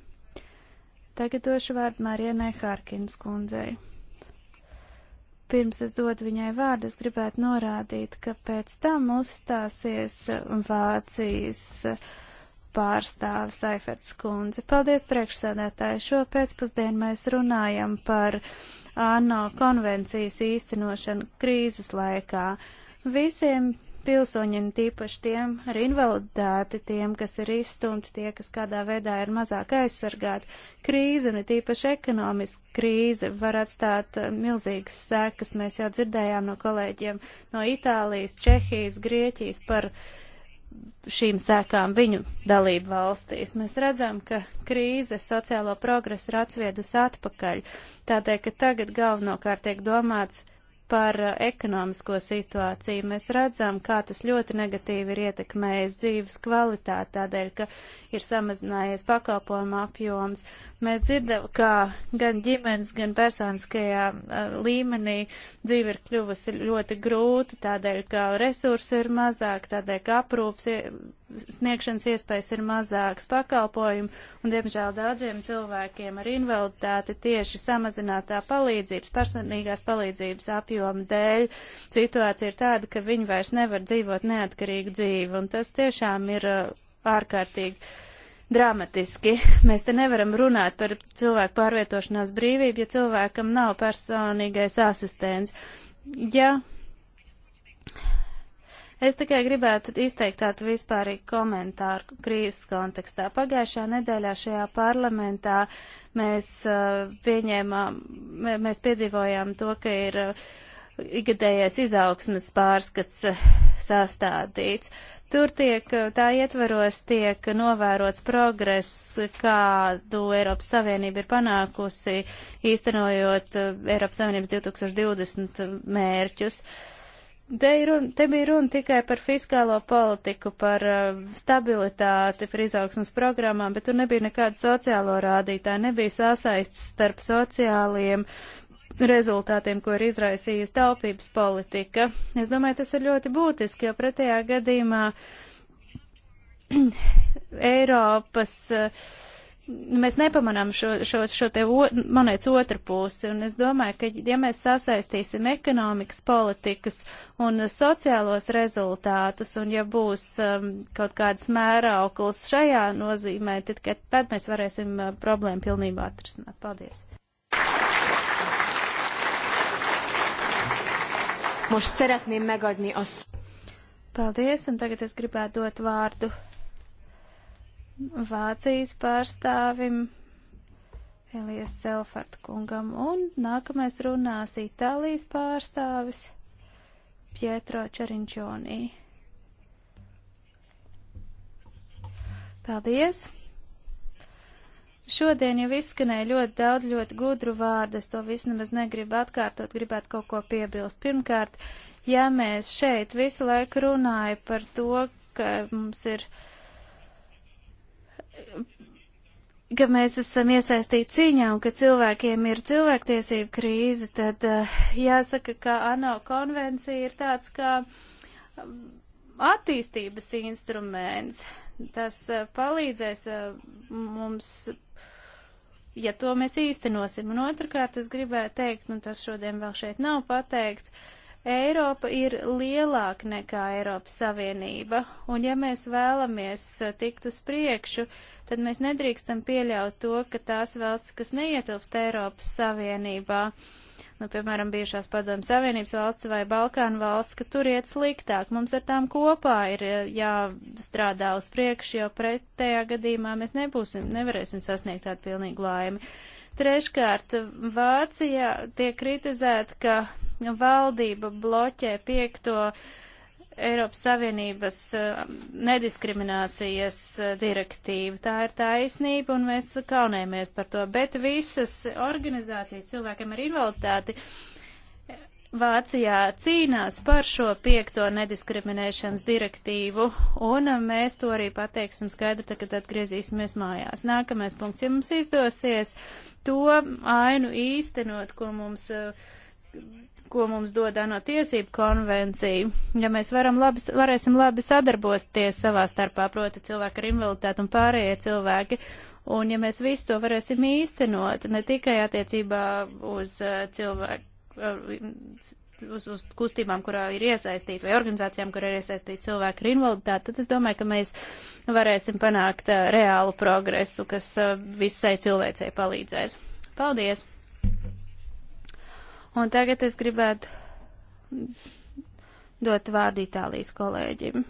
Speaker 2: Tagad došu vārdu Marienai Harkins kundzei. Pirms es dodu viņai vārdu, es gribētu norādīt, ka pēc tam uzstāsies Vācijas pārstāve Saiferts kundze. Paldies priekšsēdētāji. Šo pēcpusdienu mēs runājam par ANO konvencijas īstenošanu krīzes laikā. Visiem pilsoņiem, tīpaši tiem ar invaliditāti, tiem, kas ir izstumti, tie, kas kādā veidā ir mazāk aizsargāti. Krīze, ne tīpaši ekonomiska krīze, var atstāt eh, milzīgas sekas. Mēs jau dzirdējām no kolēģiem no Itālijas, Čehijas, Grieķijas par šīm sēkām viņu dalību valstīs. Mēs redzam, ka krīze sociālo progresu ir atsviedusi atpakaļ, tādēļ, ka tagad galvenokārt tiek domāts, par uh, ekonomisko situāciju. Mēs redzam, kā tas ļoti negatīvi ir ietekmējis dzīves kvalitāti, tādēļ, ka ir samazinājies pakalpojuma apjoms. Mēs dzirdam, ka gan ģimenes, gan personiskajā līmenī dzīve ir kļuvusi ļoti grūta, tādēļ, ka resursi ir mazāk, tādēļ, ka aprūps sniegšanas iespējas ir mazākas pakalpojumu, un, diemžēl, daudziem cilvēkiem ar invaliditāti tieši samazinātā palīdzības, personīgās palīdzības apjoma dēļ situācija ir tāda, ka viņi vairs nevar dzīvot neatkarīgu dzīvi, un tas tiešām ir ārkārtīgi dramatiski. Mēs te nevaram runāt par cilvēku pārvietošanās brīvību, ja cilvēkam nav personīgais asistents. Ja Es tikai gribētu izteikt tādu vispārīgu komentāru krīzes kontekstā. Pagājušā nedēļā šajā parlamentā mēs uh, pieņēmām, mēs piedzīvojām to, ka ir uh, ikgadējais izaugsmas pārskats eh, sastādīts. Tur tiek, eh, tā ietveros tiek novērots progress, kādu Eiropas Savienība ir panākusi, īstenojot eh, Eiropas Savienības 2020 mērķus. Te, ir runa, te bija runa tikai par fiskālo politiku, par uh, stabilitāti, par izaugsmas programmām, bet tur nebija nekāda sociālo rādītāja, nebija sasaistes starp sociāliem uh, rezultātiem, ko ir izraisījusi taupības politika. Es domāju, tas ir ļoti būtiski, jo pretējā gadījumā Eiropas eh, mēs nepamanām šo, šo, šo te o, monētas otru pusi, un es domāju, ka ja mēs sasaistīsim ekonomikas politikas un sociālos rezultātus, un ja būs um, kaut kāds mērauklis šajā nozīmē, tad, tad mēs varēsim eh, problēmu pilnībā atrisināt. Paldies! Most szeretném megadni a Paldies, un tagad es gribētu dot vārdu Vācijas pārstāvim Elijas Selfart kungam, un nākamais runās Itālijas pārstāvis Pietro Čerinčonī. Paldies! Šodien jau izskanēja ļoti daudz ļoti gudru vārdu, es to visu nemaz negribu atkārtot, gribētu kaut ko piebilst. Pirmkārt, ja mēs šeit visu laiku runāja par to, ka mums ir, ka mēs esam iesaistīti cīņā un ka cilvēkiem ir cilvēktiesība krīze, tad eh, jāsaka, ka ANO konvencija ir tāds, ka attīstības instruments. Tas eh, palīdzēs eh, mums, ja to mēs īstenosim. Un otrkārt, es gribēju teikt, un nu, tas šodien vēl šeit nav pateikts, Eiropa ir lielāka nekā Eiropas Savienība, un ja mēs vēlamies eh, tikt uz priekšu, tad mēs nedrīkstam pieļaut to, ka tās valsts, kas neietilpst Eiropas Savienībā, uh, nu, piemēram, bijušās padomjas Savienības valsts vai Balkānu valsts, ka tur iet sliktāk. Mums ar tām kopā ir eh, jāstrādā uz priekšu, jo pretējā gadījumā mēs nebūsim, nevarēsim sasniegt tādu pilnīgu laimi. Treškārt, Vācija tiek kritizēta, ka valdība bloķē piekto uh, Eiropas Savienības eh, nediskriminācijas eh, direktīva. Tā ir taisnība, un mēs kaunējamies par to. Bet visas organizācijas cilvēkiem ar invaliditāti eh, Vācijā cīnās par šo piekto nediskriminēšanas direktīvu, un mēs to arī pateiksim skaidri, tad, kad atgriezīsimies mājās. Nākamais punkts, ja mums izdosies to ainu īstenot, ko mums ko mums dod ANO tiesību konvencija, ja mēs varam labi, varēsim labi sadarboties savā starpā, proti cilvēki ar invaliditāti un pārējie cilvēki, un ja mēs visu to varēsim īstenot, ne tikai attiecībā uz uh, cilvēku, uh, uz, uz kustībām, kurā ir iesaistīti, vai organizācijām, kurā ir iesaistīti cilvēki ar invaliditāti, tad es domāju, ka mēs varēsim panākt uh, reālu progresu, kas visai cilvēcei palīdzēs. Paldies! Un tagad es gribētu dot vārdu Itālijas kolēģim.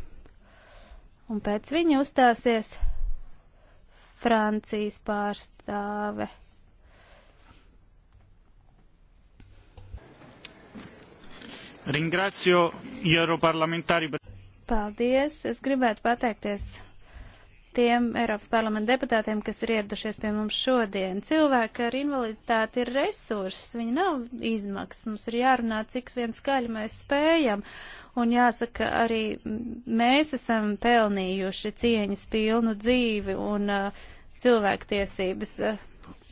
Speaker 2: Un pēc viņa uzstāsies Francijas pārstāve.
Speaker 3: Ringrācio Eiroparlamentāri.
Speaker 2: Paldies! Es gribētu pateikties tiem Eiropas parlamenta deputātiem, kas ir ieradušies pie mums šodien. Cilvēki ar invaliditāti ir resurss, viņi nav izmaksas. Mums ir jārunā, cik vien skaļi mēs spējam. Un jāsaka, arī mēs esam pelnījuši cieņas pilnu dzīvi un uh, cilvēktiesības. Uh,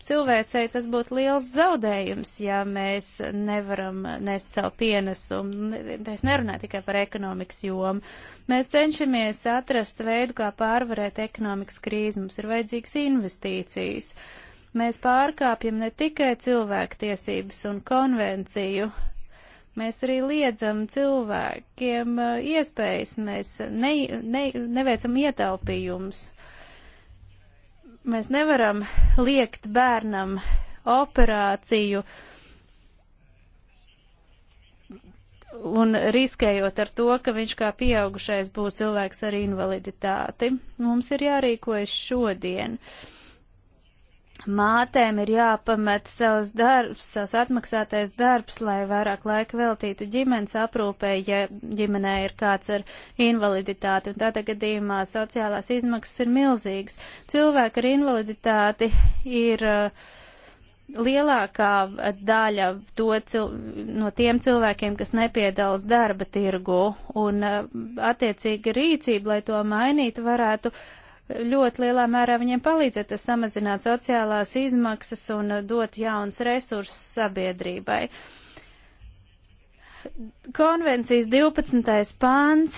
Speaker 2: cilvēcei tas būtu liels zaudējums, ja mēs nevaram nest savu pienesumu. Es nerunāju tikai par ekonomikas jomu. Mēs cenšamies atrast veidu, kā pārvarēt ekonomikas krīzi. Mums ir vajadzīgas investīcijas. Mēs pārkāpjam ne tikai cilvēku tiesības un konvenciju, mēs arī liedzam cilvēkiem uh, iespējas, mēs ne, ne, neveicam ietaupījumus. Uh, Mēs nevaram liekt bērnam operāciju un riskējot ar to, ka viņš kā pieaugušais būs cilvēks ar invaliditāti. Mums ir jārīkojas šodien. Uh, Mātēm ir jāpamet savs darbs, savs atmaksātais darbs, lai vairāk laika veltītu ģimenes aprūpē, ja ģimenē ir kāds ar invaliditāti, un tādā gadījumā sociālās izmaksas ir milzīgas. Cilvēki ar invaliditāti ir uh, lielākā daļa to, cil, no tiem cilvēkiem, kas nepiedalās darba tirgu, un uh, attiecīga rīcība, lai to mainītu, varētu ļoti lielā mērā viņiem palīdzēt, tas samazināt sociālās izmaksas un uh, dot jauns resursus sabiedrībai. Konvencijas 12. pāns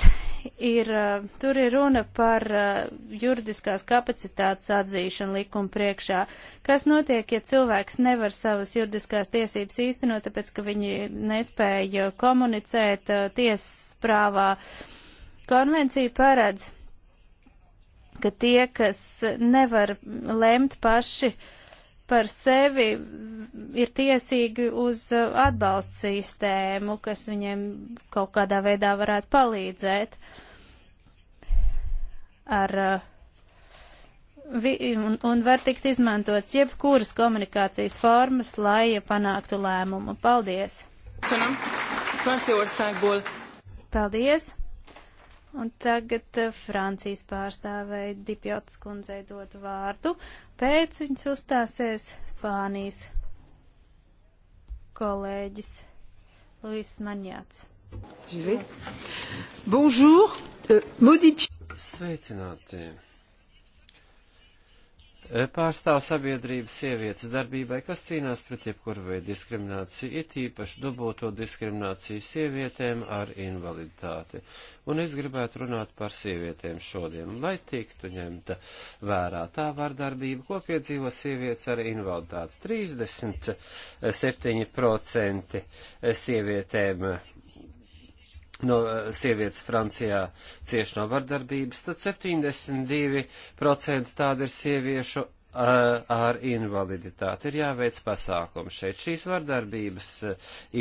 Speaker 2: ir, uh, tur ir runa par uh, juridiskās kapacitātes atzīšanu likuma priekšā. Kas notiek, ja cilvēks nevar savas juridiskās tiesības īstenot, tāpēc, ka viņi nespēja komunicēt tiesas prāvā? Konvencija paredz ka tie, kas nevar lemt paši par sevi, ir tiesīgi uz atbalstu sistēmu, kas viņiem kaut kādā veidā varētu palīdzēt ar uh, vi, un, un var tikt izmantots jebkuras komunikācijas formas, lai panāktu lēmumu. Paldies! Paldies! Un tagad eh, Francijas pārstāvēja Dipjotas kundzei dot vārdu. Pēc viņas uzstāsies Spānijas kolēģis Luis Maņāts. Bonjour, euh, Modip.
Speaker 4: Sveicināti pārstāv sabiedrības sievietes darbībai, kas cīnās pret jebkuru veidu diskrimināciju, it īpaši dubulto diskrimināciju sievietēm ar invaliditāti. Un es gribētu runāt par sievietēm šodien, lai tiktu ņemta vērā tā vardarbība, ko piedzīvo sievietes ar invaliditāti. 37% sievietēm no eh, sievietes Francijā cieši no vardarbības, tad 72% tāda ir sieviešu eh, ar invaliditāti. Ir jāveic pasākumi šeit. Šīs vardarbības eh,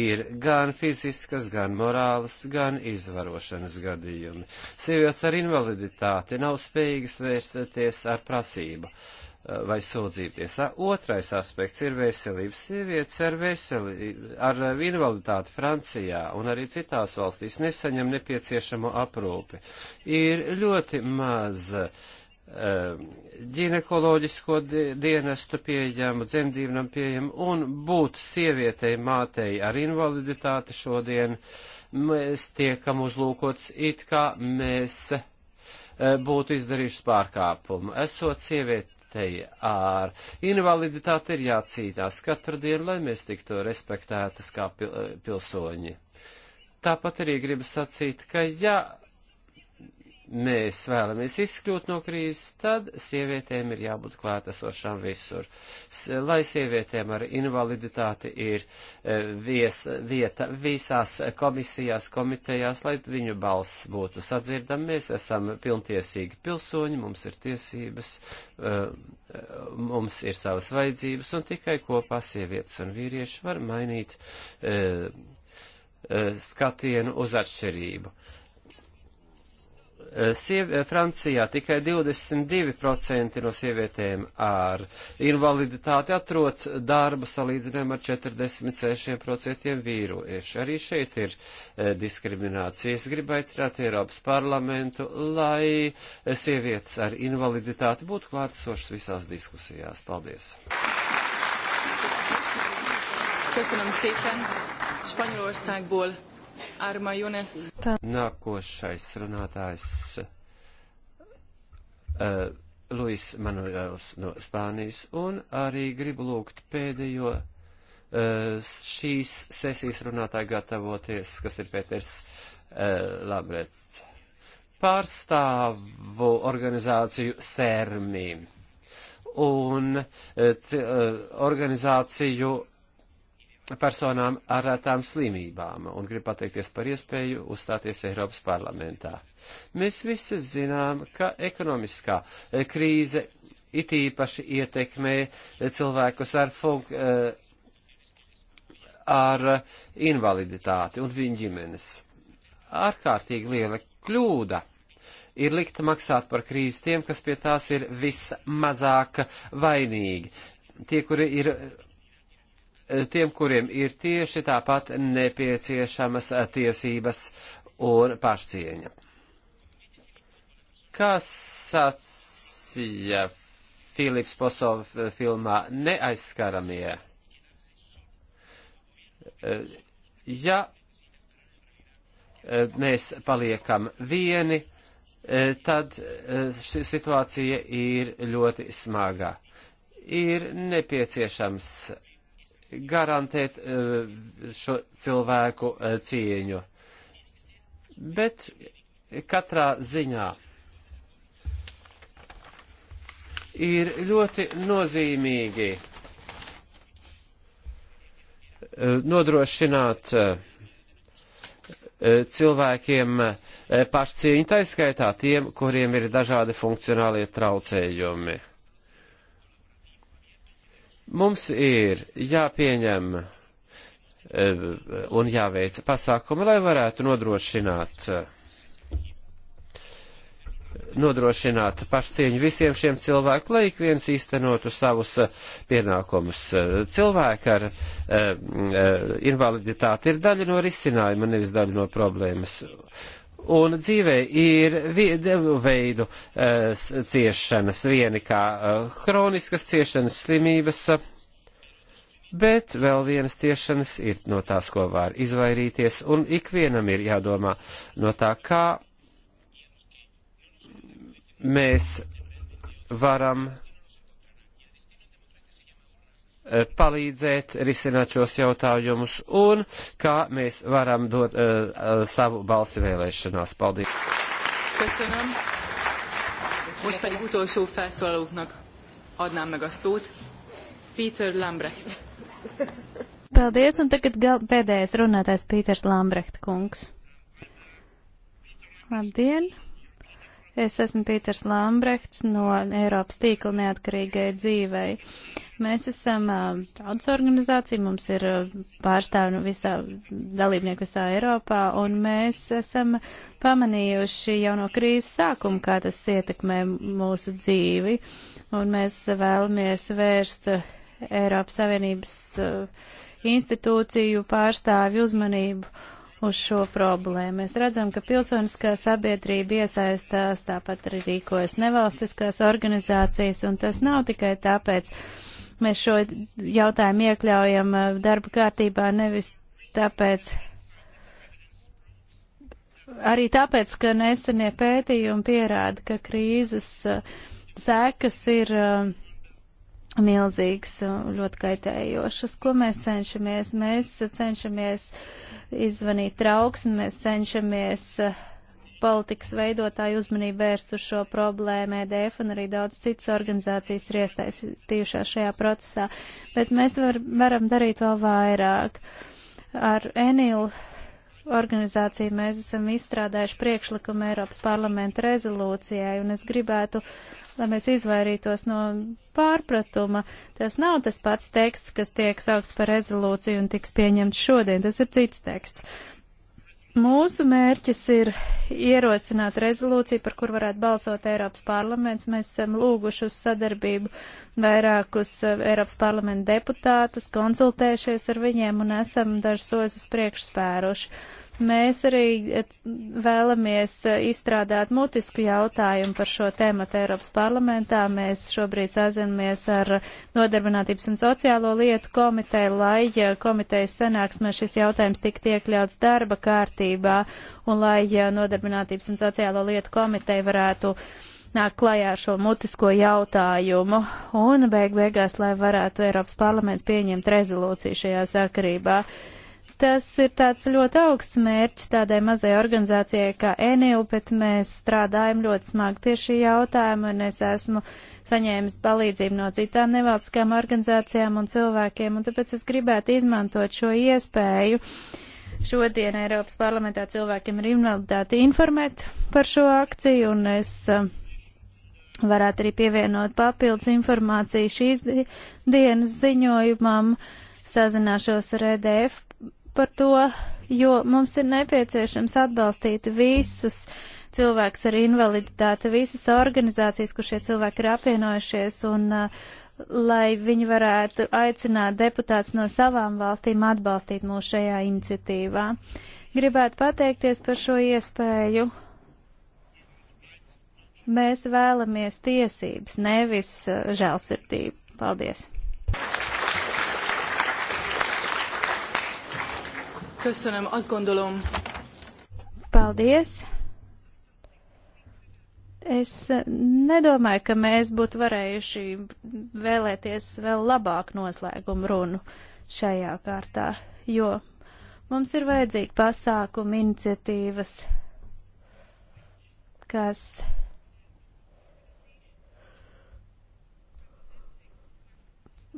Speaker 4: ir gan fiziskas, gan morālas, gan izvarošanas gadījumi. Sievietes ar invaliditāti nav spējīgas vērsties ar prasību. Uh, Eh, vai sūdzībties. Otrais aspekts ir veselības sievietes ar, veseli, ar eh, invaliditāti Francijā un arī citās valstīs nesaņem nepieciešamo aprūpi. Ir ļoti maz eh, ģinekoloģisko dienestu pieejamu, dzemdībnam pieejamu un būt sievietei mātei ar invaliditāti šodien mēs tiekam uzlūkots it kā mēs būtu izdarījuši pārkāpumu. Esot sievieti sievietei ar invaliditāti ir jācīnās katru dienu, lai mēs tiktu respektētas kā pilsoņi. Tāpat arī gribu sacīt, ka ja mēs vēlamies izkļūt no krīzes, tad sievietēm ir jābūt klātesošām visur. Lai sievietēm ar invaliditāti ir e, vies, vieta visās komisijās, komitejās, lai viņu balss būtu sadzirdam, mēs esam pilntiesīgi pilsoņi, mums ir tiesības, e, mums ir savas vajadzības, un tikai kopā sievietes un vīrieši var mainīt e, skatienu uz atšķirību. Uh, Siev, eh, Francijā tikai 22% no sievietēm ar invaliditāti atrod darbu salīdzinājumā ar 46% vīriešu. Arī šeit ir eh, diskriminācija. Es gribu aicināt Eiropas parlamentu, lai eh, sievietes ar invaliditāti būtu klātsošas visās diskusijās. Paldies!
Speaker 1: Köszönöm szépen! Spanyolországból
Speaker 3: ar majonēs.
Speaker 4: Nākošais runātājs uh, Luis Manuels no Spānijas, un arī gribu lūgt pēdējo uh, šīs sesijas runātāju gatavoties, kas ir Pēters uh, eh, Labrets. Pārstāvu organizāciju Sērmī un uh, organizāciju personām ar tām slimībām un grib pateikties par iespēju uzstāties Eiropas parlamentā. Mēs visi zinām, ka ekonomiskā eh, krīze it īpaši ietekmē eh, cilvēkus ar, funk, eh, ar invaliditāti un viņu ģimenes. Ārkārtīgi liela kļūda ir likt maksāt par krīzi tiem, kas pie tās ir vismazāk vainīgi. Tie, kuri ir tiem, kuriem ir tieši tāpat nepieciešamas tiesības un pašcieņa. Kas sacīja Filips Posov filmā Neaizskaramie? Ja mēs paliekam vieni, tad šī situācija ir ļoti smagā. Ir nepieciešams garantēt eh, šo cilvēku eh, cieņu. Bet katrā ziņā ir ļoti nozīmīgi eh, nodrošināt cilvēkiem pašcieņu, taiskaitā tiem, kuriem ir dažādi funkcionālie traucējumi. Mums ir jāpieņem e, un jāveic pasākumi, lai varētu nodrošināt nodrošināt pašcieņu visiem šiem cilvēkiem, lai ik viens īstenotu savus pienākumus. Cilvēki ar uh, invaliditāti ir daļa no risinājuma, nevis daļa no problēmas un dzīvē ir divu veidu uh, ciešanas, vieni kā uh, eh, hroniskas ciešanas, slimības, uh, bet vēl vienas ciešanas ir no tās, ko var izvairīties, un ikvienam ir jādomā no tā, kā mēs varam Eh, palīdzēt risināt šos jautājumus un kā mēs varam dot uh, savu balsi vēlēšanās. Paldies! Köszönöm.
Speaker 3: Most pedig utolsó felszólalóknak adnám meg a szót. Peter Lambrecht.
Speaker 2: Paldies, un tagad gal, pēdējais runātājs Pīters Lambrecht kungs. Labdien! Es esmu Pīters Lambrechts no Eiropas tīkla neatkarīgai dzīvei. Mēs esam tautas organizācija, mums ir pārstāvi no visā dalībnieku visā Eiropā, un mēs esam pamanījuši jau no krīzes sākuma, kā tas ietekmē mūsu dzīvi, un mēs vēlamies vērst Eiropas Savienības institūciju pārstāvi uzmanību uz šo problēmu. Mēs redzam, ka pilsoniskā sabiedrība iesaistās, tāpat arī rīkojas nevalstiskās organizācijas, un tas nav tikai tāpēc, mēs šo jautājumu iekļaujam uh, darba kārtībā nevis tāpēc, arī tāpēc, ka nesenie pētījumi pierāda, ka krīzes uh, sekas ir uh, milzīgs, ļoti kaitējošas. Ko mēs cenšamies? Mēs cenšamies uh, izzvanīt trauksmi, mēs cenšamies eh, politikas veidotāju uzmanību vērst uz šo problēmu, EDF un arī daudz citas organizācijas ir iesaistījušās šajā procesā, bet mēs var, varam darīt vēl vairāk. Ar Enilu organizāciju mēs esam izstrādājuši priekšlikumu Eiropas parlamenta rezolūcijai, un es gribētu uh, lai mēs izvairītos no pārpratuma. Tas nav tas pats teksts, kas tiek saukts par rezolūciju un tiks pieņemts šodien. Tas ir cits teksts. Mūsu mērķis ir ierosināt rezolūciju, par kur varētu balsot Eiropas parlaments. Mēs esam lūguši uz sadarbību vairākus eh, Eiropas parlamenta deputātus, konsultējušies ar viņiem un esam dažus soļus uz priekšu spēruši. Uh, Mēs arī eh, vēlamies eh, izstrādāt mutisku jautājumu par šo tēmatu Eiropas parlamentā. Mēs šobrīd sazinamies ar Nodarbinātības un sociālo lietu komiteju, lai eh, komitejas sanāksmē šis jautājums tiktu iekļauts darba kārtībā un lai Nodarbinātības un sociālo lietu komiteja varētu nāk klajā ar šo mutisko jautājumu un beig beigās, lai varētu Eiropas parlaments pieņemt rezolūciju šajā sakarībā. Uh, Tas ir tāds ļoti augsts mērķis tādai mazai organizācijai kā ENIU, bet mēs strādājam ļoti smagi pie šī jautājuma, un es esmu saņēmis palīdzību no citām nevalstiskām organizācijām un cilvēkiem, un tāpēc es gribētu izmantot šo iespēju. Šodien Eiropas parlamentā cilvēkiem ir invaliditāte informēt par šo akciju, un es uh, varētu arī pievienot papildus informāciju šīs dienas ziņojumam. Sazināšos ar EDF par to, jo mums ir nepieciešams atbalstīt visus cilvēkus ar invaliditāti, visas organizācijas, kur šie cilvēki ir apvienojušies, un uh, lai viņi varētu aicināt deputāts no savām valstīm atbalstīt mūs šajā iniciatīvā. Gribētu pateikties par šo iespēju. Mēs vēlamies tiesības, nevis uh, žēlsirdību. Paldies! Köszönöm, azt gondolom. Paldies. Es nedomāju, ka mēs būtu varējuši vēlēties vēl labāk noslēgumu runu šajā kārtā, jo mums ir vajadzīgi pasākumi, iniciatīvas, kas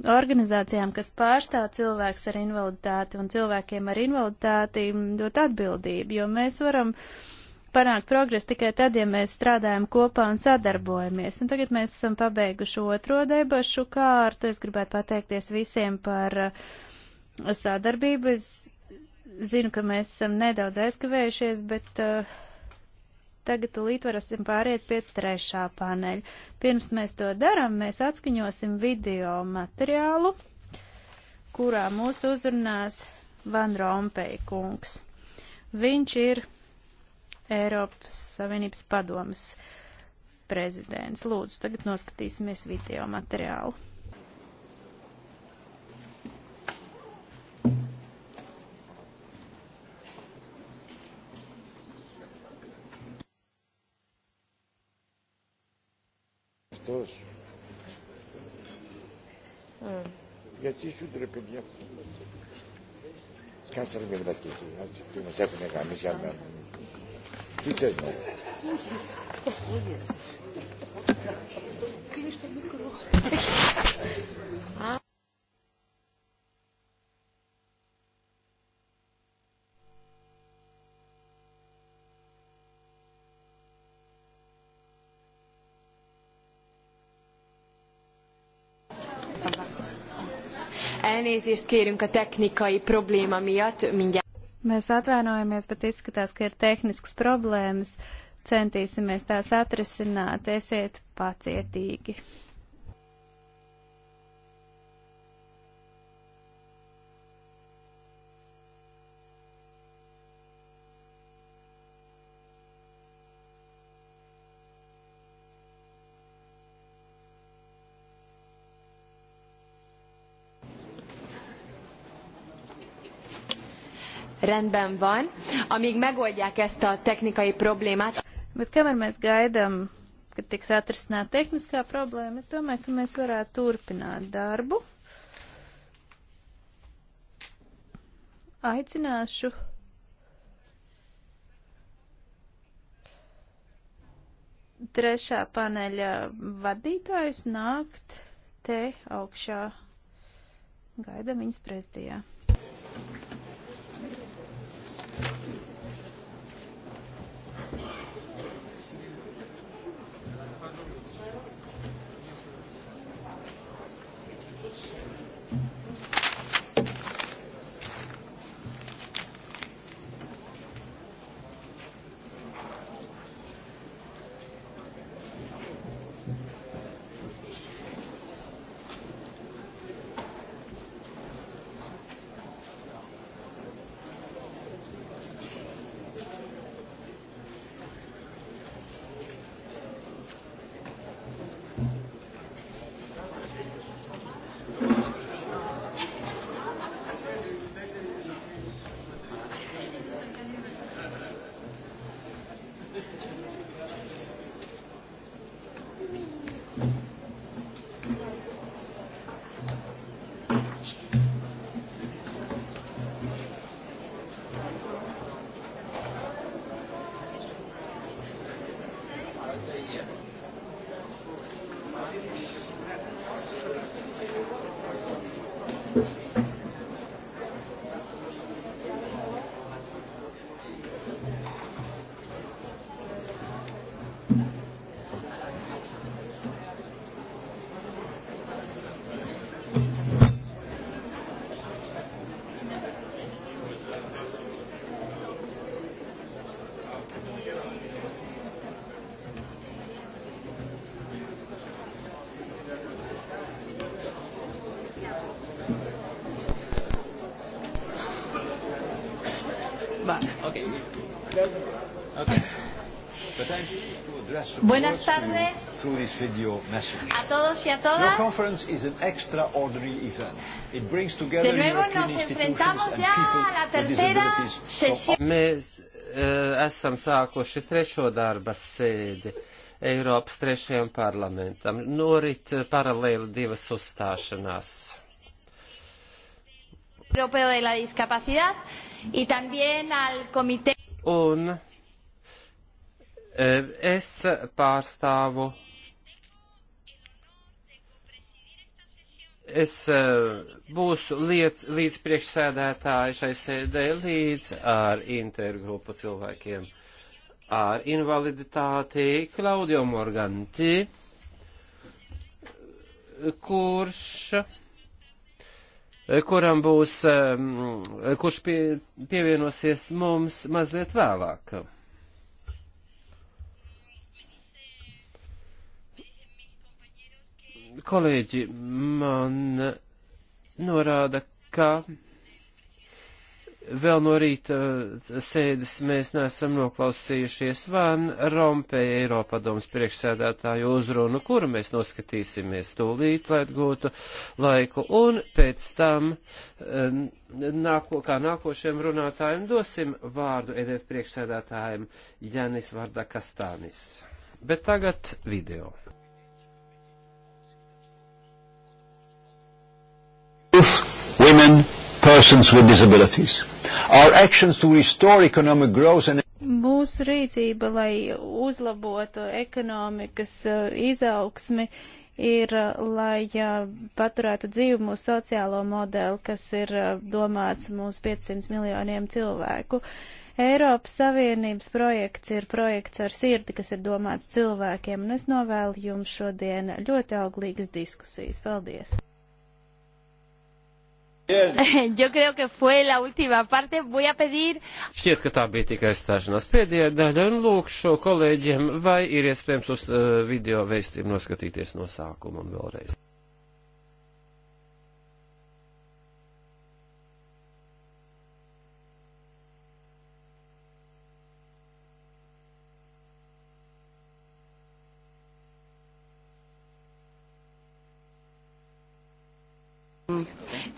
Speaker 2: organizācijām, kas pārstāv cilvēks ar invaliditāti un cilvēkiem ar invaliditāti, dot atbildību, jo mēs varam panākt progresu tikai tad, ja mēs strādājam kopā un sadarbojamies. Un tagad mēs esam pabeiguši otro debašu kārtu. Es gribētu pateikties visiem par uh, sadarbību. Es zinu, ka mēs esam nedaudz aizkavējušies, bet uh, Tagad tūlīt varasim pāriet pie trešā paneļa. Pirms mēs to darām, mēs atskaņosim video materiālu, kurā mūs uzrunās Van Rompēj kungs. Viņš ir Eiropas Savienības padomas prezidents. Lūdzu, tagad noskatīsimies video materiālu.
Speaker 4: αυτός. Mm. Γιατί σου τρε παιδιά αυτό. Κάτσε μια βλακική. Ας τι μας έχουν γαμίσει αλλά. Τι θες να Κλείς το μικρό.
Speaker 5: Α,
Speaker 2: Elnézést kérünk
Speaker 1: a technikai probléma miatt, mindjárt.
Speaker 2: Mēs atvainojamies, bet izskatās, ka ir tehnisks problēmas. Centīsimies tās atrisināt. Esiet pacietīgi.
Speaker 1: rendben van.
Speaker 2: Amíg megoldják ezt a technikai problémát. Bet kamēr mēs gaidām, kad tiks atrisināt tehniskā problēma, es domāju, ka mēs varētu turpināt darbu. Aicināšu trešā paneļa vadītājus nākt te augšā. Gaida viņas prezidijā.
Speaker 1: Buenas tardes to, to this video message. a todos y a todas. Your conference is an extraordinary event.
Speaker 4: It brings together De nuevo European nos enfrentamos ya a la tercera sesión. Mēs uh, esam sākuši trešo darba sēdi. Eiropas trešajam parlamentam. Norit eh, paralēli divas uzstāšanās.
Speaker 1: Europeo de la discapacidad y también al
Speaker 4: comité. Un E, es pārstāvu. Es e, būšu liec, līdz priekšsēdētāji šai sēdē līdz ar intergrupu cilvēkiem ar invaliditāti Klaudio Morganti, kurš kuram būs, e, kurš pie, pievienosies mums mazliet vēlāk. kolēģi man norāda, ka vēl no rīta uh, sēdes mēs nesam noklausījušies Van Rompēja Eiropadomas priekšsēdētāju uzrunu, kuru mēs noskatīsimies tūlīt, lai atgūtu laiku, un pēc tam uh, nāko, kā nākošiem runātājiem dosim vārdu EDF priekšsēdētājiem Janis Varda Kastānis. Bet tagad video.
Speaker 1: on persons with disabilities. Our actions to restore economic growth and
Speaker 2: Mūsu rīcība, lai uzlabotu ekonomikas eh, izaugsmi, ir, eh, lai eh, paturētu dzīvu mūsu sociālo modeli, kas ir domāts mūsu 500 miljoniem cilvēku. Eiropas Savienības projekts ir projekts ar sirdi, kas ir domāts cilvēkiem, un es novēlu jums šodien ļoti auglīgas diskusijas. Paldies! Yo creo que fue la última parte. Voy a pedir.
Speaker 4: Šķiet, ka tā bija tikai stāšanās pēdējā daļa, un lūkšu kolēģiem, vai ir iespējams uz uh, video vēstījumu noskatīties no sākuma un vēlreiz.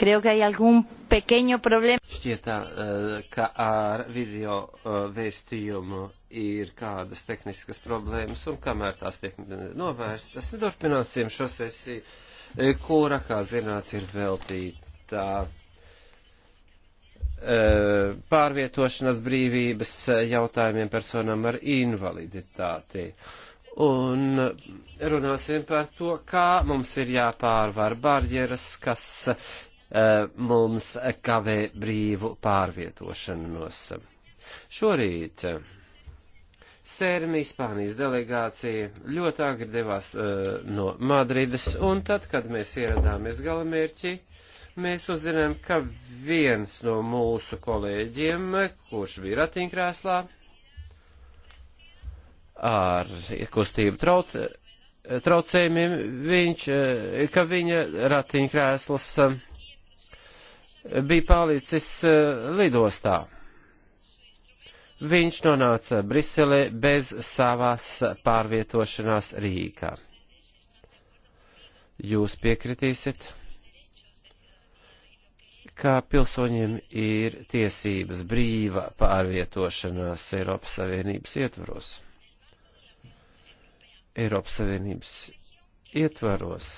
Speaker 1: Creo que hay algún pequeño problēma.
Speaker 4: Šķietā, eh, ka ar video eh, vēstījumu ir kādas tehniskas problēmas, un kamēr tās tiek novērstas, turpināsim šo sesiju, eh, kura, kā zināt, ir veltīta pārvietošanas brīvības jautājumiem personām ar invaliditāti. Un runāsim par to, kā mums ir jāpārvar barjeras, kas Eh, mums kavē brīvu pārvietošanos. Šorīt eh, Sērmi, Spānijas delegācija ļoti agri devās uh, no Madrides, un tad, kad mēs ieradāmies galamērķi, mēs uzzinām, ka viens no mūsu kolēģiem, kurš bija ratiņkrēslā, ar kustību traut, traucējumiem, viņš, ka viņa ratiņkrēslas uh, bija palicis eh, lidostā. Viņš nonāca Briselē bez savās pārvietošanās Rīgā. Jūs piekritīsiet, ka pilsoņiem ir tiesības brīva pārvietošanās Eiropas Savienības ietvaros. Eiropas Savienības ietvaros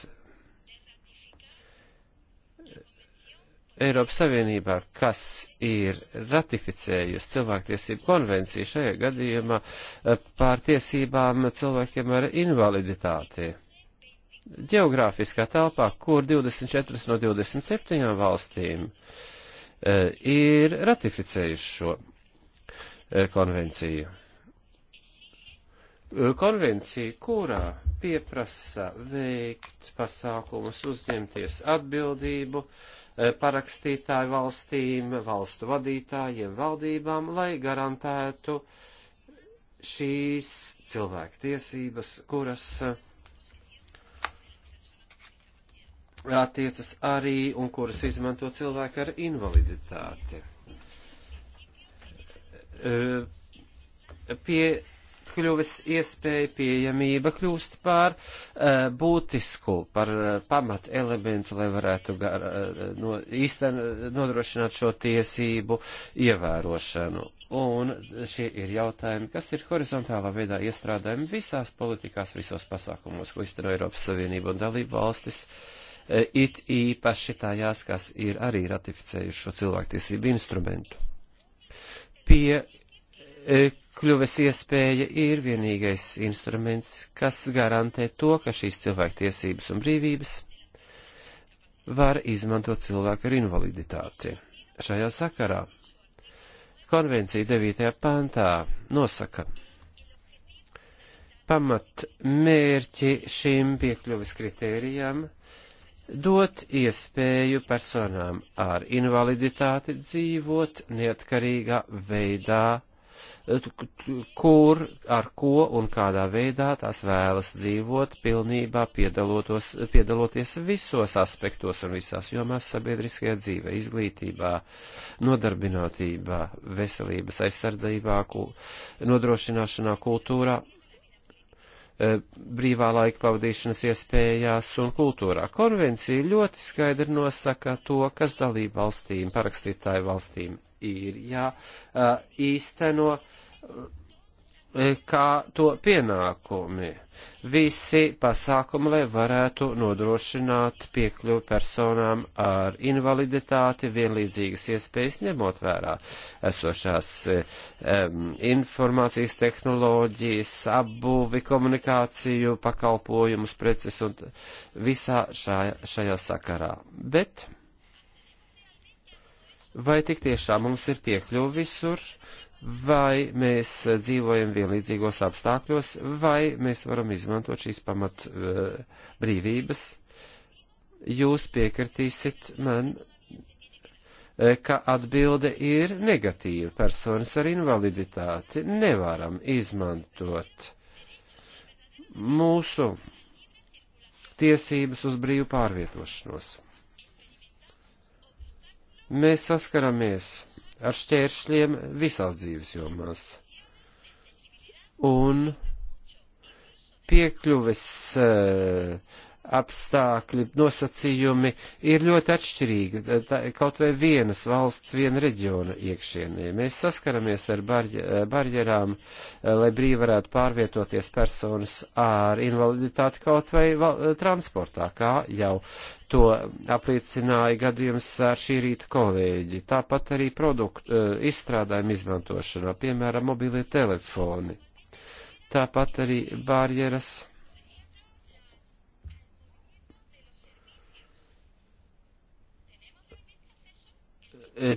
Speaker 4: Eiropas Savienībā, kas ir ratificējusi cilvēktiesību konvenciju šajā gadījumā eh, pār tiesībām cilvēkiem ar invaliditāti. Geogrāfiskā telpā, kur 24 no 27 valstīm eh, ir ratificējuši šo eh, konvenciju. Konvencija, kurā pieprasa veikt pasākumus, uzņemties atbildību, uh, Eh, parakstītāju valstīm, valstu vadītājiem, valdībām, lai garantētu šīs cilvēku tiesības, kuras eh, attiecas arī un kuras izmanto cilvēki ar invaliditāti. Eh, pie piekļuves iespēja, pieejamība kļūst par uh, būtisku, par uh, pamat elementu, lai varētu gar, uh, no, īsten, nodrošināt šo tiesību ievērošanu. Un šie ir jautājumi, kas ir horizontālā veidā iestrādājumi visās politikās, visos pasākumos, ko izteno Eiropas Savienība un dalību valstis. Uh, it īpaši tajās, kas ir arī ratificējuši šo cilvēktiesību instrumentu. Pie piekļuves iespēja ir vienīgais instruments, kas garantē to, ka šīs cilvēktiesības un brīvības var izmantot cilvēku ar invaliditāti. Šajā sakarā konvencija 9. pantā nosaka pamat mērķi šim piekļuves kritērijam dot iespēju personām ar invaliditāti dzīvot neatkarīgā veidā kur, ar ko un kādā veidā tās vēlas dzīvot, pilnībā piedaloties visos aspektos un visās jomās sabiedriskajā dzīvē, izglītībā, nodarbinātībā, veselības aizsardzībā, nodrošināšanā, kultūrā E, brīvā laika pavadīšanas iespējās un kultūrā. Konvencija ļoti skaidri nosaka to, kas dalību valstīm, parakstītāju valstīm ir jāīsteno. Ja, e, īsteno, E, kā to pienākumi. Visi pasākumi, lai varētu nodrošināt piekļuvi personām ar invaliditāti, vienlīdzīgas iespējas ņemot vērā esošās um, informācijas tehnoloģijas, apbūvi, komunikāciju, pakalpojumus, preces un visā šajā, šajā sakarā. Bet vai tik tiešām mums ir piekļuvi visur? Uh, vai mēs dzīvojam vienlīdzīgos apstākļos, vai mēs varam izmantot šīs pamat eh, brīvības. Jūs piekritīsit man, eh, ka atbilde ir negatīva. Personas ar invaliditāti nevaram izmantot mūsu tiesības uz brīvu pārvietošanos. Mēs saskaramies ar šķēršļiem visās dzīves jomās. Un piekļuves uh, apstākļi, nosacījumi ir ļoti atšķirīgi, tā, kaut vai vienas valsts, viena reģiona iekšienē. Mēs saskaramies ar barjerām, eh, lai brīvi varētu pārvietoties personas ar invaliditāti kaut vai val, eh, transportā, kā jau to apliecināja gadījums ar šī rīta kolēģi. Tāpat arī produktu eh, izstrādājumu izmantošanā, piemēram, mobilie telefoni. Tāpat arī barjeras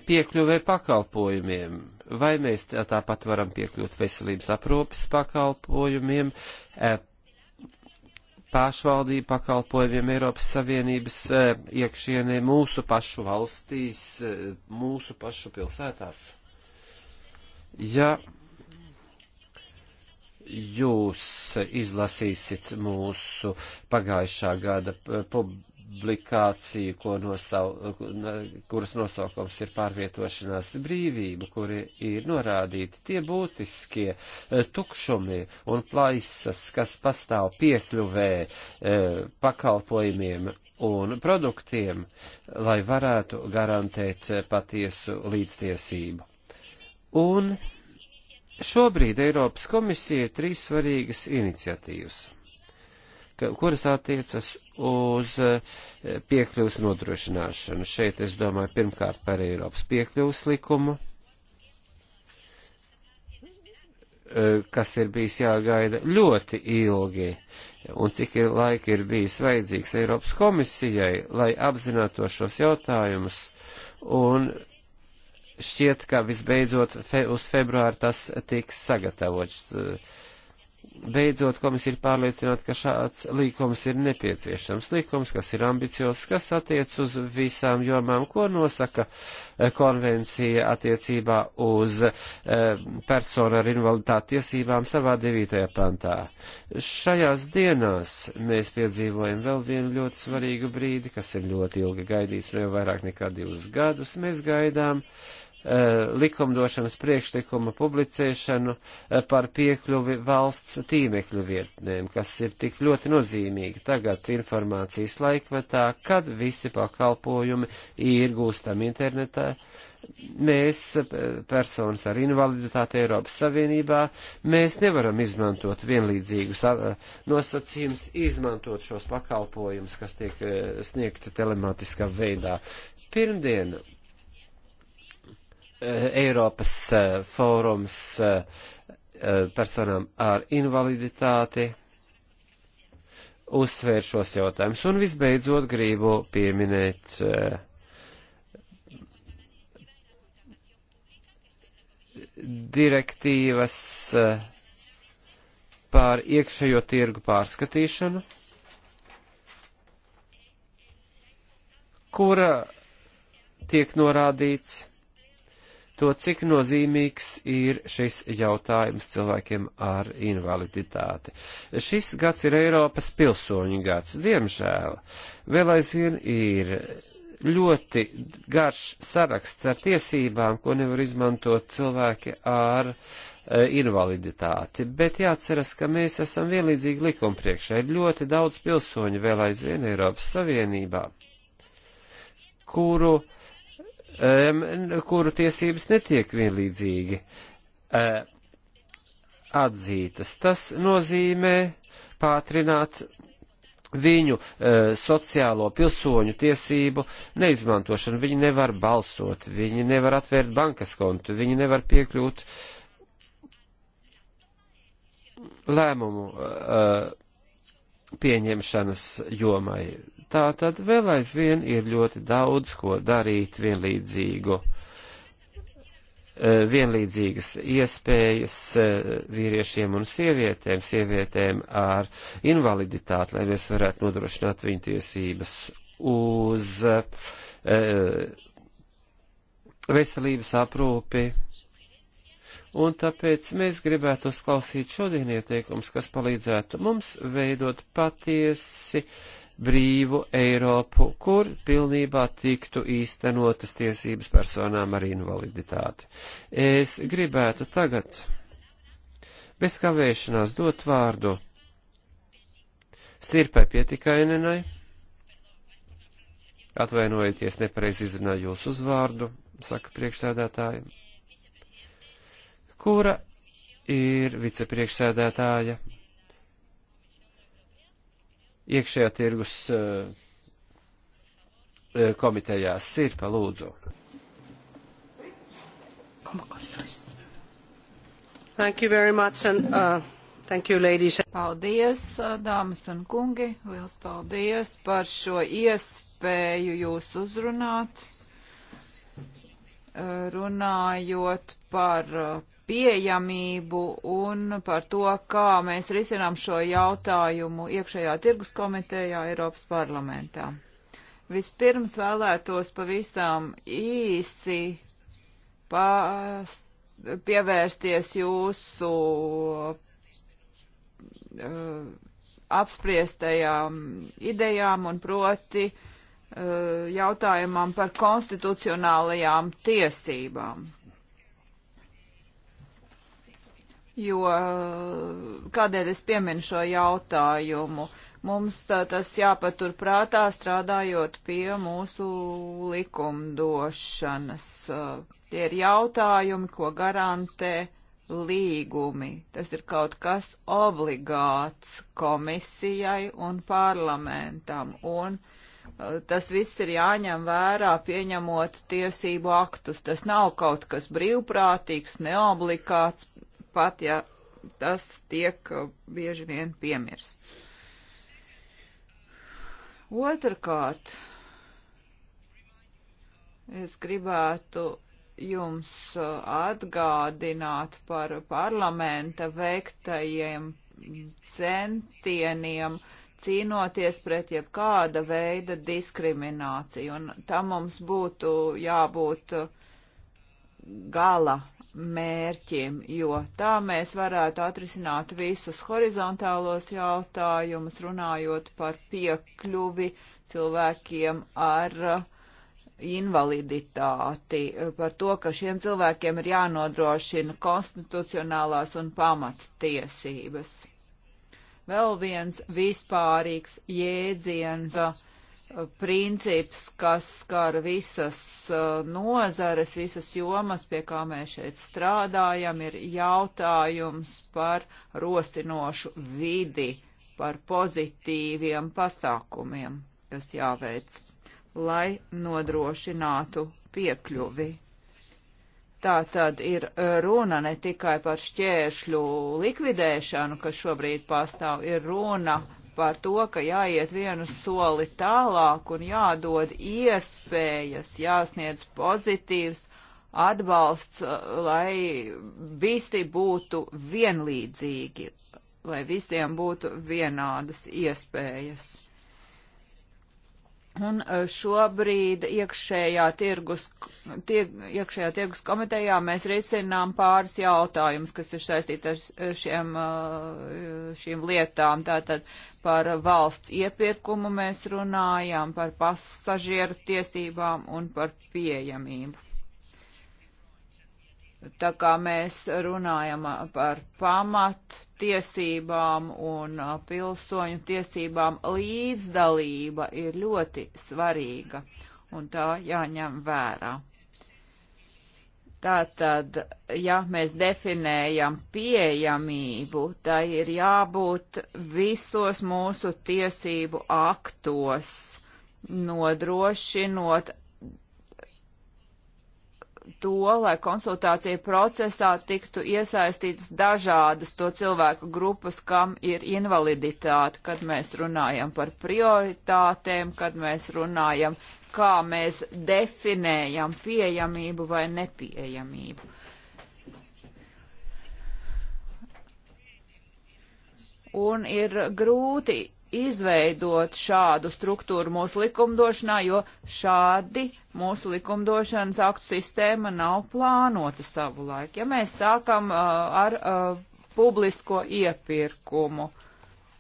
Speaker 4: piekļuvē pakalpojumiem. Vai mēs tāpat varam piekļūt veselības aprūpes pakalpojumiem, e, pašvaldību pakalpojumiem Eiropas Savienības e, iekšienē, mūsu pašu valstīs, e, mūsu pašu pilsētās? Ja jūs izlasīsit mūsu pagājušā gada publikāciju, publikāciju, nosau, kuras nosaukums ir pārvietošanās brīvība, kuri ir norādīti tie būtiskie e, tukšumi un plaisas, kas pastāv piekļuvē e, pakalpojumiem un produktiem, lai varētu garantēt e, patiesu līdztiesību. Un šobrīd Eiropas komisija ir trīs svarīgas iniciatīvas ka, kuras attiecas uz eh, piekļuvas nodrošināšanu. Šeit es domāju pirmkārt par Eiropas piekļuvas likumu, eh, kas ir bijis jāgaida ļoti ilgi, un cik ir laika ir bijis vajadzīgs Eiropas komisijai, lai apzinātu šos jautājumus, un šķiet, ka visbeidzot fe, uz februāru tas tiks sagatavots. Uh, Beidzot, komisija ir pārliecināta, ka šāds līkums ir nepieciešams. Līkums, kas ir ambiciozs, kas attiec uz visām jomām, ko nosaka eh, konvencija attiecībā uz eh, personu ar invaliditāti tiesībām savā 9. pantā. Šajās dienās mēs piedzīvojam vēl vienu ļoti svarīgu brīdi, kas ir ļoti ilgi gaidīts, no nu jau vairāk nekā divus gadus mēs gaidām. Uh, Eh, likumdošanas priekšlikuma publicēšanu eh, par piekļuvi valsts tīmekļu vietnēm, kas ir tik ļoti nozīmīgi tagad informācijas laikmetā, kad visi pakalpojumi ir gūstami internetā. Mēs, eh, personas ar invaliditāti Eiropas Savienībā, mēs nevaram izmantot vienlīdzīgus nosacījumus, izmantot šos pakalpojumus, kas tiek sniegti telemātiskā veidā. Pirmdiena Eh, Eiropas eh, fórums eh, personām ar invaliditāti uzsvēr šos jautājumus. Un visbeidzot gribu pieminēt direktīvas pār iekšējo tirgu pārskatīšanu, kura tiek norādīts, to, cik nozīmīgs ir šis jautājums cilvēkiem ar invaliditāti. Šis gads ir Eiropas pilsoņu gads, diemžēl. Vēl aizvien ir ļoti garš saraksts ar tiesībām, ko nevar izmantot cilvēki ar e, invaliditāti, bet jāatceras, ka mēs esam vienlīdzīgi likumpriekšā. Ir ļoti daudz pilsoņu vēl aizvien Eiropas Savienībā, kuru uh, kuru tiesības netiek vienlīdzīgi e, atzītas. Tas nozīmē pātrināt viņu e, sociālo pilsoņu tiesību neizmantošanu. Viņi nevar balsot, viņi nevar atvērt bankas kontu, viņi nevar piekļūt lēmumu e, pieņemšanas jomai tā tad vēl aizvien ir ļoti daudz, ko darīt vienlīdzīgu, e, vienlīdzīgas iespējas e, vīriešiem un sievietēm, sievietēm ar invaliditāti, lai mēs varētu nodrošināt viņu tiesības uz e, veselības aprūpi. Un tāpēc mēs gribētu uzklausīt šodien ieteikums, kas palīdzētu mums veidot patiesi uh, brīvu Eiropu, kur pilnībā tiktu īstenotas tiesības personām ar invaliditāti. Es gribētu tagad bez kavēšanās dot vārdu Sirpai Pietikainenai. Atvainojieties, nepareiz izrunāju jūsu uzvārdu, saka priekšsēdētāja, kura ir vicepriekšsēdētāja iekšējā tirgus eh, eh, komitejās. Sirpa, lūdzu.
Speaker 3: Thank you very much and uh, thank you ladies. Paldies, uh, dāmas un kungi. Liels paldies par šo iespēju jūs uzrunāt uh, runājot par uh, pieejamību un par to, kā mēs risinām šo jautājumu iekšējā tirgus komitejā Eiropas parlamentā. Vispirms vēlētos pavisam īsi past, pievērsties jūsu uh, apspriestajām idejām un proti uh, jautājumam par konstitucionālajām tiesībām. jo eh, kādēļ es pieminu šo jautājumu. Mums tā, tas jāpatur prātā strādājot pie mūsu likumdošanas. Eh, tie ir jautājumi, ko garantē līgumi. Tas ir kaut kas obligāts komisijai un parlamentam. Un eh, tas viss ir jāņem vērā, pieņemot tiesību aktus. Tas nav kaut kas brīvprātīgs, neobligāts, pat ja tas tiek uh, bieži vien piemirsts. Otrakārt, es gribētu jums uh, atgādināt par parlamenta veiktajiem centieniem cīnoties pret jebkāda veida diskrimināciju, un tam mums būtu jābūt uh, gala mērķim, jo tā mēs varētu atrisināt visus horizontālos jautājumus, runājot par piekļuvi cilvēkiem ar uh, invaliditāti, par to, ka šiem cilvēkiem ir jānodrošina konstitucionālās un pamatiesības. Vēl viens vispārīgs jēdziens uh, princips, kas skar visas uh, nozares, visas jomas, pie kā mēs šeit strādājam, ir jautājums par rosinošu vidi, par pozitīviem pasākumiem, kas jāveic, lai nodrošinātu piekļuvi. Tā tad ir runa ne tikai par šķēršļu likvidēšanu, kas šobrīd pastāv, ir runa par to, ka jāiet vienu soli tālāk un jādod iespējas, jāsniedz pozitīvs atbalsts, uh, lai visi būtu vienlīdzīgi, lai visiem būtu vienādas iespējas. Un e, šobrīd iekšējā tirgus, tie, iekšējā tirgus komitejā mēs risinām pāris jautājumus, kas ir saistīti ar šiem, e, šīm lietām. Tātad par valsts iepirkumu mēs runājām, par pasažieru tiesībām un par pieejamību tā kā mēs runājam par pamattiesībām un pilsoņu tiesībām, līdzdalība ir ļoti svarīga un tā jāņem vērā. Tātad, ja mēs definējam pieejamību, tai ir jābūt visos mūsu tiesību aktos, nodrošinot to, lai konsultāciju procesā tiktu iesaistītas dažādas to cilvēku grupas, kam ir invaliditāte, kad mēs runājam par prioritātēm, kad mēs runājam, kā mēs definējam pieejamību vai nepieejamību. Un ir grūti izveidot šādu struktūru mūsu likumdošanā, jo šādi mūsu likumdošanas aktu sistēma nav plānota savu laiku. Ja mēs sākam uh, ar uh, publisko iepirkumu,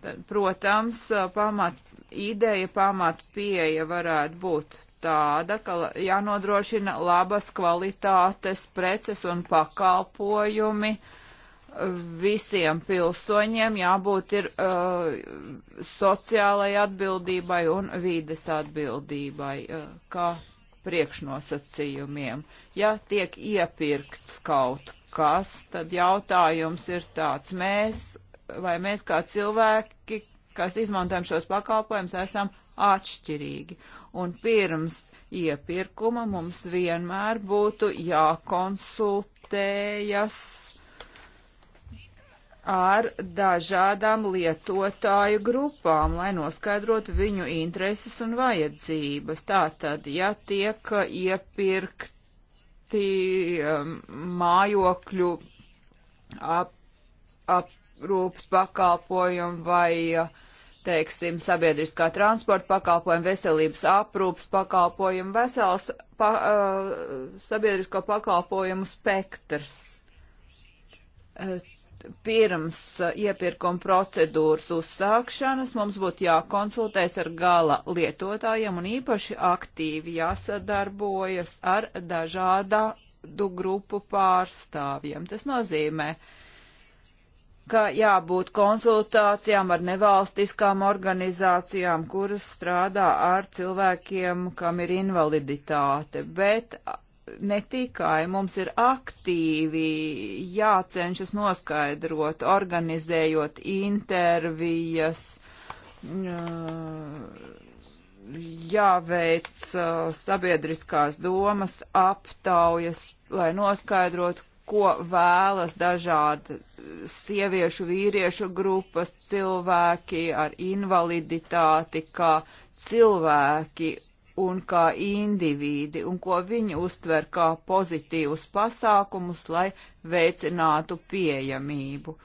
Speaker 3: tad, protams, uh, pamat, ideja pamat pieeja varētu būt tāda, ka jānodrošina labas kvalitātes preces un pakalpojumi. Uh, visiem pilsoņiem jābūt ir uh, sociālai atbildībai un vīdes atbildībai, uh, kā priekšnosacījumiem. Ja tiek iepirkts kaut kas, tad jautājums ir tāds, mēs vai mēs kā cilvēki, kas izmantojam šos pakalpojumus, esam atšķirīgi. Un pirms iepirkuma mums vienmēr būtu jākonsultējas ar dažādām lietotāju grupām, lai noskaidrotu viņu intereses un vajadzības. Tātad, ja tiek iepirkti um, mājokļu ap, aprūpas pakalpojumi vai, teiksim, sabiedriskā transporta pakalpojumi, veselības aprūpas pakalpojumi, vesels pa, uh, sabiedrisko pakalpojumu spektrs uh, pirms uh, iepirkuma procedūras uzsākšanas mums būtu jākonsultēs ar gala lietotājiem un īpaši aktīvi jāsadarbojas ar dažādu grupu pārstāvjiem. Tas nozīmē, ka jābūt konsultācijām ar nevalstiskām organizācijām, kuras strādā ar cilvēkiem, kam ir invaliditāte, bet ne tikai mums ir aktīvi jācenšas noskaidrot, organizējot intervijas, jāveic sabiedriskās domas aptaujas, lai noskaidrotu, ko vēlas dažādi sieviešu, vīriešu grupas, cilvēki ar invaliditāti, kā cilvēki un kā indivīdi, un ko viņi uztver kā pozitīvus pasākumus, lai veicinātu pieejamību.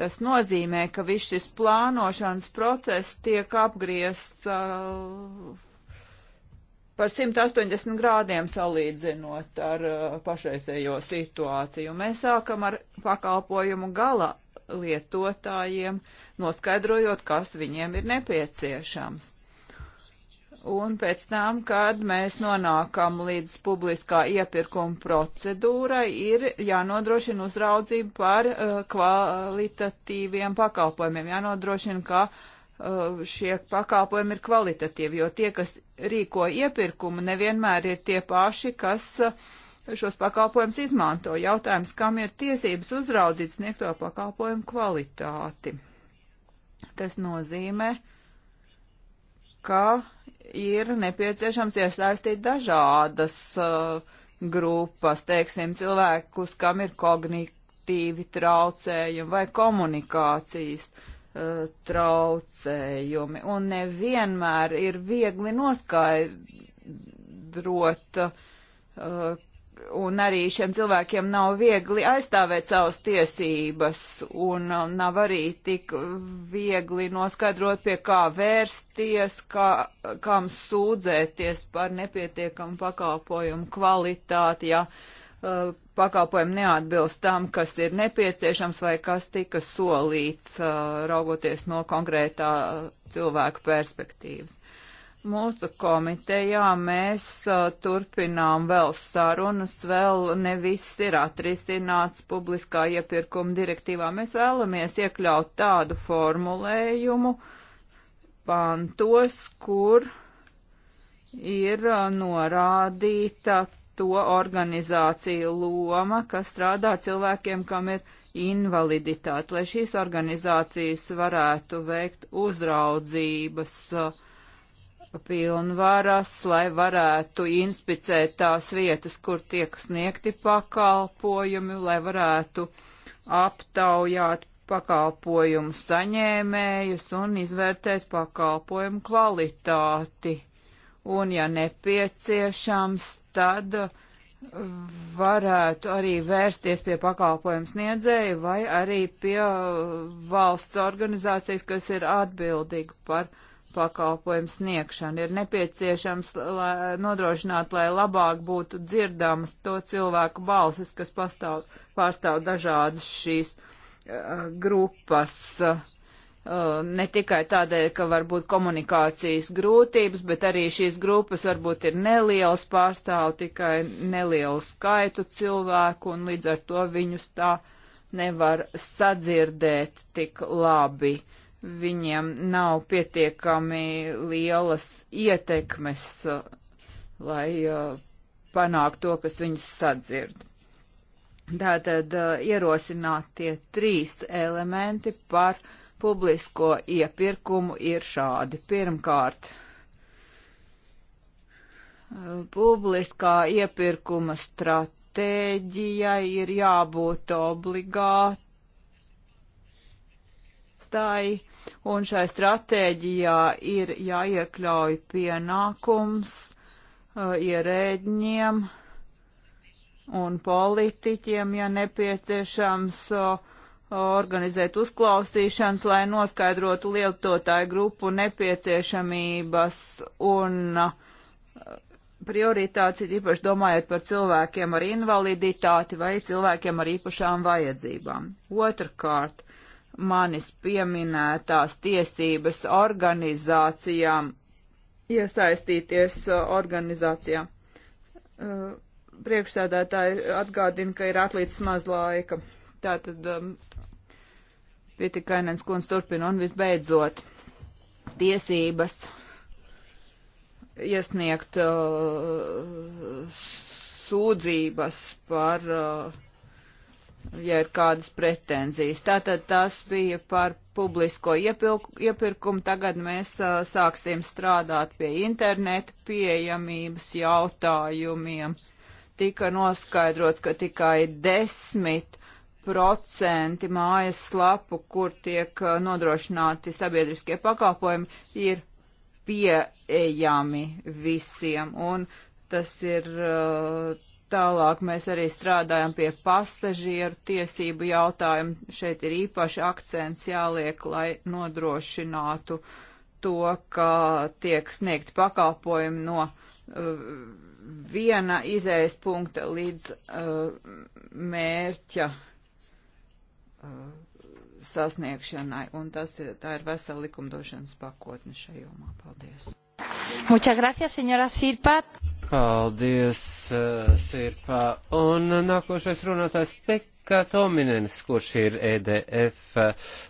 Speaker 3: Tas nozīmē, ka viss šis plānošanas process tiek apgriests uh, par 180 grādiem salīdzinot ar uh, pašreizējo situāciju. Mēs sākam ar pakalpojumu gala lietotājiem, noskaidrojot, kas viņiem ir nepieciešams Un pēc tam, kad mēs nonākam līdz publiskā iepirkuma procedūrai, ir jānodrošina uzraudzība par uh, kvalitatīviem pakalpojumiem. Jānodrošina, ka uh, šie pakalpojumi ir kvalitatīvi, jo tie, kas rīko iepirkumu, nevienmēr ir tie paši, kas uh, šos pakalpojumus izmanto. Jautājums, kam ir tiesības uzraudzīt sniegto pakalpojumu kvalitāti. Tas nozīmē, ka ir nepieciešams iesaistīt dažādas uh, grupas, teiksim, cilvēkus, kam ir kognitīvi traucējumi vai komunikācijas uh, traucējumi. Un nevienmēr ir viegli noskaidrot, uh, un arī šiem cilvēkiem nav viegli aizstāvēt savas tiesības, un um, nav arī tik viegli noskaidrot, pie kā vērsties, kā, kam sūdzēties par nepietiekamu pakalpojumu kvalitāti, ja uh, pakalpojumi neatbilst tam, kas ir nepieciešams vai kas tika solīts, uh, raugoties no konkrētā cilvēka perspektīvas. Mūsu komitejā mēs uh, turpinām vēl sarunas, vēl ne viss ir atrisināts publiskā iepirkuma direktīvā. Mēs vēlamies iekļaut tādu formulējumu pantos, kur ir uh, norādīta to organizāciju loma, kas strādā cilvēkiem, kam ir invaliditāte, lai šīs organizācijas varētu veikt uzraudzības uh, pilnvaras, lai varētu inspicēt tās vietas, kur tiek sniegti pakalpojumi, lai varētu aptaujāt pakalpojumu saņēmējus un izvērtēt pakalpojumu kvalitāti. Un, ja nepieciešams, tad varētu arī vērsties pie pakalpojumu sniedzēju vai arī pie valsts organizācijas, kas ir atbildīga par pakalpojumu pakalpojumu sniegšanu. Ir nepieciešams lai, nodrošināt, lai labāk būtu dzirdamas to cilvēku balsis, kas pastāv, pārstāv dažādas šīs uh, grupas. Uh, ne tikai tādēļ, ka varbūt komunikācijas grūtības, bet arī šīs grupas varbūt ir nelielas, pārstāv tikai nelielu skaitu cilvēku, un līdz ar to viņus tā nevar sadzirdēt tik labi. Uh, viņiem nav pietiekami lielas ietekmes, uh, lai uh, panāktu to, kas viņus sadzird. Tātad uh, ierosinātie trīs elementi par publisko iepirkumu ir šādi. Pirmkārt, publiskā iepirkuma stratēģijai ir jābūt obligāti aktai, un šai stratēģijā ir jāiekļauj pienākums uh, ierēģiem un politiķiem, ja nepieciešams, uh, organizēt uzklausīšanas, lai noskaidrotu lietotāju grupu nepieciešamības un uh, prioritātes, īpaši domājot par cilvēkiem ar invaliditāti vai cilvēkiem ar īpašām vajadzībām. Otrkārt, manis pieminētās tiesības organizācijām iesaistīties uh, organizācijā. Uh, priekšsēdētāji atgādina, ka ir atlicis maz laika. Tātad um, Pitikainens kundze turpina un visbeidzot tiesības iesniegt uh, sūdzības par uh, ja ir kādas pretenzijas. Tātad tas bija par publisko iepilku, iepirkumu. Tagad mēs uh, sāksim strādāt pie interneta pieejamības jautājumiem. Tika noskaidrots, ka tikai desmit procenti mājas lapu, kur tiek uh, nodrošināti sabiedriskie pakalpojumi, ir pieejami visiem. Un tas ir uh, Tālāk mēs arī strādājam pie pasažieru tiesību jautājumu. Šeit ir īpaši akcents jāliek, lai nodrošinātu to, ka tiek sniegt pakalpojumi no uh, viena izējas punkta līdz uh, mērķa uh, sasniegšanai. Un tas ir, tā ir vesela likumdošanas pakotne šajomā. Paldies.
Speaker 1: Muchas gracias, señora Sirpat.
Speaker 4: Paldies, eh, Sirpā. Un nākošais runātājs Pekka Tominens, kurš ir EDF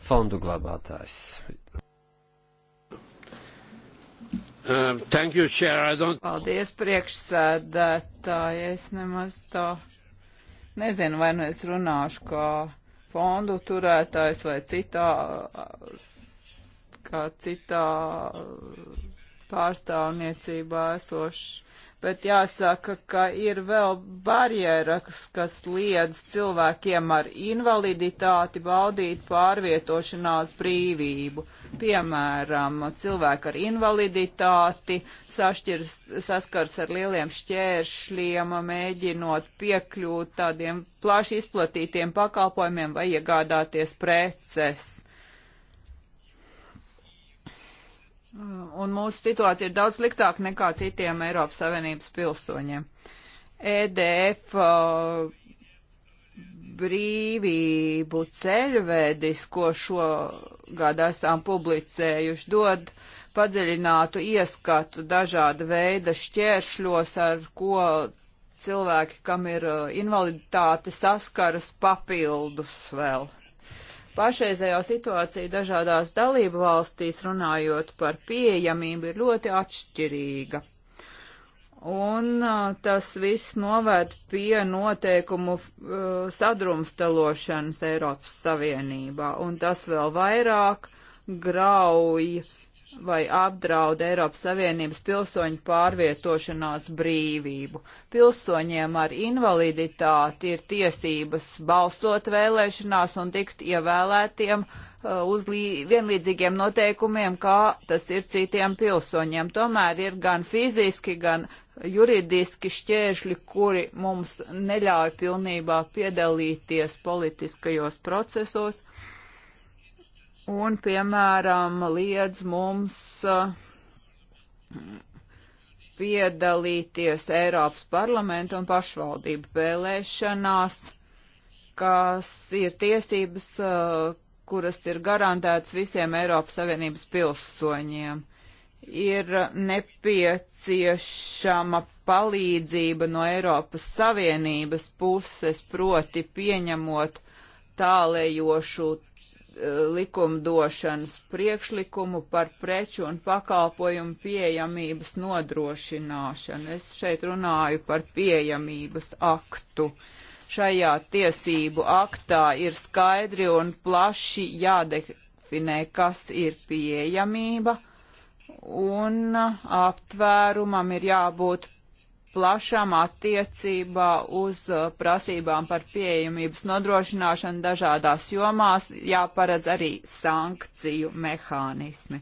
Speaker 4: fondu glabātājs. Um, thank you, Chair. I don't...
Speaker 3: Paldies, priekšsēdētāji. Es nemaz tā nezinu, vai nu es runāšu kā fondu turētājs vai citā, kā citā pārstāvniecībā esošs bet jāsaka, ka ir vēl barjeras, kas liedz cilvēkiem ar invaliditāti baudīt pārvietošanās brīvību. Piemēram, cilvēki ar invaliditāti sašķirs, saskars ar lieliem šķēršļiem, mēģinot piekļūt tādiem plaši izplatītiem pakalpojumiem vai iegādāties preces un mūsu situācija ir daudz sliktāka nekā citiem Eiropas Savienības pilsoņiem. EDF uh, brīvību ceļvedis, ko šogad esam publicējuši, dod padziļinātu ieskatu dažāda veida šķēršļos, ar ko cilvēki, kam ir uh, invaliditāte, saskaras papildus vēl pašreizējo situāciju dažādās dalību valstīs, runājot par pieejamību, ir ļoti atšķirīga. Un tas viss novērt pie noteikumu sadrumstalošanas Eiropas Savienībā, un tas vēl vairāk grauj vai apdraud Eiropas Savienības pilsoņu pārvietošanās brīvību. Pilsoņiem ar invaliditāti ir tiesības balsot vēlēšanās un tikt ievēlētiem uh, uz vienlīdzīgiem noteikumiem, kā tas ir citiem pilsoņiem. Tomēr ir gan fiziski, gan juridiski šķēršļi, kuri mums neļauj pilnībā piedalīties politiskajos procesos un, piemēram, liedz mums uh, piedalīties Eiropas parlamentu un pašvaldību vēlēšanās, kas ir tiesības, uh, kuras ir garantētas visiem Eiropas Savienības pilsoņiem. Ir nepieciešama palīdzība no Eiropas Savienības puses, proti pieņemot tālējošu likumdošanas priekšlikumu par preču un pakalpojumu pieejamības nodrošināšanu. Es šeit runāju par pieejamības aktu. Šajā tiesību aktā ir skaidri un plaši jādefinē, kas ir pieejamība, un aptvērumam ir jābūt plašām attiecībā uz uh, prasībām par pieejamības nodrošināšanu dažādās jomās, jāparedz arī sankciju mehānismi,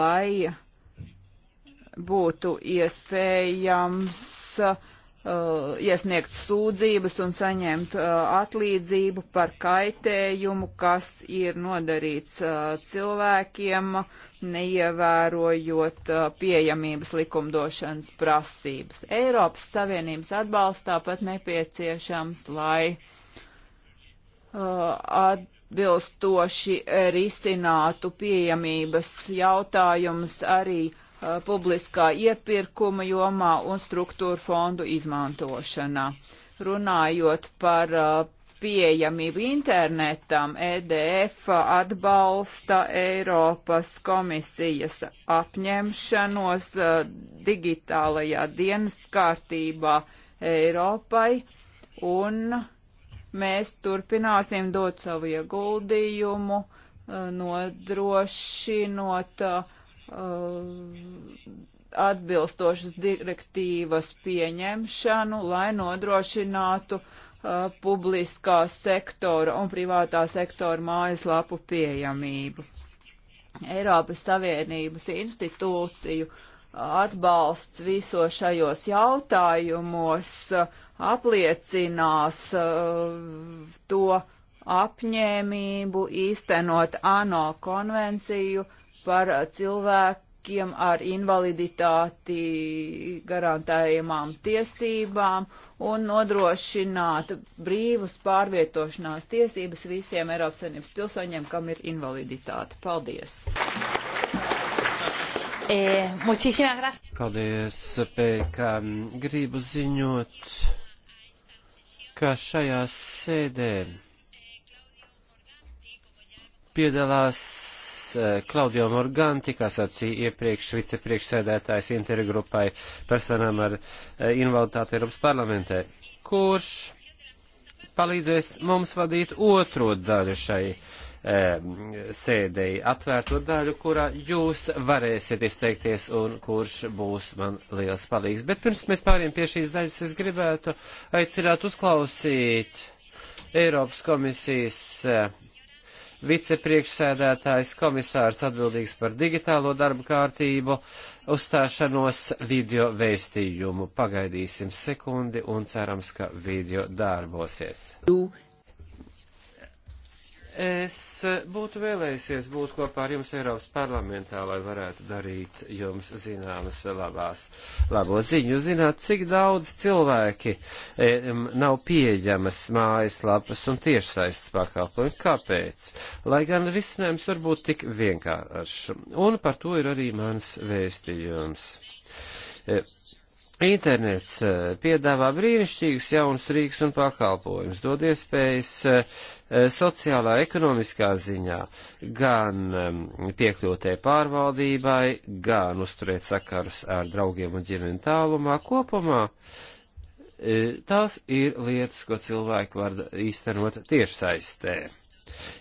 Speaker 3: lai būtu iespējams uh, uh, iesniegt sūdzības un saņemt uh, atlīdzību par kaitējumu, kas ir nodarīts uh, cilvēkiem, neievērojot uh, pieejamības likumdošanas prasības. Eiropas Savienības atbalstā pat nepieciešams, lai uh, atbilstoši risinātu pieejamības jautājumus arī uh, Uh, publiskā iepirkuma jomā un struktūra fondu izmantošanā. Runājot par uh, pieejamību internetam, EDF atbalsta Eiropas komisijas apņemšanos uh, digitālajā dienas kārtībā Eiropai un mēs turpināsim dot savu ieguldījumu, nodrošinot uh, Uh, atbilstošas direktīvas pieņemšanu, lai nodrošinātu uh, publiskā sektora un privātā sektora mājaslapu pieejamību. Eiropas Savienības institūciju atbalsts visos šajos jautājumos uh, apliecinās uh, to apņēmību īstenot ANO konvenciju par uh, cilvēkiem ar invaliditāti garantējumām tiesībām un nodrošināt brīvus pārvietošanās tiesības visiem Eiropas Savienības pilsoņiem, kam ir invaliditāte. Paldies!
Speaker 1: Eh,
Speaker 4: Paldies, Pēkā. Gribu ziņot, ka šajā sēdē piedalās Klaudio eh, Morganti, kā sacīja iepriekš vicepriekšsēdētājs intergrupai personām ar eh, invaliditāti Eiropas parlamentē, kurš palīdzēs mums vadīt otro daļu šai eh, sēdēji atvērto daļu, kurā jūs varēsiet izteikties un kurš būs man liels palīgs. Bet pirms mēs pāriem pie šīs daļas, es gribētu aicināt uzklausīt Eiropas komisijas vicepriekšsēdētājs, komisārs atbildīgs par digitālo darba kārtību, uzstāšanos video vēstījumu. Pagaidīsim sekundi un cerams, ka video darbosies. Jū. Es eh, būtu vēlējusies būt kopā ar jums Eiropas parlamentā, lai varētu darīt jums zināmas eh, labās, labo ziņu. Zināt, cik daudz cilvēki e, nav pieejamas mājaslapas un tiešsaistes pakalpojumi. Kāpēc? Lai gan risinājums var būt tik vienkāršs. Un par to ir arī mans vēstījums. E, Internets eh, piedāvā brīnišķīgus jaunus rīks un pakalpojumus, dod iespējas eh, eh, sociālā, ekonomiskā ziņā gan piekļūtē pārvaldībai, gan uzturēt sakarus ar draugiem un ģimeni tālumā kopumā. Tās ir lietas, ko cilvēki var īstenot tiešsaistē.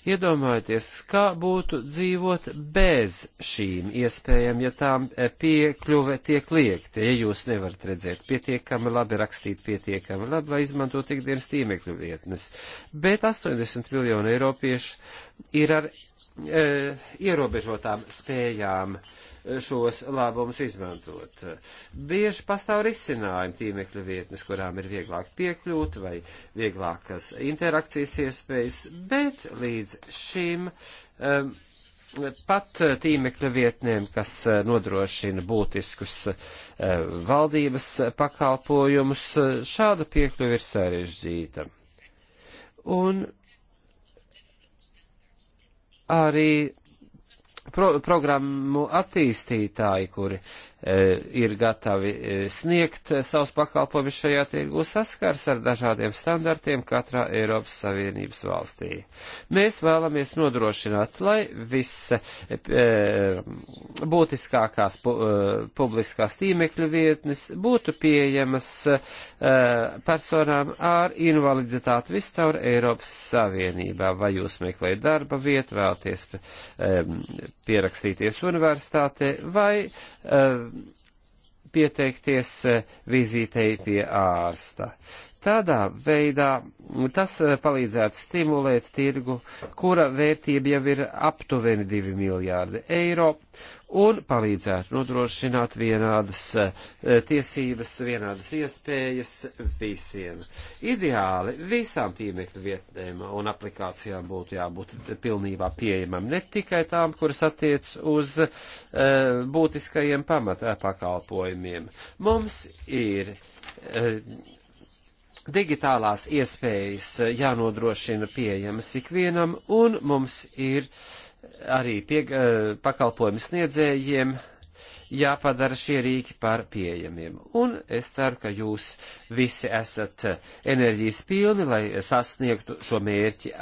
Speaker 4: Iedomājieties, kā būtu dzīvot bez šīm iespējām, ja tām eh, piekļuve tiek liekta, ja jūs nevarat redzēt pietiekami labi, rakstīt pietiekami labi, lai izmantot ikdienas tīmekļu vietnes. Bet 80 miljonu eiropiešu ir ar E, ierobežotām spējām e, šos labumus izmantot. Bieži pastāv risinājumi tīmekļa vietnes, kurām ir vieglāk piekļūt vai vieglākas interakcijas iespējas, bet līdz šim um, pat tīmekļa vietnēm, kas nodrošina būtiskus valdības pakalpojumus, šāda piekļuva ir sarežģīta. Un arī pro programmu attīstītāji, kuri uh, E, ir gatavi e, sniegt e, savus pakalpojumus šajā tirgu, saskars ar dažādiem standartiem katrā Eiropas Savienības valstī. Mēs vēlamies nodrošināt, lai viss e, būtiskākās pu, e, publiskās tīmekļu vietnes būtu pieejamas e, personām ar invaliditāti viscaur Eiropas Savienībā. Vai jūs meklējat darba vietu, vēlaties e, pierakstīties universitātē vai e, pieteikties eh, vizītei pie ārsta. Tādā veidā tas eh, palīdzētu stimulēt tirgu, kura vērtība jau ir aptuveni 2 miljārdi eiro, un palīdzētu nodrošināt vienādas eh, tiesības, vienādas iespējas visiem. Ideāli visām tīmekļu vietnēm un aplikācijām būtu jābūt pilnībā pieejamam ne tikai tām, kuras attiec uz uh, būtiskajiem pamatpakalpojumiem. Mums ir uh, Digitālās iespējas jānodrošina pieejamas ikvienam, un mums ir arī pie, eh, pakalpojumu sniedzējiem jāpadara šie rīki par pieejamiem. Un es ceru, ka jūs visi esat enerģijas pilni, lai sasniegtu šo mērķi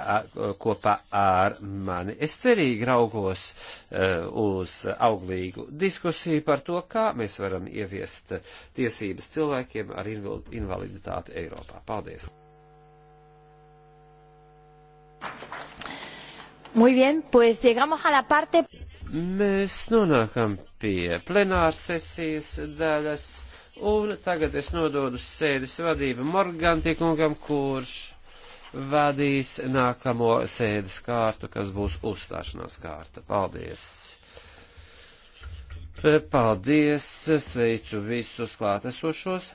Speaker 4: kopā ar mani. Es cerīgi raugos e, uz auglīgu diskusiju par to, kā mēs varam ieviest tiesības cilvēkiem ar invaliditāti Eiropā. Paldies!
Speaker 1: Muy bien, pues llegamos a la parte.
Speaker 4: Mēs nonākam pie plenāras sesijas daļas, un tagad es nododu sēdes vadību Morganti kungam, kurš vadīs nākamo sēdes kārtu, kas būs uzstāšanās kārta. Paldies! Paldies! Sveicu visus klātesošos!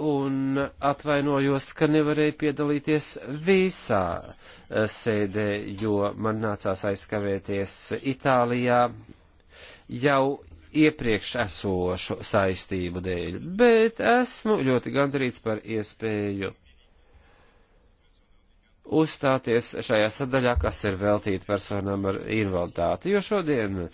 Speaker 4: un atvainojos, ka nevarēju piedalīties visā eh, sēdē, jo man nācās aizkavēties Itālijā jau iepriekš esošu saistību dēļ, bet esmu ļoti gandrīz par iespēju uzstāties šajā sadaļā, kas ir veltīta personām ar invaliditāti, jo šodien e,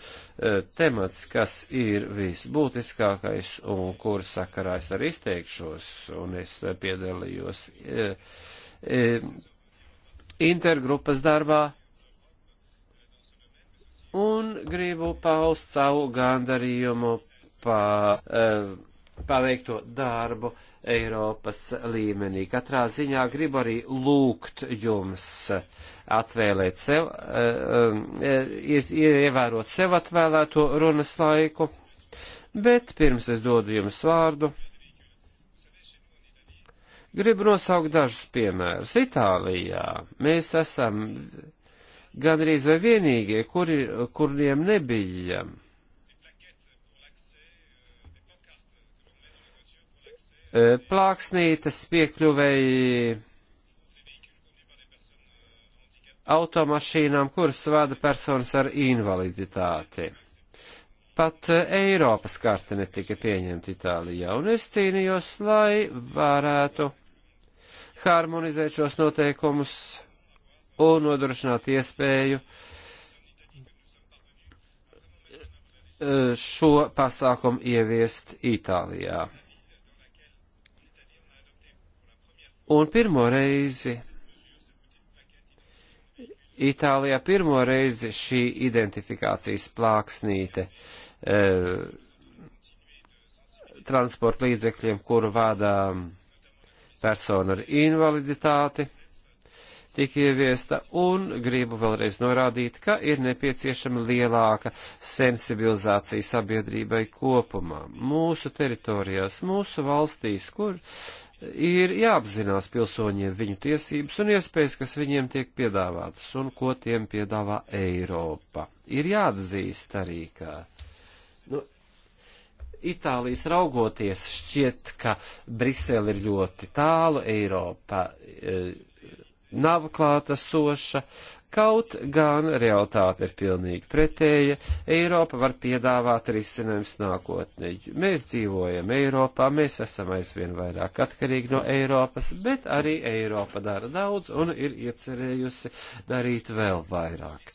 Speaker 4: temats, kas ir visbūtiskākais un kur sakarā es arī izteikšos, un es piedalījos e, e, intergrupas darbā, un gribu paust savu gandarījumu pa. E, paveikto darbu Eiropas līmenī. Katrā ziņā gribu arī lūgt jums atvēlēt sev, eh, eh, ievērot sev atvēlēto runas laiku, bet pirms es dodu jums vārdu, gribu nosaukt dažus piemērus. Itālijā mēs esam gandrīz vai vienīgie, kuri, kuriem nebija E, plāksnītes piekļuvēji automašīnām, kuras vada personas ar invaliditāti. Pat e, Eiropas karte netika pieņemta Itālijā, un es cīnījos, lai varētu harmonizēt šos noteikumus un nodrošināt iespēju e, šo pasākumu ieviest Itālijā. Un pirmo reizi Itālijā pirmo reizi šī identifikācijas plāksnīte e, transporta līdzekļiem, kuru vādā persona ar invaliditāti, tika ieviesta, un gribu vēlreiz norādīt, ka ir nepieciešama lielāka sensibilizācija sabiedrībai kopumā, mūsu teritorijās, mūsu valstīs, kur ir jāapzinās pilsoņiem viņu tiesības un iespējas, kas viņiem tiek piedāvātas un ko tiem piedāvā Eiropa. Ir jāatzīst arī, ka nu, Itālijas raugoties šķiet, ka Brisele ir ļoti tālu, Eiropa e, nav klāta soša Kaut gan realitāte ir pilnīgi pretēja, Eiropa var piedāvāt risinājums nākotnē. Mēs dzīvojam Eiropā, mēs esam aizvien vairāk atkarīgi no Eiropas, bet arī Eiropa dara daudz un ir iecerējusi darīt vēl vairāk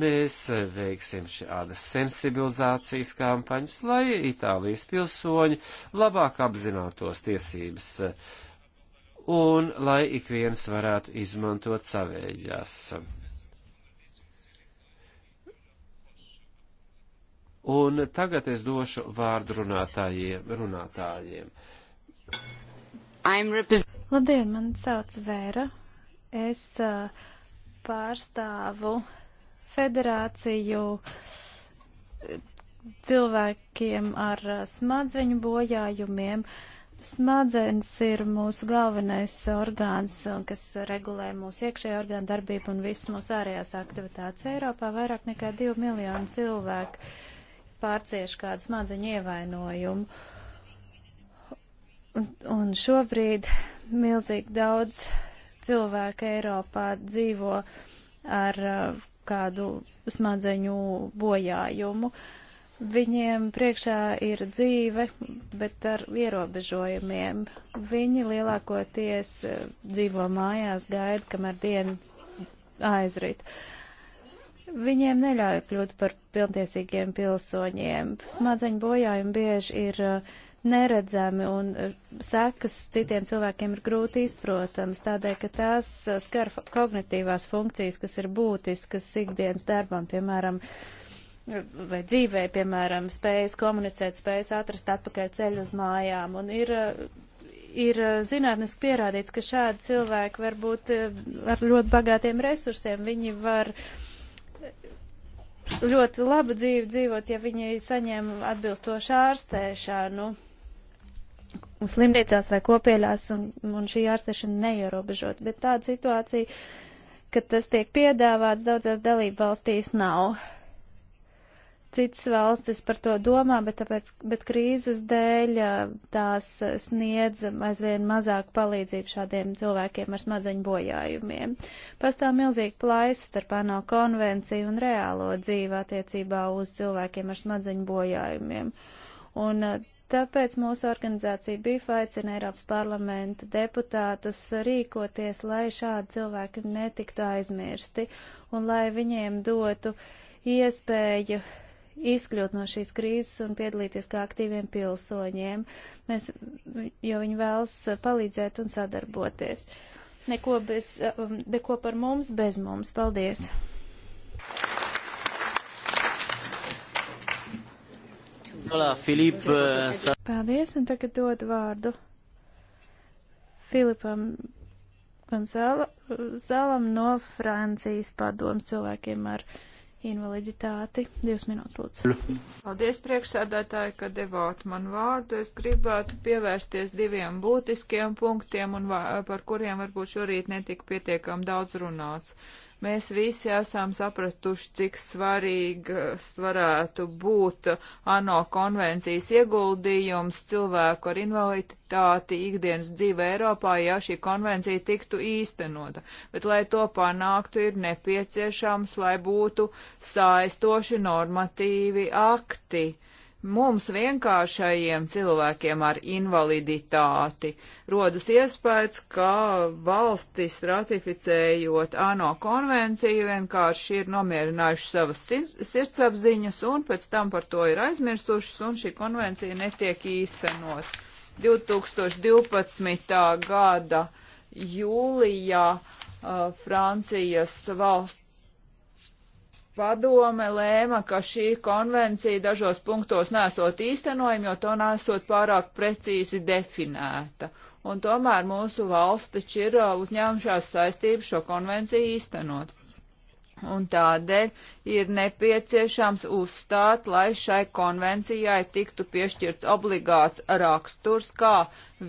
Speaker 4: mēs veiksim šādas sensibilizācijas kampaņas, lai Itālijas pilsoņi labāk apzinātos tiesības un lai ik viens varētu izmantot savējās. Un tagad es došu vārdu runātājiem. runātājiem.
Speaker 2: Labdien, man sauc Vēra. Es uh, pārstāvu federāciju uh, cilvēkiem ar uh, smadzeņu bojājumiem. Uh, Smadzenes ir mūsu galvenais orgāns, kas regulē mūsu iekšējā orgāna darbību un visas mūsu ārējās aktivitātes. Eiropā vairāk nekā 2 miljonu cilvēku pārcieš kādu smadzeņu ievainojumu. Un, un šobrīd milzīgi daudz cilvēku Eiropā dzīvo ar uh, kādu smadzeņu bojājumu. Uh, Viņiem priekšā ir dzīve, bet ar ierobežojumiem. Viņi lielākoties eh, dzīvo mājās, gaida, kamēr diena aizrit. Viņiem neļauj kļūt par pilntiesīgiem pilsoņiem. Smadzeņu bojājumi bieži ir eh, neredzami un eh, sekas citiem cilvēkiem ir grūti izprotams, tādēļ, ka tās skar kognitīvās funkcijas, kas ir būtiskas ikdienas darbam, piemēram, uh, vai dzīvē, piemēram, spējas komunicēt, spējas atrast atpakaļ ceļu uz mājām. Un ir, ir zinātniski pierādīts, ka šādi cilvēki var būt eh, ar ļoti bagātiem resursiem. Viņi var ļoti labu dzīvi dzīvot, ja viņi saņem atbilstošu ārstēšanu slimnīcās vai kopieļās, un, un šī ārstēšana neierobežot. Bet tāda situācija, kad tas tiek piedāvāts daudzās dalību valstīs, nav citas valstis par to domā, bet, tāpēc, bet krīzes dēļ tās sniedz aizvien mazāk palīdzību šādiem cilvēkiem ar smadzeņu bojājumiem. Pastāv milzīgi plaisa starp ANO konvenciju un reālo dzīvi attiecībā uz cilvēkiem ar smadzeņu bojājumiem. Un tāpēc mūsu organizācija BIF aicina Eiropas parlamenta deputātus rīkoties, lai šādi cilvēki netiktu aizmirsti un lai viņiem dotu iespēju izkļūt no šīs krīzes un piedalīties kā aktīviem pilsoņiem, mēs, jo viņi vēlas palīdzēt un sadarboties. Neko, bez, um, neko par mums, bez mums. Paldies!
Speaker 5: Uh,
Speaker 2: Paldies, un tagad dod vārdu Filipam Gonzālam no Francijas padoms cilvēkiem ar invaliditāti. Divas minūtes, lūdzu.
Speaker 3: Paldies, priekšsēdētāji, ka devāt man vārdu. Es gribētu pievērsties diviem būtiskiem punktiem, un, par kuriem varbūt šorīt netika pietiekam daudz runāts. Mēs visi esam sapratuši, cik svarīgs varētu būt ANO konvencijas ieguldījums cilvēku ar invaliditāti ikdienas dzīve Eiropā, ja šī konvencija tiktu īstenota. Bet, lai to panāktu, ir nepieciešams, lai būtu saistoši normatīvi akti mums vienkāršajiem cilvēkiem ar invaliditāti rodas iespējas, ka valstis ratificējot ANO konvenciju vienkārši ir nomierinājuši savas sirdsapziņas un pēc tam par to ir aizmirsušas un šī konvencija netiek īstenot. 2012. gada jūlijā uh, Francijas valsts padome lēma, ka šī konvencija dažos punktos nesot īstenojama, jo to nesot pārāk precīzi definēta. Un tomēr mūsu valsts taču ir uh, uzņēmušās saistību šo konvenciju īstenot. Un tādēļ ir nepieciešams uzstāt, lai šai konvencijai tiktu piešķirts obligāts raksturs, kā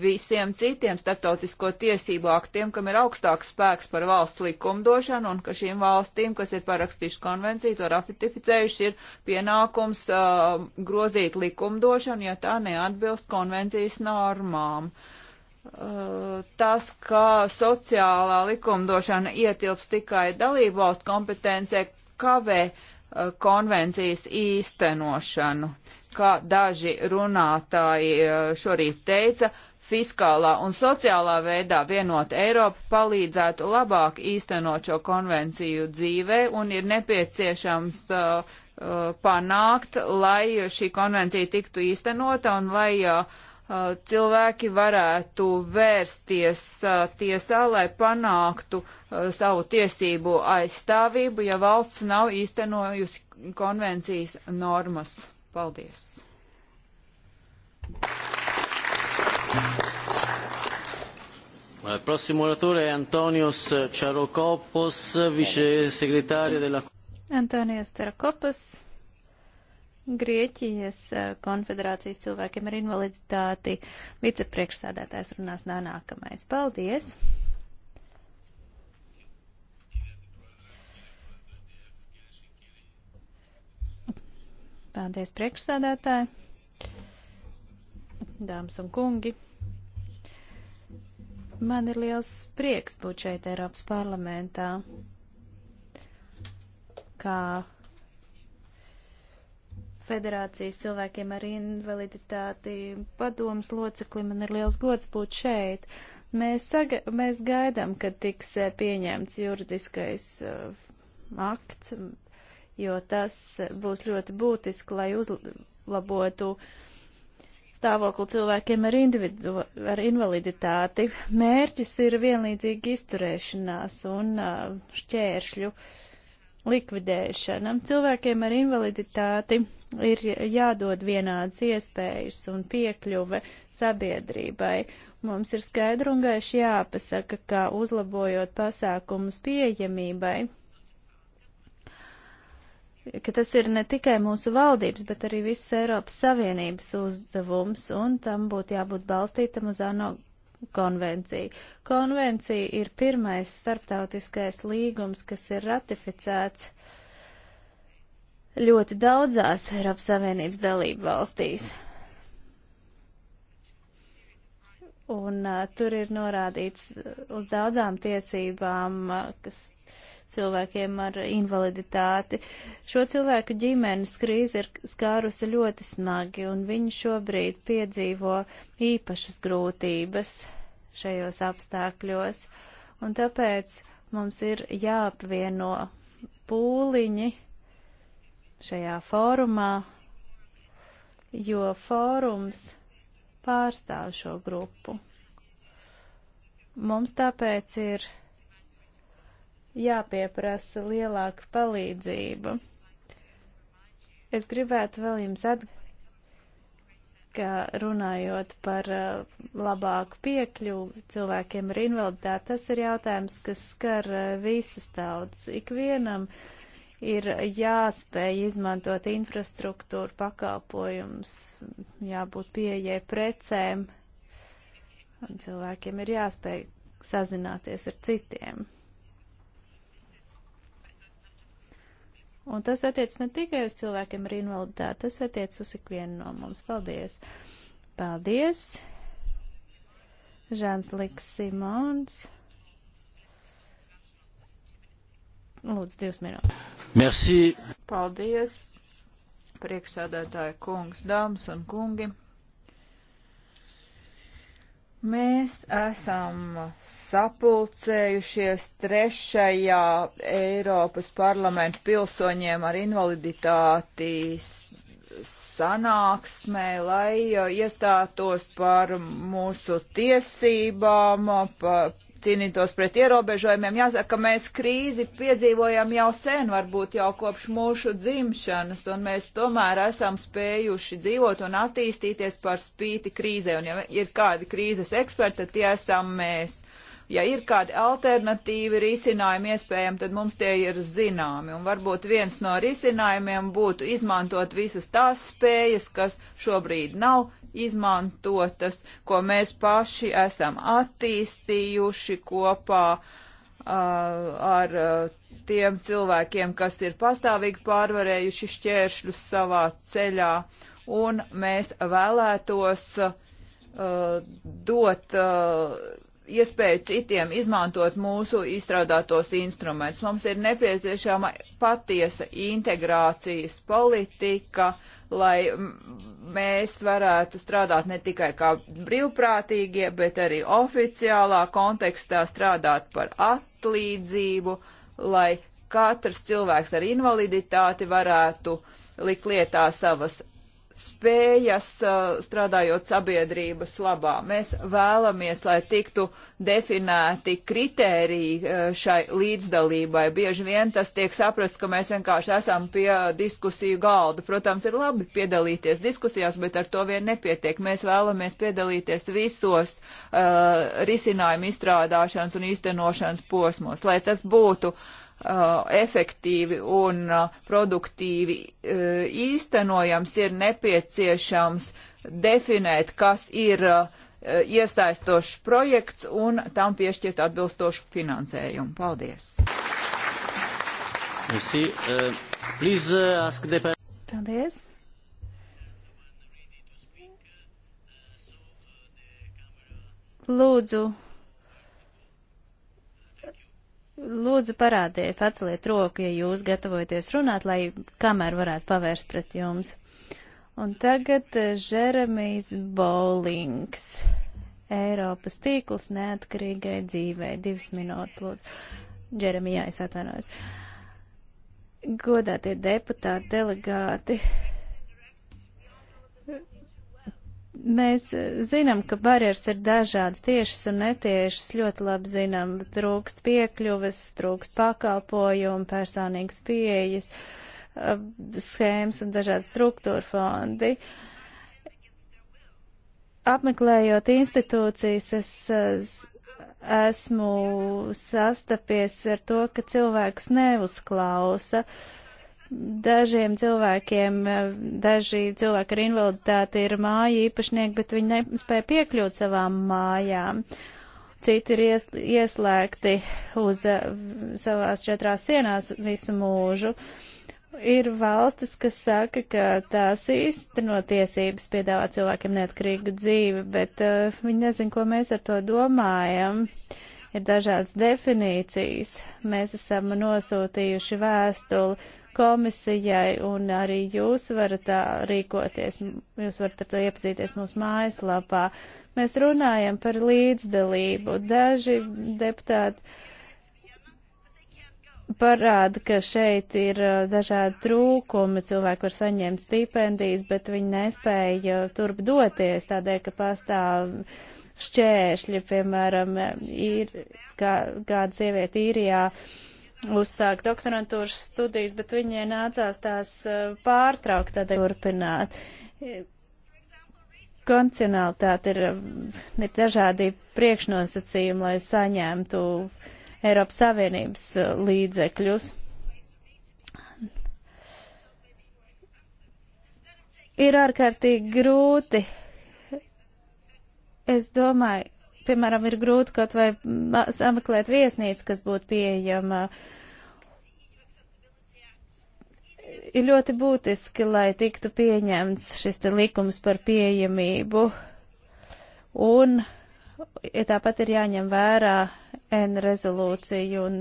Speaker 3: visiem citiem starptautisko tiesību aktiem, kam ir augstāks spēks par valsts likumdošanu, un ka šīm valstīm, kas ir parakstījuši konvenciju, to ratificējuši, ir pienākums uh, grozīt likumdošanu, ja tā neatbilst konvencijas normām. Uh, Eh, tas, ka sociālā likumdošana ietilps tikai dalībvalstu kompetencē, kavē eh, konvencijas īstenošanu. Kā daži runātāji eh, šorīt teica, fiskālā un sociālā veidā vienot Eiropu palīdzētu labāk īstenot šo konvenciju dzīvē un ir nepieciešams uh, panākt, lai šī konvencija tiktu īstenota un lai uh, Uh, cilvēki varētu vērsties uh, tiesā, lai panāktu uh, savu tiesību aizstāvību, ja valsts nav īstenojusi konvencijas normas. Paldies!
Speaker 5: Il prossimo oratore è Antonios Ciarocopos, vicesegretario della
Speaker 2: Antonios Ciarocopos Grieķijas eh, konfederācijas cilvēkiem ar invaliditāti vicepriekšsēdētājs runās nā nākamais. Paldies! Paldies priekšsēdētāji, dāmas un kungi. Man ir liels prieks būt šeit Eiropas parlamentā, kā federācijas cilvēkiem ar invaliditāti padomas locekli. Man ir liels gods būt šeit. Mēs, saga, mēs gaidām, kad tiks eh, pieņemts juridiskais uh, akts, jo tas būs ļoti būtiski, lai uzlabotu stāvokli cilvēkiem ar, individu, ar invaliditāti. Mērķis ir vienlīdzīga izturēšanās un uh, šķēršļu uh, likvidēšanam. Cilvēkiem ar invaliditāti ir jādod vienādas iespējas un piekļuve sabiedrībai. Mums ir skaidri un gaiši jāpasaka, kā uzlabojot pasākumus pieejamībai, ka tas ir ne tikai mūsu valdības, bet arī visas Eiropas Savienības uzdevums, un tam būtu jābūt balstītam uz ANO konvenciju. Konvencija ir pirmais starptautiskais līgums, kas ir ratificēts ļoti daudzās Eiropas Savienības dalību valstīs. Un uh, tur ir norādīts uh, uz daudzām tiesībām, uh, kas cilvēkiem ar invaliditāti. Šo cilvēku ģimenes krīze ir skārusi ļoti smagi, un viņi šobrīd piedzīvo īpašas grūtības šajos apstākļos, un tāpēc mums ir jāapvieno pūliņi šajā fórumā, jo fórums pārstāv šo grupu. Mums tāpēc ir jāpieprasa lielāka palīdzība. Es gribētu vēl jums atgādināt, ka runājot par uh, labāku piekļuvi cilvēkiem ar invaliditāti, tas ir jautājums, kas skar uh, visas tautas. Ikvienam ir jāspēj izmantot infrastruktūru, pakalpojums, jābūt pieejai precēm, un cilvēkiem ir jāspēj sazināties ar citiem. Un tas attiec ne tikai uz cilvēkiem ar invaliditāti, tas attiec uz ikvienu no mums. Paldies! Paldies! Žāns Liks Simons. Lūdzu, divas minūtes. Merci! Paldies!
Speaker 3: Priekšsēdētāja kungs, dāmas un kungi! Mēs esam sapulcējušies trešajā Eiropas parlamentu pilsoņiem ar invaliditāti sanāksmē, lai iestātos par mūsu tiesībām, pa, cīnītos pret ierobežojumiem. Jāsaka, ka mēs krīzi piedzīvojam jau sen, varbūt jau kopš mūsu dzimšanas, un mēs tomēr esam spējuši dzīvot un attīstīties par spīti krīzē. Un ja ir kādi krīzes eksperti, tad tie esam mēs. Ja ir kādi alternatīvi risinājumi iespējami, tad mums tie ir zināmi. Un varbūt viens no risinājumiem būtu izmantot visas tās spējas, kas šobrīd nav izmantotas, ko mēs paši esam attīstījuši kopā uh, ar uh, tiem cilvēkiem, kas ir pastāvīgi pārvarējuši šķēršļus savā ceļā, un mēs vēlētos uh, dot uh, iespēju citiem izmantot mūsu izstrādātos instrumentus. Mums ir nepieciešama patiesa integrācijas politika, lai mēs varētu strādāt ne tikai kā brīvprātīgie, bet arī oficiālā kontekstā strādāt par atlīdzību, lai katrs cilvēks ar invaliditāti varētu likt lietā savas spējas uh, strādājot sabiedrības labā. Mēs vēlamies, lai tiktu definēti kritēriji uh, šai līdzdalībai. Bieži vien tas tiek saprasts, ka mēs vienkārši esam pie diskusiju galda. Protams, ir labi piedalīties diskusijās, bet ar to vien nepietiek. Mēs vēlamies piedalīties visos uh, risinājumu izstrādāšanas un īstenošanas posmos, lai tas būtu uh, Uh, efektīvi un uh, produktīvi uh, īstenojams, ir nepieciešams definēt, kas ir iesaistošs projekts un tam piešķirt atbilstošu finansējumu. Paldies!
Speaker 5: Merci. Uh, please uh, ask the... Paldies!
Speaker 2: Lūdzu, Lūdzu, parādiet, paceliet roku, ja jūs gatavojaties runāt, lai kamēr varētu pavērst pret jums. Un tagad Žeremijs eh, Bolings. Eiropas tīkls neatkarīgai dzīvē. Divas minūtes, lūdzu. Džeremijā, es atvainojos. Godātie deputāti, delegāti, Mēs zinām, ka barjeras ir dažādas, tiešas un netiešas, ļoti labi zinām, trūkst piekļuves, trūkst pakalpojumu, personīgas pieejas, schēmas un dažādi struktūra fondi. Apmeklējot institūcijas, es esmu sastapies ar to, ka cilvēkus neuzklausa. Uh, Dažiem cilvēkiem, eh, daži cilvēki ar invaliditāti ir māja īpašnieki, bet viņi nespēja piekļūt savām mājām. Citi ir ies, ieslēgti uz eh, savās četrās sienās visu mūžu. Ir valstis, kas saka, ka tās īsteno tiesības piedāvā cilvēkiem neatkarīgu dzīvi, bet uh, viņi nezin, ko mēs ar to domājam. Uh, ir dažādas definīcijas. Mēs esam nosūtījuši vēstuli komisijai, un arī jūs varat tā rīkoties, jūs varat ar to iepazīties mūsu mājaslapā. Mēs runājam par līdzdalību. Daži deputāti parāda, ka šeit ir dažādi trūkumi, cilvēki var saņemt stipendijas, bet viņi nespēja turp doties, tādēļ, ka pastāv šķēršļi, piemēram, ir kā, kāda sieviete īrijā. Ja uzsākt doktorantūras studijas, bet viņiem nācās tās eh, pārtraukt, tādēļ turpināt. Koncionalitāte ir, eh, ir dažādi priekšnosacījumi, lai saņemtu Eiropas Savienības eh, līdzekļus. Ir ārkārtīgi grūti. Es domāju, piemēram, ir grūti kaut vai sameklēt viesnīcu, kas būtu pieejama. Ir ļoti būtiski, lai tiktu pieņemts šis te likums par pieejamību, un ja tāpat ir jāņem vērā N rezolūcija un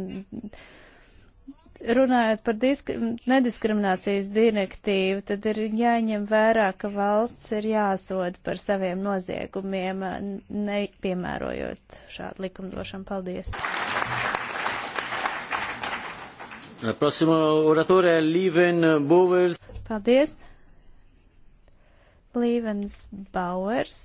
Speaker 2: Runājot par disk nediskriminācijas direktīvu, tad ir jāņem vērā, ka valsts ir jāsod par saviem noziegumiem, nepiemērojot šādu likumdošanu. Paldies! Paldies! Līvens Bauers.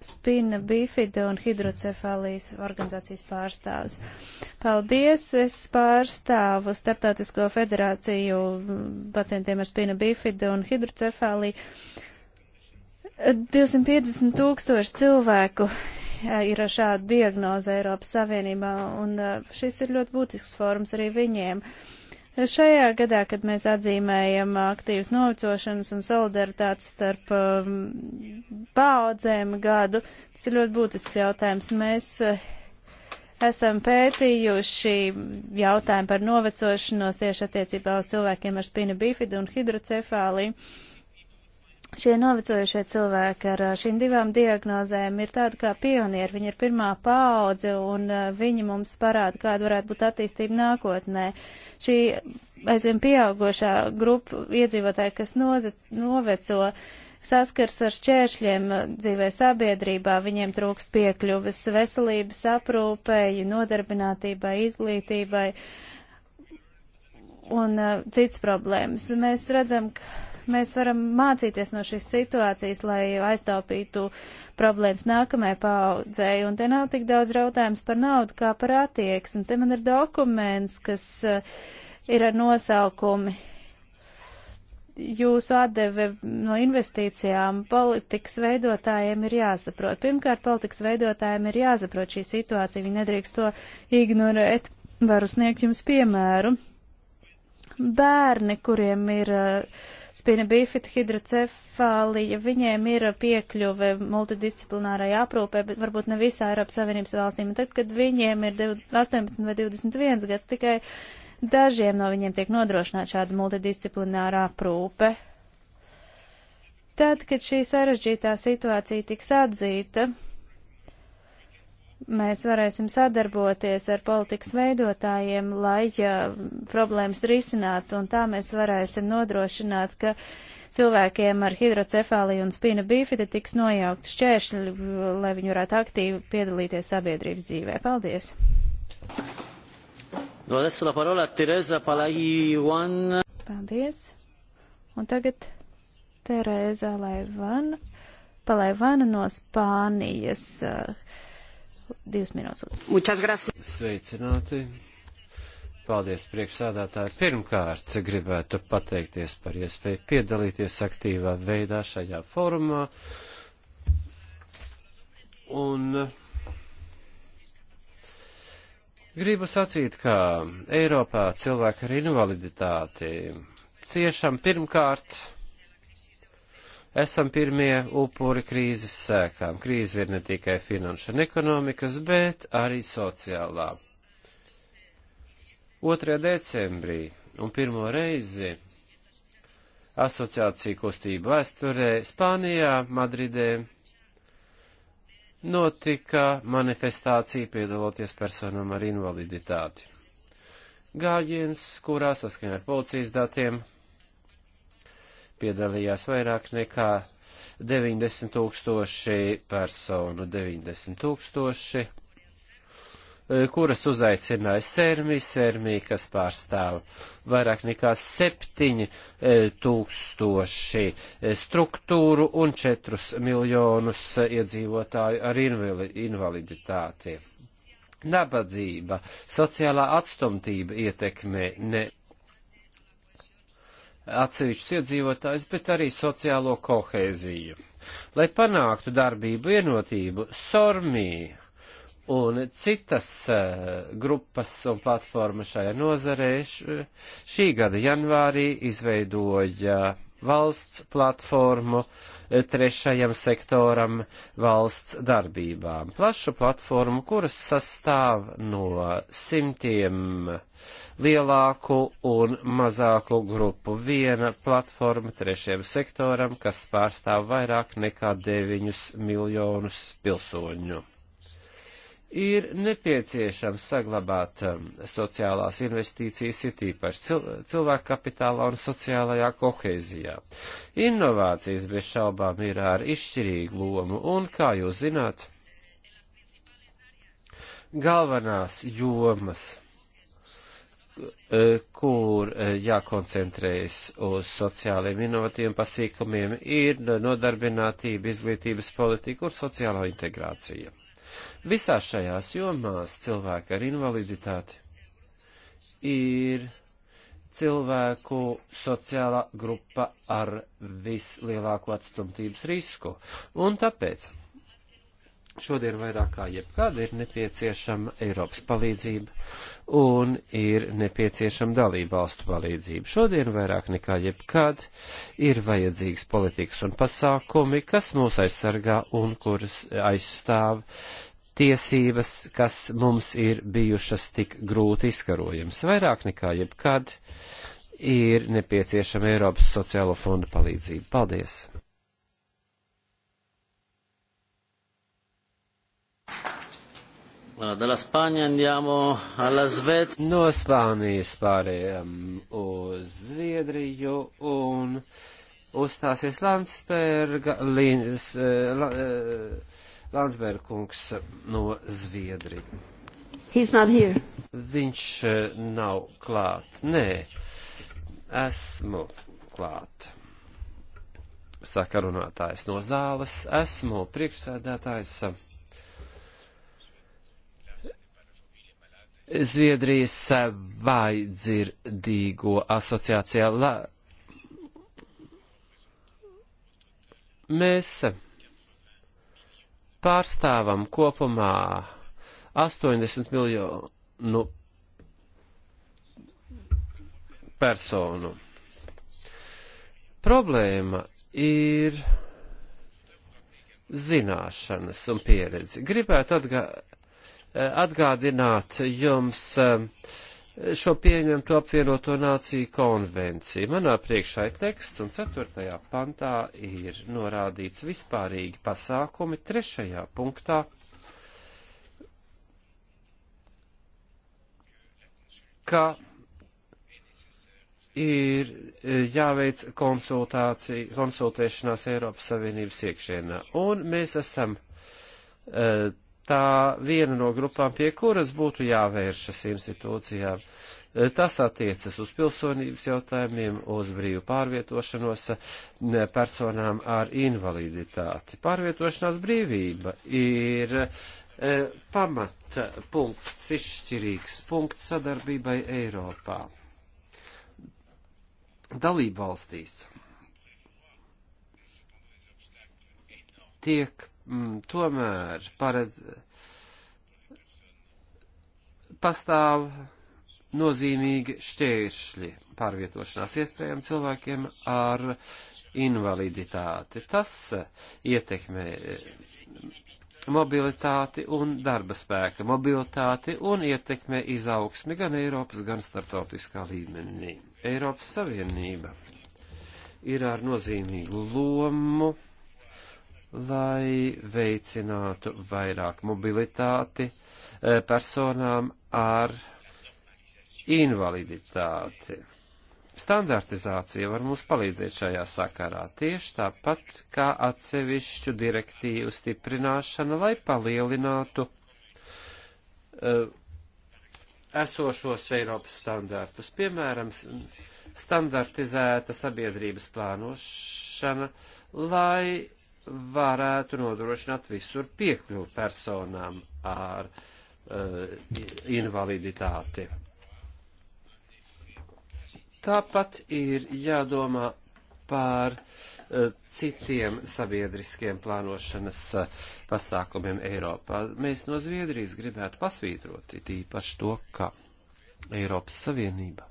Speaker 2: spina bifida un hidrocefalijas organizācijas pārstāvs. Paldies, es pārstāvu Startautisko federāciju mm, pacientiem ar spina bifida un hidrocefaliju. 250 tūkstoši cilvēku ir ar šādu diagnozi Eiropas Savienībā, un šis ir ļoti būtisks forums arī viņiem. Uh, Šajā gadā, kad mēs atzīmējam aktīvas novecošanas un solidaritātes starp um, paudzēm gadu, tas ir ļoti būtisks jautājums. Mēs uh, esam pētījuši jautājumu par novecošanos tieši attiecībā uz cilvēkiem ar spina bifidu un hidrocefāliju. Uh, Šie novecojušie cilvēki ar šīm divām diagnozēm ir tādi kā pionieri, viņi ir pirmā paudze un viņi mums parāda, kāda varētu būt attīstība nākotnē. Šī aizvien pieaugošā grupa iedzīvotāji, kas nozec, noveco, saskars ar šķēršļiem dzīvē sabiedrībā, viņiem trūkst piekļuves veselības aprūpei, nodarbinātībai, izglītībai un uh, cits problēmas. Mēs redzam, ka mēs varam mācīties no šīs situācijas, lai aiztaupītu problēmas nākamajai paaudzēji. Un te nav tik daudz rautājums par naudu kā par attieksmi. Te man ir dokuments, kas eh, ir ar nosaukumi jūsu atdeve no investīcijām politikas veidotājiem ir jāsaprot. Pirmkārt, politikas veidotājiem ir jāsaprot šī situācija, viņi nedrīkst to ignorēt. Varu sniegt jums piemēru. Bērni, kuriem ir uh, spina bifita hidrocefālija, viņiem ir piekļuve multidisciplinārai aprūpē, bet varbūt ne visā Eiropas Savienības valstīm. Un tad, kad viņiem ir 18 vai 21 gads, tikai dažiem no viņiem tiek nodrošināta šāda multidisciplinārā aprūpe. Tad, kad šī sarežģītā situācija tiks atzīta, mēs varēsim sadarboties ar politikas veidotājiem, lai ja, problēmas risinātu, un tā mēs varēsim nodrošināt, ka cilvēkiem ar hidrocefāliju un spina bifida tiks nojaukt šķēršļi, lai viņi varētu aktīvi piedalīties sabiedrības dzīvē. Paldies! Nu, Paldies! Un tagad Terēza Laivana, Palaivana no Spānijas. Uh, Divas minūtes. Muchas
Speaker 4: gracias. Sveicināti. Paldies priekšsādātāji. Pirmkārt, gribētu pateikties par iespēju piedalīties aktīvā veidā šajā forumā. Un gribu sacīt, ka Eiropā cilvēki ar invaliditāti ciešam pirmkārt esam pirmie upuri krīzes sēkām. Krīze ir ne tikai finanšu un ekonomikas, bet arī sociālā. 2. decembrī un pirmo reizi asociācija kustība vēsturē Spānijā, Madridē, notika manifestācija piedaloties personam ar invaliditāti. Gājiens, kurā saskaņā ar policijas datiem piedalījās vairāk nekā 90 tūkstoši personu, 90 tūkstoši, eh, kuras uzaicināja Sērmī, Sērmī, kas pārstāv vairāk nekā 7 eh, tūkstoši eh, struktūru un 4 miljonus iedzīvotāju ar invaliditāti. Nabadzība, sociālā atstumtība ietekmē ne atsevišķus iedzīvotājus, bet arī sociālo kohēziju. Lai panāktu darbību vienotību, Sormī un citas eh, grupas un platformas šajā nozarē šī gada janvārī izveidoja valsts platformu e, trešajam sektoram valsts darbībām. Plašu platformu, kuras sastāv no simtiem lielāku un mazāku grupu. Viena platforma trešajam sektoram, kas pārstāv vairāk nekā 9 miljonus pilsoņu ir nepieciešams saglabāt um, sociālās investīcijas, ir tīpaši cilvēku kapitālā un sociālajā kohēzijā. Inovācijas bez šaubām ir ar izšķirīgu lomu, un, kā jūs zināt, galvenās jomas, eh, kur eh, jākoncentrējas uz sociāliem inovatīviem pasīkumiem, ir nodarbinātība, izglītības politika un sociālā integrācija Visās šajās jomās cilvēki ar invaliditāti ir cilvēku sociālā grupa ar vislielāko atstumtības risku. Un tāpēc šodien vairāk kā jebkad ir nepieciešama Eiropas palīdzība un ir nepieciešama dalība valstu palīdzība. Šodien vairāk nekā jebkad ir vajadzīgs politikas un pasākumi, kas mūs aizsargā un kuras aizstāv tiesības, kas mums ir bijušas tik grūti izkarojams. Vairāk nekā jebkad ir nepieciešama Eiropas sociālo fondu palīdzība. Paldies! No Spānijas pārējām uz Zviedriju un uzstāsies Landsberga līnijas. Uh, eh, uh, eh, Landsbergs no Zviedri. Viņš eh, nav klāt. Nē, esmu klāt. Saka runātājs no zāles. Esmu priekšsēdētājs. Eh, Zviedrijas vājdzirdīgo asociācijā. La... Mēs eh, pārstāvam kopumā 80 miljonu personu. Problēma ir zināšanas un pieredze. Gribētu atgā, atgādināt jums uh, šo pieņemto apvienoto nāciju konvenciju. Manā priekšā ir teksts, un 4. pantā ir norādīts vispārīgi pasākumi, 3. punktā ka ir e, jāveic konsultācija, konsultēšanās Eiropas Savienības iekšēnā. Un mēs esam uh, tā viena no grupām, pie kuras būtu jāvēršas institūcijām. E, tas attiecas uz pilsonības jautājumiem, uz brīvu pārvietošanos personām ar invaliditāti. Pārvietošanās brīvība ir e, pamata punkts, izšķirīgs punkts sadarbībai Eiropā. Dalība valstīs tiek mm, tomēr paredz pastāv nozīmīgi šķēršļi pārvietošanās iespējām cilvēkiem ar invaliditāti. Tas ietekmē mobilitāti un darba spēka mobilitāti un ietekmē izaugsmi gan Eiropas, gan starptautiskā līmenī. Eiropas Savienība ir ar nozīmīgu lomu lai veicinātu vairāk mobilitāti eh, personām ar invaliditāti. Standartizācija var mums palīdzēt šajā sakarā tieši tāpat kā atsevišķu direktīvu stiprināšana, lai palielinātu uh, esošos Eiropas standartus. Piemēram, standartizēta sabiedrības plānošana, lai varētu nodrošināt visur piekļuvu personām ar uh, invaliditāti. Tāpat ir jādomā par uh, citiem sabiedriskiem plānošanas uh, pasākumiem Eiropā. Mēs no Zviedrijas gribētu pasvītrot it īpaši to, ka Eiropas Savienība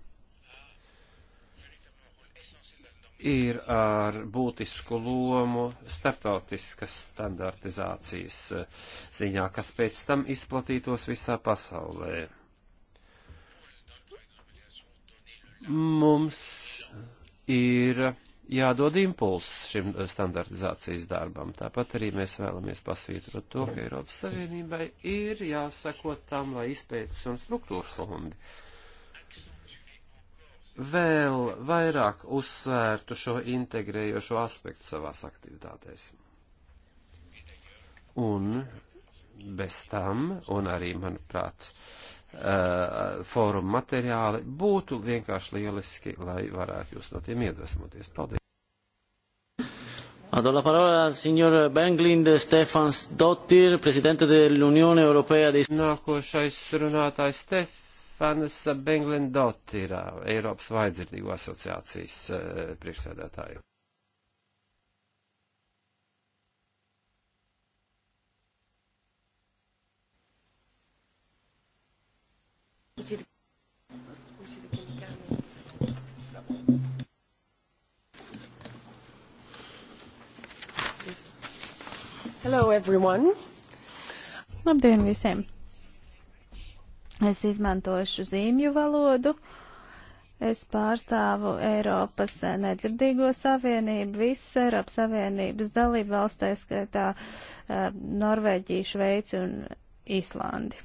Speaker 4: ir ar būtisku lomu startautiskas standartizācijas eh, ziņā, kas pēc tam izplatītos visā pasaulē. Mums ir jādod impulss šim eh, standartizācijas darbam. Tāpat arī mēs vēlamies pasvītrot to, ka Eiropas Savienībai ir jāsako tam, lai izpētes un struktūra fondi. Uh, vēl vairāk uzsvērtu šo integrējošo aspektu savās aktivitātēs. Un bez tam, un arī, manuprāt, eh, fórumu materiāli būtu vienkārši lieliski, lai varētu jūs no tiem iedvesmoties. Paldies! Ha dato la parola al signor Benglind Stefans Dottir, presidente dell'Unione Europea dei... Nākošais runātājs Stefans. Vanessa Benglendot ir Eiropas vaidzirdīgo asociācijas priekšsēdētāja. Hello everyone.
Speaker 2: Labdien visiem! Es izmantošu zīmju valodu. Es pārstāvu Eiropas nedzirdīgo savienību, visas Eiropas Savienības dalību valstēs, kā tā eh, Norvēģija, Šveici un Islandi.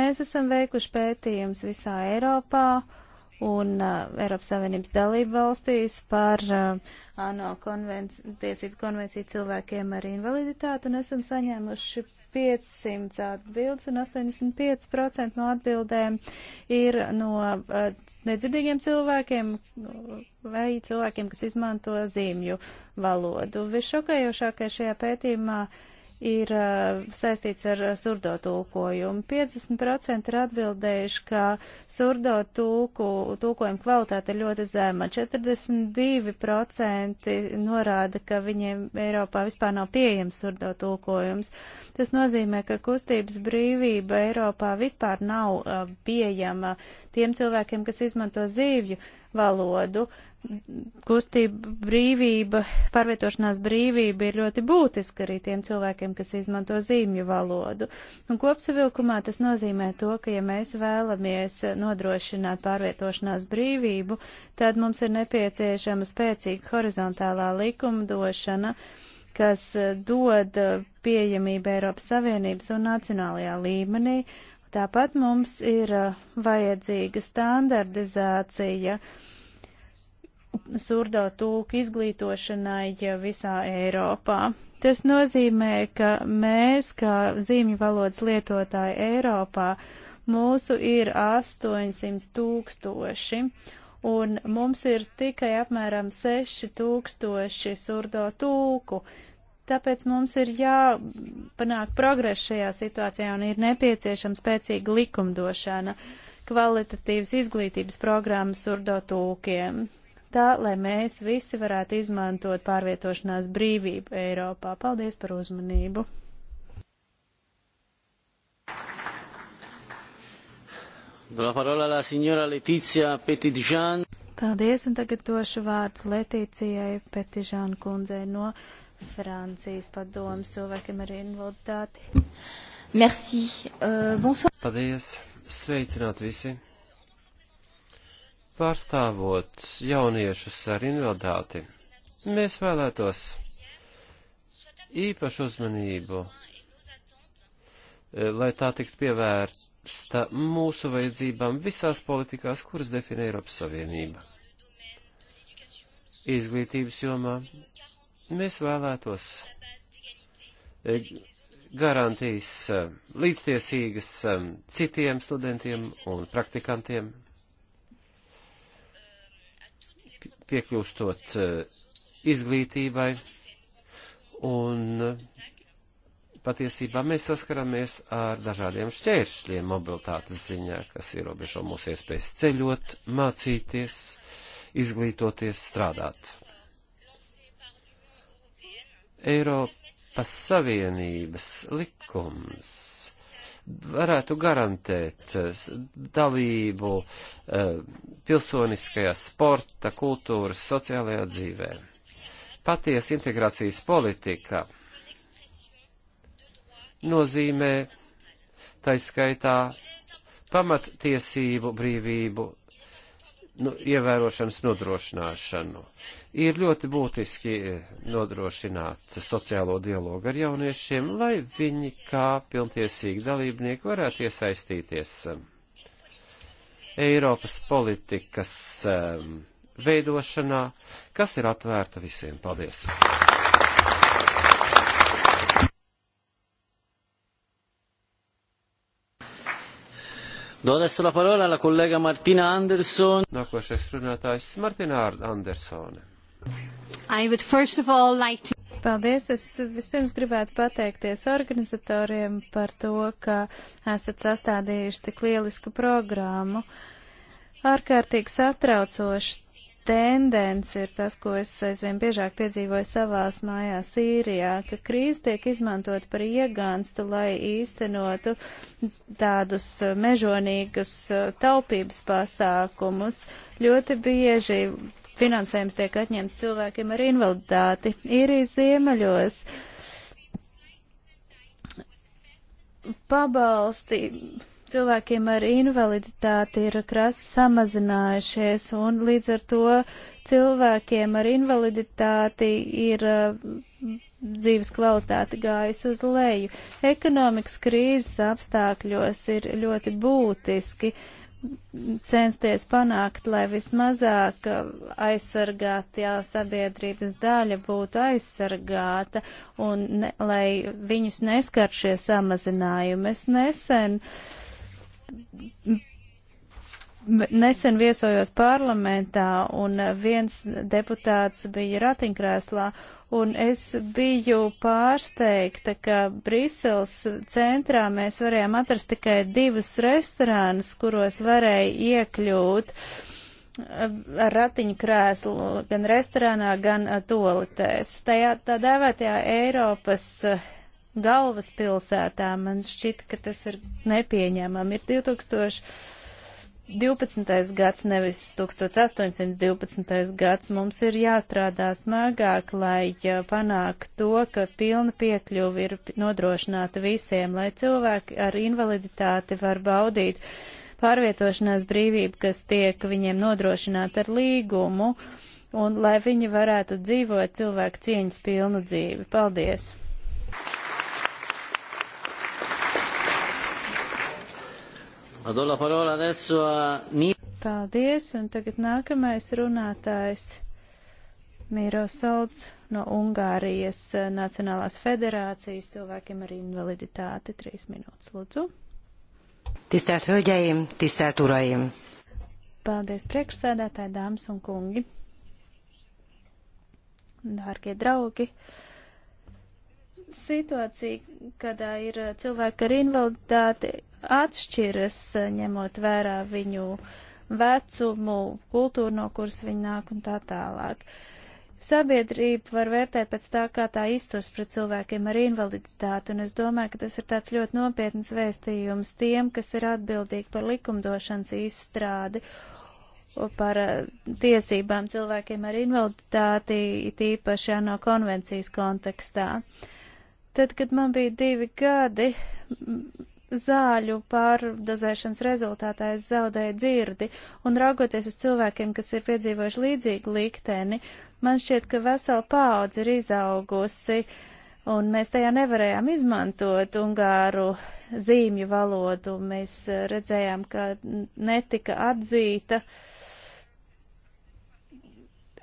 Speaker 2: Mēs esam veikuši pētījums visā Eiropā, uh, un uh, Eiropas Savienības dalību valstīs par uh, ANO konvenciju, tiesību konvenciju cilvēkiem ar invaliditāti, un esam saņēmuši 500 atbildes, un 85% no atbildēm ir no uh, nedzirdīgiem cilvēkiem vai cilvēkiem, kas izmanto zīmju valodu. Visšokējošākais šajā pētījumā uh, ir uh, saistīts ar uh, surdo tulkojumu. 50% ir atbildējuši, ka surdo tulku, tulkojuma kvalitāte ir ļoti zema. 42% norāda, ka viņiem Eiropā vispār nav pieejams surdo tulkojums. Tas nozīmē, ka kustības brīvība Eiropā vispār nav uh, pieejama tiem cilvēkiem, kas izmanto zīvju valodu. Kustība brīvība, pārvietošanās brīvība ir ļoti būtiska arī tiem cilvēkiem, kas izmanto zīmju valodu. Un kopsavilkumā tas nozīmē to, ka ja mēs vēlamies nodrošināt pārvietošanās brīvību, tad mums ir nepieciešama spēcīga horizontālā likumdošana kas dod pieejamību Eiropas Savienības un nacionālajā līmenī, Tāpat mums ir uh, vajadzīga standardizācija surdo tulku izglītošanai visā Eiropā. Tas nozīmē, ka mēs, kā zīmju valodas lietotāji Eiropā, mūsu ir 800 tūkstoši, un mums ir tikai apmēram 6 tūkstoši surdo tulku. Tāpēc mums ir jāpanāk progres šajā situācijā un ir nepieciešama spēcīga likumdošana, kvalitatīvas izglītības programmas urdo tūkiem. Tā, lai mēs visi varētu izmantot pārvietošanās brīvību Eiropā. Paldies par uzmanību! Paldies, un tagad došu vārdu Letīcijai Petižānu kundzei no Francijas padomas cilvēkiem ar invaliditāti. Merci. Uh, bonsoir.
Speaker 4: Paldies. Sveicināt visi. Pārstāvot jauniešus ar invaliditāti, mēs vēlētos īpašu uzmanību, eh, lai tā tiktu pievērsta mūsu vajadzībām visās politikās, kuras definē Eiropas Savienība. Izglītības jomā Mēs vēlētos e, garantijas e, līdztiesīgas e, citiem studentiem un praktikantiem, piekļūstot izglītībai, un patiesībā mēs saskaramies ar dažādiem šķēršļiem mobilitātes ziņā, kas ierobežo mūsu iespējas ceļot, mācīties, izglītoties, strādāt. Eiropas Savienības likums varētu garantēt eh, dalību eh, pilsoniskajā sporta, kultūras, sociālajā dzīvē. Paties integrācijas politika nozīmē taiskaitā pamattiesību brīvību nu, ievērošanas nodrošināšanu ir ļoti būtiski e, nodrošināt sociālo dialogu ar jauniešiem, lai viņi kā pilntiesīgi dalībnieki varētu iesaistīties e, Eiropas politikas e, veidošanā, kas ir atvērta visiem. Paldies!
Speaker 5: Do adesso la parola alla collega Martina Anderson. Nākošais runātājs Martina
Speaker 4: Andersone.
Speaker 2: Like to... Paldies! Es vispirms gribētu pateikties organizatoriem par to, ka esat sastādījuši tik lielisku programmu. Ārkārtīgi satraucoši tendence ir tas, ko es aizvien biežāk piedzīvoju savās mājās Sīrijā, ka krīze tiek izmantot par iegānstu, lai īstenotu tādus mežonīgus taupības pasākumus. Ļoti bieži finansējums tiek atņemts cilvēkiem ar invaliditāti. Īrijas ziemeļos pabalsti cilvēkiem ar invaliditāti ir krasi samazinājušies, un līdz ar to cilvēkiem ar invaliditāti ir uh, dzīves kvalitāte gājusi uz leju. Ekonomikas krīzes apstākļos ir ļoti būtiski censties panākt, lai vismazāk aizsargātā sabiedrības daļa būtu aizsargāta un ne, lai viņus neskar šie samazinājumi. Es nesen nesen viesojos parlamentā, un viens deputāts bija ratiņkrēslā, un es biju pārsteigta, ka Brīseles centrā mēs varējām atrast tikai divus restorānus, kuros varēja iekļūt eh, ar ratiņu krēslu gan restorānā, gan eh, toalitēs. Tajā tā dēvētajā Eiropas eh, galvaspilsētā man šķita, ka tas ir nepieņemami. Ir 2000. 12. gads, nevis 1812. gads. Mums ir jāstrādā smagāk, lai panāktu to, ka pilna piekļuva ir nodrošināta visiem, lai cilvēki ar invaliditāti var baudīt pārvietošanās brīvību, kas tiek viņiem nodrošināta ar līgumu, un lai viņi varētu dzīvot cilvēku cieņas pilnu dzīvi. Paldies! Thank you. Paldies, un tagad nākamais runātājs Mīro Solds no Ungārijas Nacionālās federācijas cilvēkiem ar invaliditāti. Trīs minūtes, lūdzu.
Speaker 5: Tistēt hölģējiem, tistēt urajiem.
Speaker 2: Paldies priekšsēdētāji, dāmas un kungi. Dārgie draugi. Uh, Situācija, kādā ir cilvēki ar invaliditāti, atšķiras ņemot vērā viņu vecumu, kultūru, no kuras viņi nāk un tā tālāk. Sabiedrība var vērtēt pēc tā, kā tā izturs pret cilvēkiem ar invaliditāti, un es domāju, ka tas ir tāds ļoti nopietns vēstījums tiem, kas ir atbildīgi par likumdošanas izstrādi par tiesībām cilvēkiem ar invaliditāti, tīpaši ANO konvencijas kontekstā. Uh, Tad, kad man bija divi gadi, zāļu pārdozēšanas rezultātā es zaudēju dzirdi, un raugoties uz cilvēkiem, kas ir piedzīvojuši līdzīgu likteni, man šķiet, ka vesela paudze ir izaugusi, un mēs tajā nevarējām izmantot ungāru zīmju valodu. Mēs e, redzējām, ka netika atzīta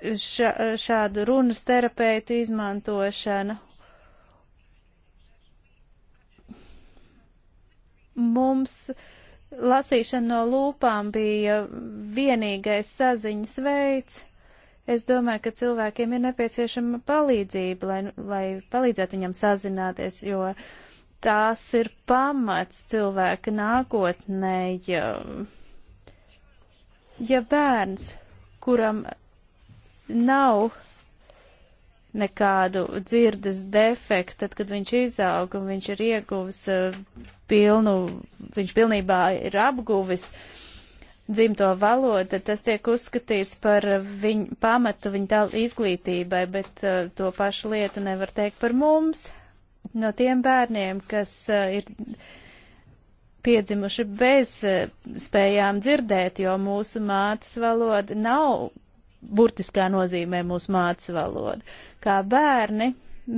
Speaker 2: šā, e, šādu runas terapeitu izmantošana, mums lasīšana no lūpām bija vienīgais saziņas veids. Es domāju, ka cilvēkiem ir nepieciešama palīdzība, lai, lai palīdzētu viņam sazināties, jo tās ir pamats cilvēka nākotnē. Ja, ja bērns, kuram nav nekādu dzirdes defektu, tad, kad viņš izaug un viņš ir ieguvis uh, pilnu, viņš pilnībā ir apguvis dzimto valodu, tas tiek uzskatīts par viņu pamatu viņa izglītībai, bet uh, to pašu lietu nevar teikt par mums. No tiem bērniem, kas uh, ir piedzimuši bez uh, spējām dzirdēt, jo mūsu mātes valoda nav burtiskā nozīmē mūsu mātes valoda. Kā bērni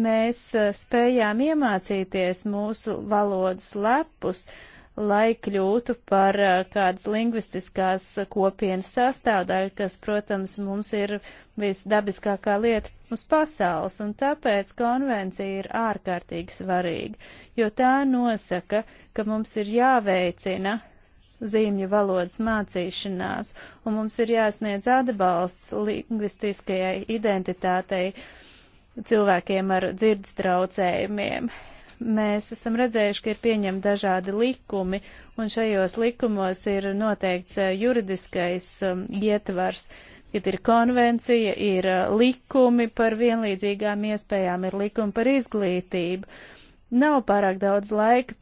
Speaker 2: mēs eh, spējām iemācīties mūsu valodas lapus, lai kļūtu par eh, kādas lingvistiskās kopienas sastāvdaļu, kas, protams, mums ir visdabiskākā lieta uz pasaules, un tāpēc konvencija ir ārkārtīgi svarīga, jo tā nosaka, ka mums ir jāveicina zīmju valodas mācīšanās, un mums ir jāsniedz atbalsts lingvistiskajai identitātei, uh, cilvēkiem ar dzirdes traucējumiem. Mēs esam redzējuši, ka ir pieņemti dažādi likumi, un šajos likumos ir noteikts eh, juridiskais um, ietvars, kad ir konvencija, ir eh, likumi par vienlīdzīgām iespējām, ir likumi par izglītību. Nav pārāk daudz laika,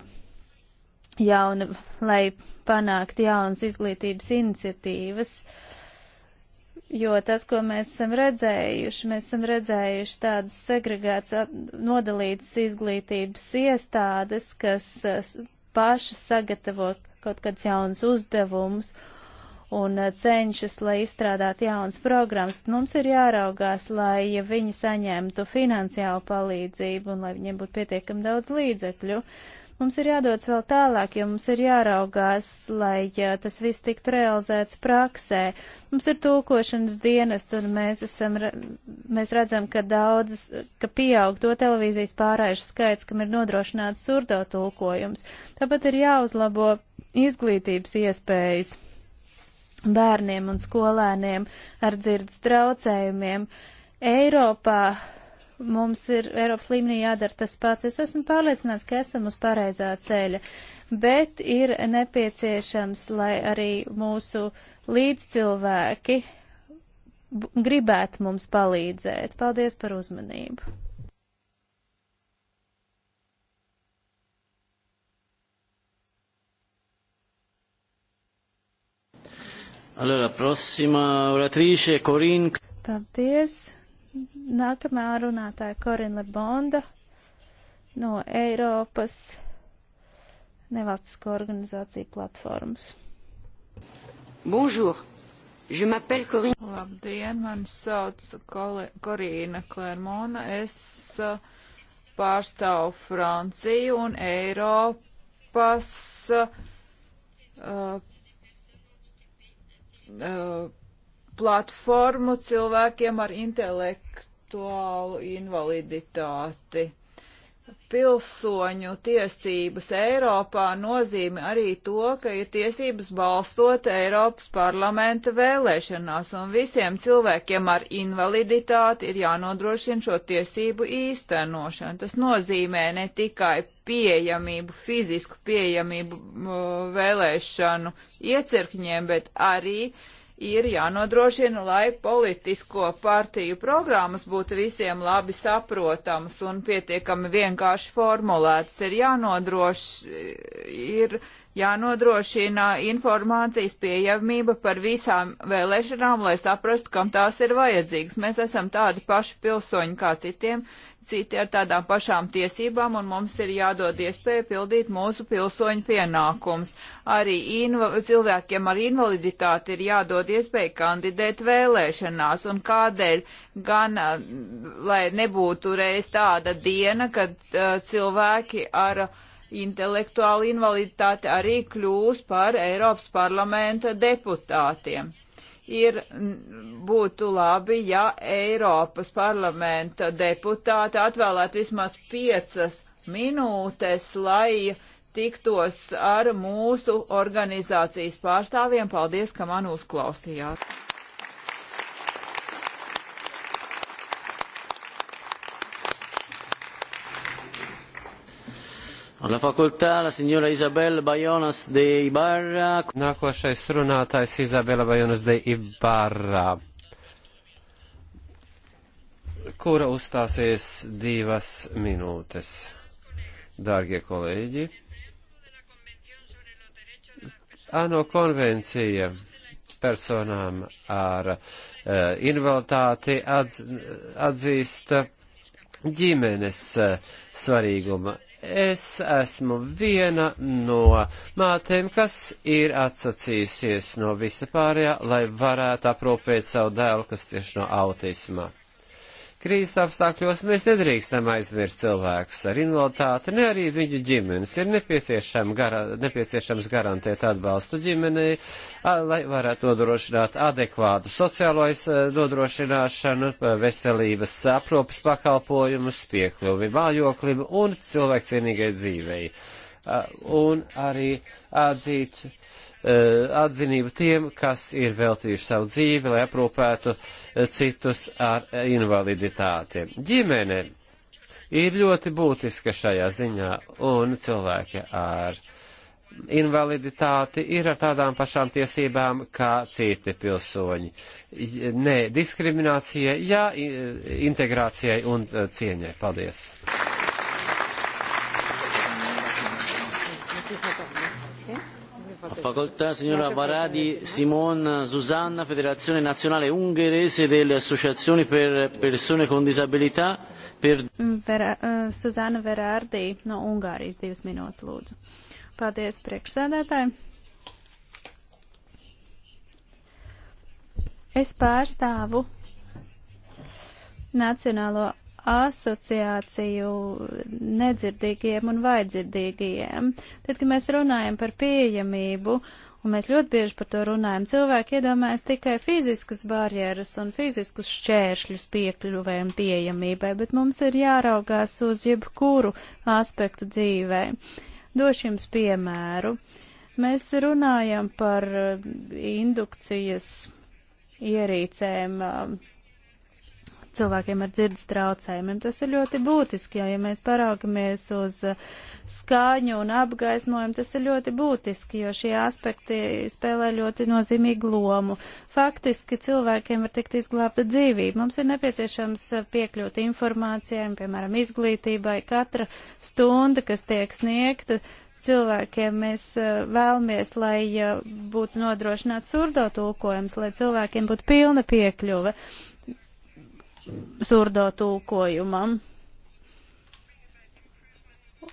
Speaker 2: jauna, lai panāktu jaunas izglītības iniciatīvas. Uh, Jo tas, ko mēs esam redzējuši, mēs esam redzējuši tādas segregētas, nodalītas izglītības iestādes, kas pašas sagatavo kaut kāds jauns uzdevums un cenšas, lai izstrādātu jaunas programmas. Mums ir jāraugās, lai viņi saņemtu finansiālu palīdzību un lai viņiem būtu pietiekami daudz līdzekļu. Uh, Mums ir jādodas vēl tālāk, jo mums ir jāraugās, lai ja, tas viss tiktu realizēts praksē. Mums ir tūkošanas dienas, un mēs, esam, mēs redzam, ka daudzas, ka pieaug to televīzijas pārējušu skaits, kam ir nodrošināts surdo tulkojums. Tāpat ir jāuzlabo izglītības iespējas bērniem un skolēniem ar dzirdes traucējumiem. Eiropā mums ir Eiropas līmenī jādara tas pats. Es esmu pārliecināts, ka esam uz pareizā ceļa, bet ir nepieciešams, lai arī mūsu līdzcilvēki gribētu mums palīdzēt. Paldies par uzmanību!
Speaker 5: Allora, prossima oratrice, Corinne.
Speaker 2: Paldies. Nākamā runātāja Korina Lebonda no Eiropas nevalstisko organizāciju platformas.
Speaker 3: Bonjour! Je m'appelle Corinne. Labdien, man sauc Korīna Klermona. Es uh, pārstāvu Franciju un Eiropas uh, uh, platformu cilvēkiem ar intelektuālu invaliditāti. Pilsoņu tiesības Eiropā nozīmē arī to, ka ir tiesības balstot Eiropas parlamenta vēlēšanās, un visiem cilvēkiem ar invaliditāti ir jānodrošina šo tiesību īstenošanu. Tas nozīmē ne tikai pieejamību, fizisku pieejamību vēlēšanu iecirkņiem, bet arī uh, ir jānodrošina, lai politisko partiju programmas būtu visiem labi saprotamas un pietiekami vienkārši formulētas. Ir jānodrošina, ir jānodrošina informācijas pieejamība par visām vēlēšanām, lai saprastu, kam tās ir vajadzīgas. Mēs esam tādi paši pilsoņi kā citiem, citi ar tādām pašām tiesībām, un mums ir jādod iespēja pildīt mūsu pilsoņu pienākums. Arī cilvēkiem ar invaliditāti ir jādod iespēja kandidēt vēlēšanās, un kādēļ gan, eh, lai nebūtu reiz tāda diena, kad uh, cilvēki ar uh, intelektuāla invaliditāte arī kļūs par Eiropas parlamenta deputātiem. Ir būtu labi, ja Eiropas parlamenta deputāti atvēlētu vismaz piecas minūtes, lai tiktos ar mūsu organizācijas pārstāvjiem. Paldies, ka man uzklausījāt!
Speaker 4: La fakultā, la signora Izabela Bajonas de Ibarra. Nākošais runātājs Izabela Bajonas de Ibarra, kura uzstāsies divas minūtes. Dārgie kolēģi, ANO konvencija personām ar uh, invaliditāti atz, atzīst ģimenes eh, svarīguma Es esmu viena no mātēm, kas ir atsacījusies no visa pārējā, lai varētu aprūpēt savu dēlu, kas cieši no autisma krīzes apstākļos mēs nedrīkstam aizmirst cilvēkus ar invaliditāti, ne arī viņu ģimenes. Ir nepieciešam gara, nepieciešams garantēt atbalstu ģimenei, lai varētu nodrošināt adekvātu sociālo nodrošināšanu, veselības aprūpas pakalpojumus, piekļuvi mājoklim un cilvēkcienīgai dzīvei. Un arī atzīt Eh, atzinību tiem, kas ir veltījuši savu dzīvi, lai aprūpētu eh, citus ar eh, invaliditāti. Ģimene ir ļoti būtiska šajā ziņā, un cilvēki ar invaliditāti ir ar tādām pašām tiesībām kā citi pilsoņi. Nē, diskriminācijai, jā, integrācijai un cieņai. Paldies! facoltà. facoltà
Speaker 5: signora Baradi Simon Susanna, Federazione Nazionale Ungherese delle Associazioni per Persone con Disabilità. Per...
Speaker 2: Vera, uh, eh, Susanna Verardi no Ungārijas divas minūtes lūdzu. Paldies priekšsēdētāji. Es pārstāvu Nacionālo asociāciju nedzirdīgiem un vaidzirdīgiem. Tad, kad mēs runājam par pieejamību, un mēs ļoti bieži par to runājam, cilvēki iedomājas tikai fiziskas barjeras un fiziskus šķēršļus piekļuvē un pieejamībai, bet mums ir jāraugās uz jebkuru aspektu dzīvē. Došu jums piemēru. Mēs runājam par indukcijas ierīcēm um, cilvēkiem ar dzirdes traucējumiem. Tas ir ļoti būtiski, jo, ja mēs paraugamies uz uh, skaņu un apgaismojumu, tas ir ļoti būtiski, jo šie aspekti spēlē ļoti nozīmīgu lomu. Faktiski cilvēkiem var tikt izglābta dzīvība. Mums ir nepieciešams uh, piekļūt informācijām, piemēram, izglītībai. Katra stunda, kas tiek sniegta, cilvēkiem mēs uh, vēlamies, lai būtu nodrošināts surdo tulkojums, lai cilvēkiem būtu pilna piekļuve surdo tulkojumam.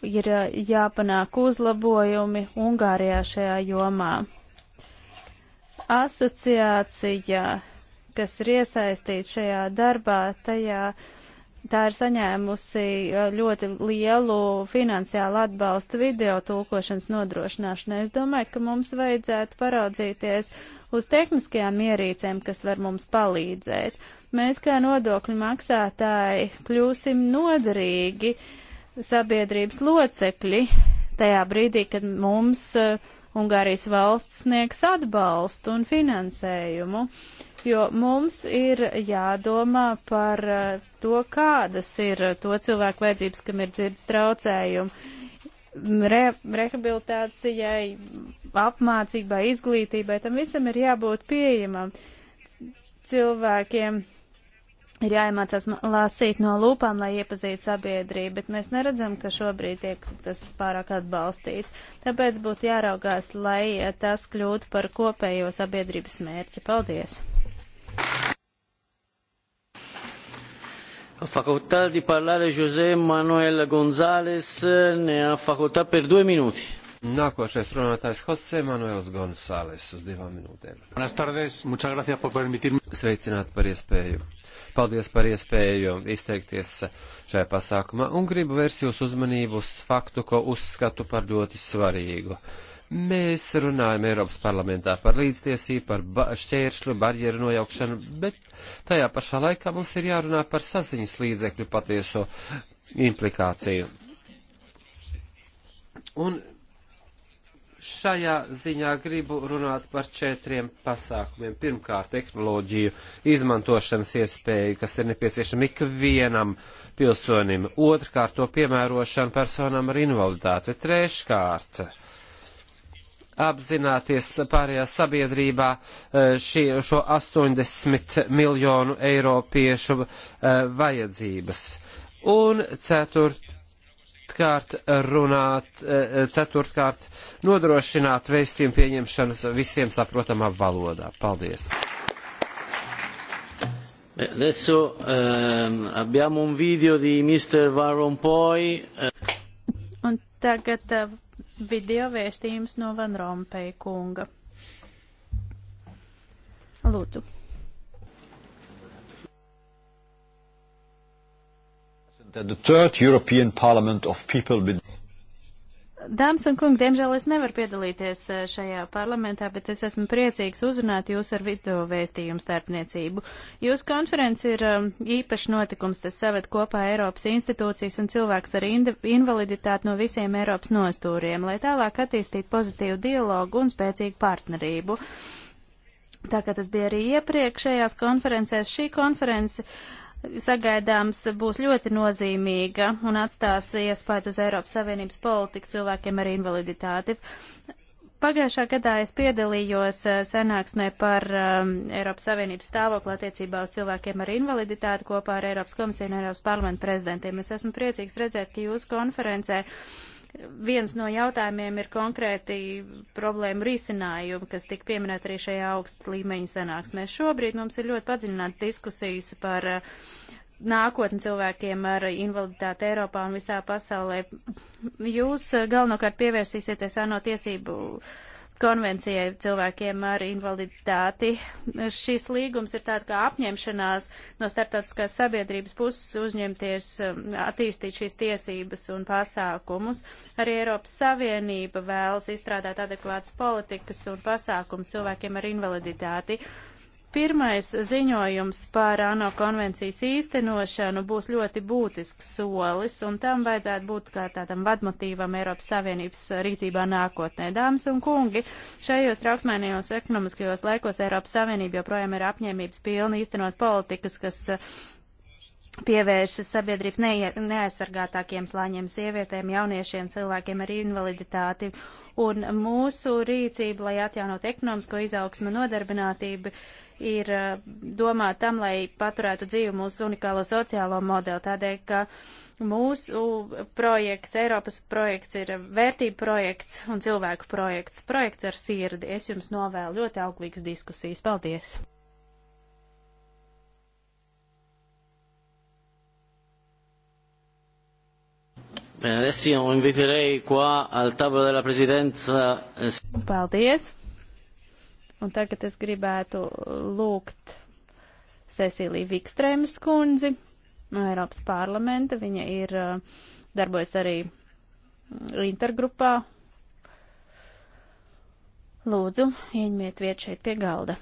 Speaker 2: Ir eh, jāpanāk uzlabojumi Ungārijā šajā jomā. Asociācija, kas ir iesaistīta šajā darbā, tajā tā ir saņēmusi eh, ļoti lielu finansiālu atbalstu video tulkošanas nodrošināšanai. Es domāju, ka mums vajadzētu paraudzīties uz tehniskajām ierīcēm, kas var mums palīdzēt mēs kā nodokļu maksātāji kļūsim noderīgi sabiedrības locekļi tajā brīdī, kad mums eh, Ungārijas valsts sniegs atbalstu un finansējumu, jo mums ir jādomā par eh, to, kādas ir to cilvēku vajadzības, kam ir dzirdes traucējumi re, rehabilitācijai, apmācībai, izglītībai, tam visam ir jābūt pieejamam. Cilvēkiem ir jāiemācās lasīt no lūpām, lai iepazītu sabiedrību, bet mēs neredzam, ka šobrīd tiek tas pārāk atbalstīts. Tāpēc būtu jāraugās, lai eh, tas kļūtu par kopējo sabiedrības mērķi. Paldies!
Speaker 5: A facoltà di parlare José Manuel González
Speaker 4: eh, ne ha facoltà per due minuti. Nākošais runātājs Jose Manuels Gonzāles uz divām minūtēm. Sveicināti par iespēju. Paldies par iespēju izteikties šajā pasākumā un gribu vērst jūsu uzmanību uz faktu, ko uzskatu par ļoti svarīgu. Mēs runājam Eiropas parlamentā par līdztiesību, par ba šķēršļu, barjeru nojaukšanu, bet tajā pašā laikā mums ir jārunā par saziņas līdzekļu patieso implikāciju. Un šajā ziņā gribu runāt par četriem pasākumiem. Pirmkārt, tehnoloģiju izmantošanas iespēju, kas ir nepieciešama ikvienam pilsonim. Otrkārt, to piemērošanu personām ar invaliditāti. Treškārt, apzināties pārējā sabiedrībā e, šie, šo 80 miljonu eiropiešu e, vajadzības. Un ceturt, ceturtkārt runāt, e, e, ceturtkārt nodrošināt vēstījumu pieņemšanas visiem saprotamā valodā. Paldies! Adesso
Speaker 5: ehm, abbiamo un video di Mr. Van Rompuy. Eh.
Speaker 2: Un tagad uh, video vēstījums no Van Rompuy kunga. Lūdzu.
Speaker 4: Dāmas
Speaker 2: un kungi, diemžēl es nevaru piedalīties eh, šajā parlamentā, bet es esmu priecīgs uzrunāt jūs ar video vēstījumu starpniecību. Jūsu konference ir eh, īpašs notikums, tas saved kopā Eiropas institūcijas un cilvēks ar invaliditāti no visiem Eiropas nostūriem, lai tālāk attīstītu pozitīvu dialogu un spēcīgu partnerību. Tā kā tas bija arī iepriekšējās konferencēs, šī konference uh, sagaidāms būs ļoti nozīmīga un atstās iespēju uz Eiropas Savienības politiku cilvēkiem ar invaliditāti. Pagājušā gadā es piedalījos eh, sanāksmē par um, Eiropas Savienības stāvokli attiecībā uz cilvēkiem ar invaliditāti kopā ar Eiropas komisiju un Eiropas parlamentu prezidentiem. Es esmu priecīgs redzēt, ka jūsu konferencē uh, viens no jautājumiem ir konkrēti problēma risinājumi, kas tika pieminēta arī šajā augsta līmeņa sanāksmē. Šobrīd mums ir ļoti padziļināts diskusijas par eh, nākotni cilvēkiem ar invaliditāti Eiropā un visā pasaulē. Jūs eh, galvenokārt pievērsīsieties ANO tiesību uh, konvencijai cilvēkiem ar invaliditāti. Šis līgums ir tāds kā apņemšanās no starptautiskās sabiedrības puses uzņemties um, attīstīt šīs tiesības un pasākumus. Arī Eiropas Savienība vēlas izstrādāt adekvātas politikas un pasākums cilvēkiem ar invaliditāti. Pirmais ziņojums par ANO konvencijas īstenošanu būs ļoti būtisks solis, un tam vajadzētu būt kā tādam vadmotīvam Eiropas Savienības rīcībā nākotnē. Dāmas un kungi, šajos trauksmainajos ekonomiskajos laikos Eiropas Savienība joprojām ir apņēmības pilna īstenot politikas, kas eh, pievēršas sabiedrības neie, neaizsargātākiem slāņiem, sievietēm, jauniešiem, cilvēkiem ar invaliditāti. Un mūsu rīcība, lai atjaunot ekonomisko izaugsmu nodarbinātību, ir eh, domāta tam, lai paturētu dzīvi mūsu unikālo sociālo modeli, tādēļ, ka mūsu projekts, Eiropas projekts ir vērtība projekts un cilvēku projekts, projekts ar sirdi. Es jums novēlu ļoti auglīgas diskusijas. Paldies! Eh, Paldies! Un tagad es gribētu lūgt Cecīliju Vikstrēmas kundzi no Eiropas parlamenta. Viņa ir eh, darbojas arī mm, intergrupā. Lūdzu, ieņemiet vietu šeit pie galda.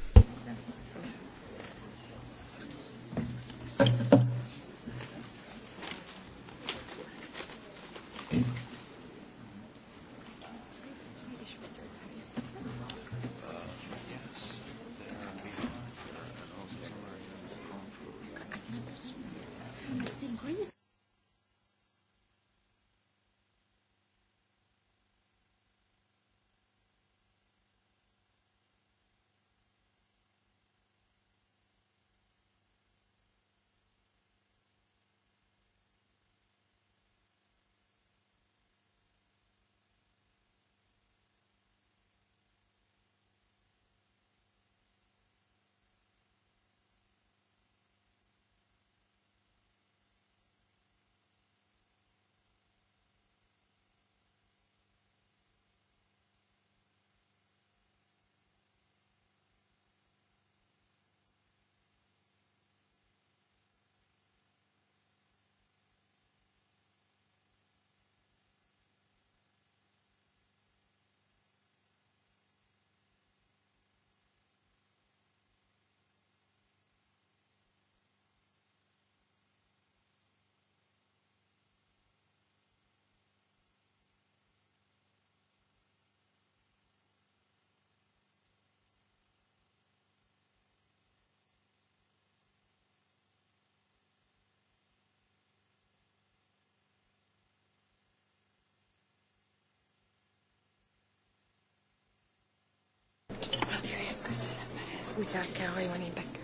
Speaker 5: وتاعك حيواني بك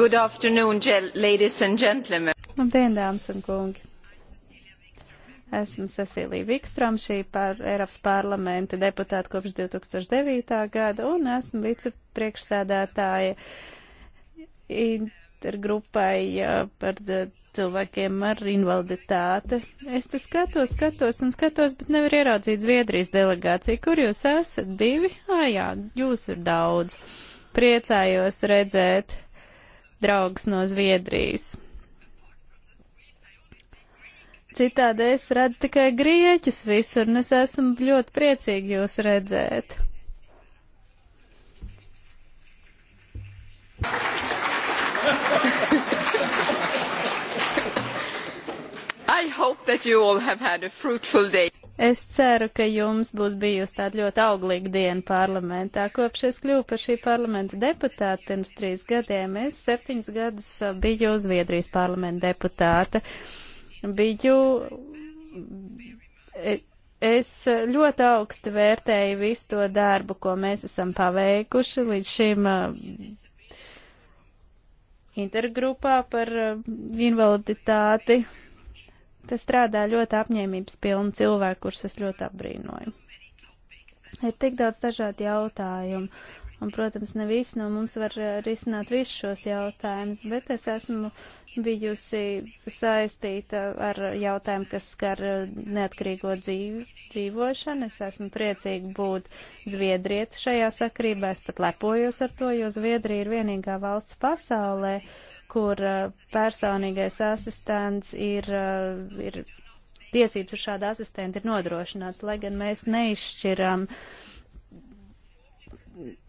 Speaker 3: Good afternoon, ladies and gentlemen.
Speaker 2: Labdien, dāmas un kungi! Esmu Cecīlija Vikstrom, šī par Eiropas parlamenta deputāta kopš 2009. gada, un esmu vicepriekšsēdētāja intergrupai par cilvēkiem ar invaliditāti. Es te skatos, skatos un skatos, bet nevar ieraudzīt Zviedrijas delegāciju. Kur jūs esat? Divi? Ā, jā, jūs ir daudz. Priecājos redzēt draugus no Zviedrijas. Citādi es redzu tikai grieķus visur, un es esmu ļoti priecīgi jūs redzēt. Es ceru, ka jums būs bijusi tāda ļoti auglīga diena parlamentā. Kopš es kļuvu par šī parlamenta deputātu pirms trīs gadiem, es septiņus gadus uh, biju Zviedrijas parlamenta deputāta. Uh, biju. E, es ļoti augstu vērtēju visu to darbu, ko mēs esam paveikuši līdz šim e, intergrupā par e, invaliditāti. Tas strādā ļoti apņēmības pilni cilvēki, kurus es ļoti apbrīnoju. Ir tik daudz dažādu jautājumu, Un, protams, ne visi no mums var eh, risināt visus šos jautājumus, bet es esmu bijusi saistīta ar jautājumu, kas skar eh, neatkarīgo dzīvi, dzīvošanu. Es esmu priecīga būt Zviedrieta šajā sakrībā. Es pat lepojos ar to, jo Zviedrija ir vienīgā valsts pasaulē, kur eh, personīgais asistents ir. ir Tiesības uz šādu asistentu ir nodrošināts, lai gan mēs neizšķiram uh,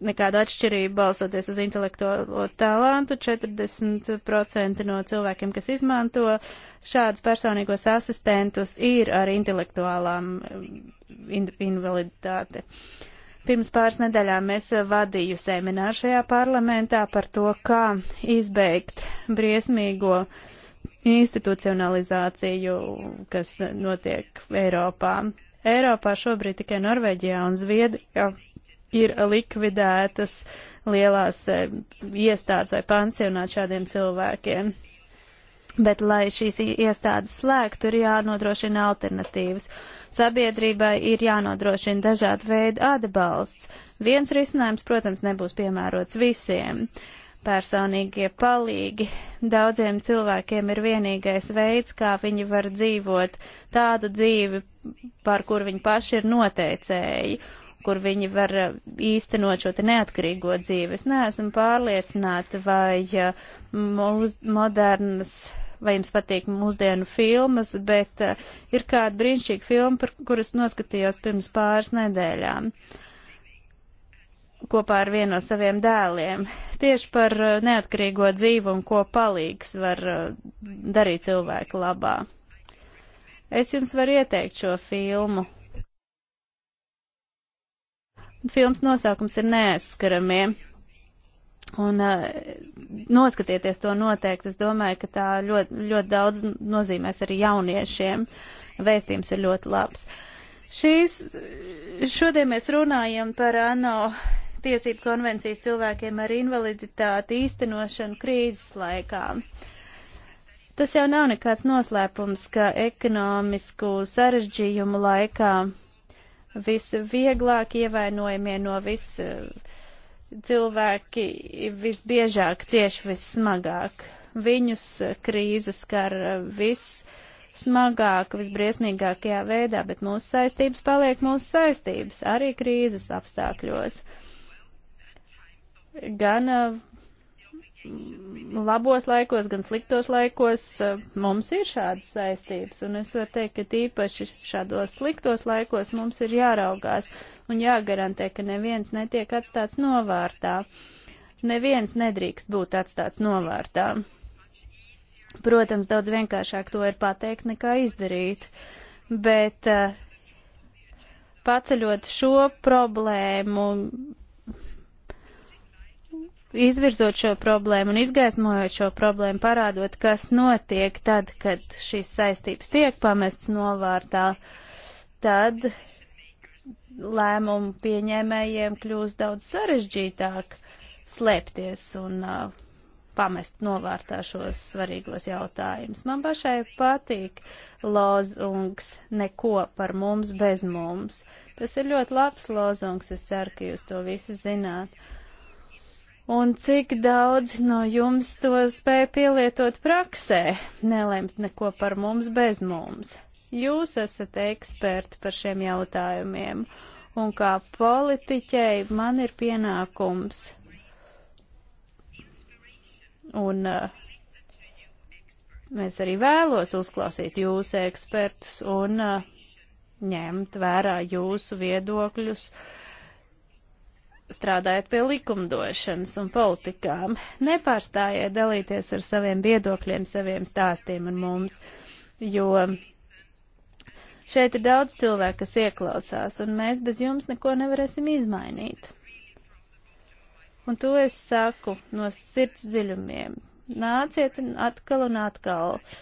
Speaker 2: nekāda atšķirība balsoties uz intelektuālo talantu. 40% no cilvēkiem, kas izmanto šādus personīgos asistentus, ir ar intelektuālām um, in invaliditāti. Pirms pāris nedēļām es vadīju semināru šajā parlamentā par to, kā izbeigt briesmīgo institucionalizāciju, kas notiek Eiropā. Eiropā šobrīd tikai Norvēģijā un Zviedrijā ir likvidētas lielās e, iestādes vai pansionāti šādiem cilvēkiem. Bet, lai šīs iestādes slēgtu, ir jānodrošina alternatīvas. Sabiedrībai ir jānodrošina dažāda veida atbalsts. Viens risinājums, protams, nebūs piemērots visiem. Personīgie palīgi daudziem cilvēkiem ir vienīgais veids, kā viņi var dzīvot tādu dzīvi, par kur viņi paši ir noteicēji kur viņi var eh, īstenot šo te neatkarīgo dzīvi. Es neesmu pārliecināta, vai eh, mūs, modernas, vai jums patīk mūsdienu filmas, bet eh, ir kāda brīnišķīga filma, par kuras noskatījos pirms pāris nedēļām kopā ar vienu no saviem dēliem. Tieši par neatkarīgo dzīvi un ko palīgs var darīt cilvēku labā. Es jums varu ieteikt šo filmu, Filmas nosaukums ir neaizskaramie. Un uh, noskatieties to noteikti. Es domāju, ka tā ļoti, ļoti daudz nozīmēs arī jauniešiem. Vēstījums ir ļoti labs. Šīs, šodien mēs runājam par ANO tiesību konvencijas cilvēkiem ar invaliditāti īstenošanu krīzes laikā. Tas jau nav nekāds noslēpums, ka ekonomisku sarežģījumu laikā visvieglāk ievainojamie no vis eh, cilvēki visbiežāk cieši vissmagāk. Viņus eh, krīzes skar eh, vissmagāk, visbriesmīgākajā veidā, bet mūsu saistības paliek mūsu saistības arī krīzes apstākļos. Gan labos laikos, gan sliktos laikos eh, mums ir šādas saistības, un es varu teikt, ka tīpaši šādos sliktos laikos mums ir jāraugās un jāgarantē, ka neviens netiek atstāts novārtā. Neviens nedrīkst būt atstāts novārtā. Protams, daudz vienkāršāk to ir pateikt nekā izdarīt, bet eh, paceļot šo problēmu izvirzot šo problēmu un izgaismojot šo problēmu, parādot, kas notiek tad, kad šīs saistības tiek pamests novārtā, tad lēmumu pieņēmējiem kļūst daudz sarežģītāk slēpties un uh, pamest novārtā šos svarīgos jautājumus. Man pašai patīk lozungs neko par mums bez mums. Tas ir ļoti labs lozungs, es ceru, ka jūs to visi zināt un cik daudz no jums to spēja pielietot praksē, nelemt neko par mums bez mums. Jūs esat eksperti par šiem jautājumiem, un kā politiķei man ir pienākums un uh, mēs arī vēlos uzklausīt jūsu ekspertus un uh, ņemt vērā jūsu viedokļus, uh, strādājat pie likumdošanas un politikām. Nepārstājiet dalīties ar saviem viedokļiem, saviem stāstiem ar mums, jo šeit ir daudz cilvēku, kas ieklausās, un mēs bez jums neko nevarēsim izmainīt. Un to es saku no sirds dziļumiem. Nāciet atkal un atkal. Uh,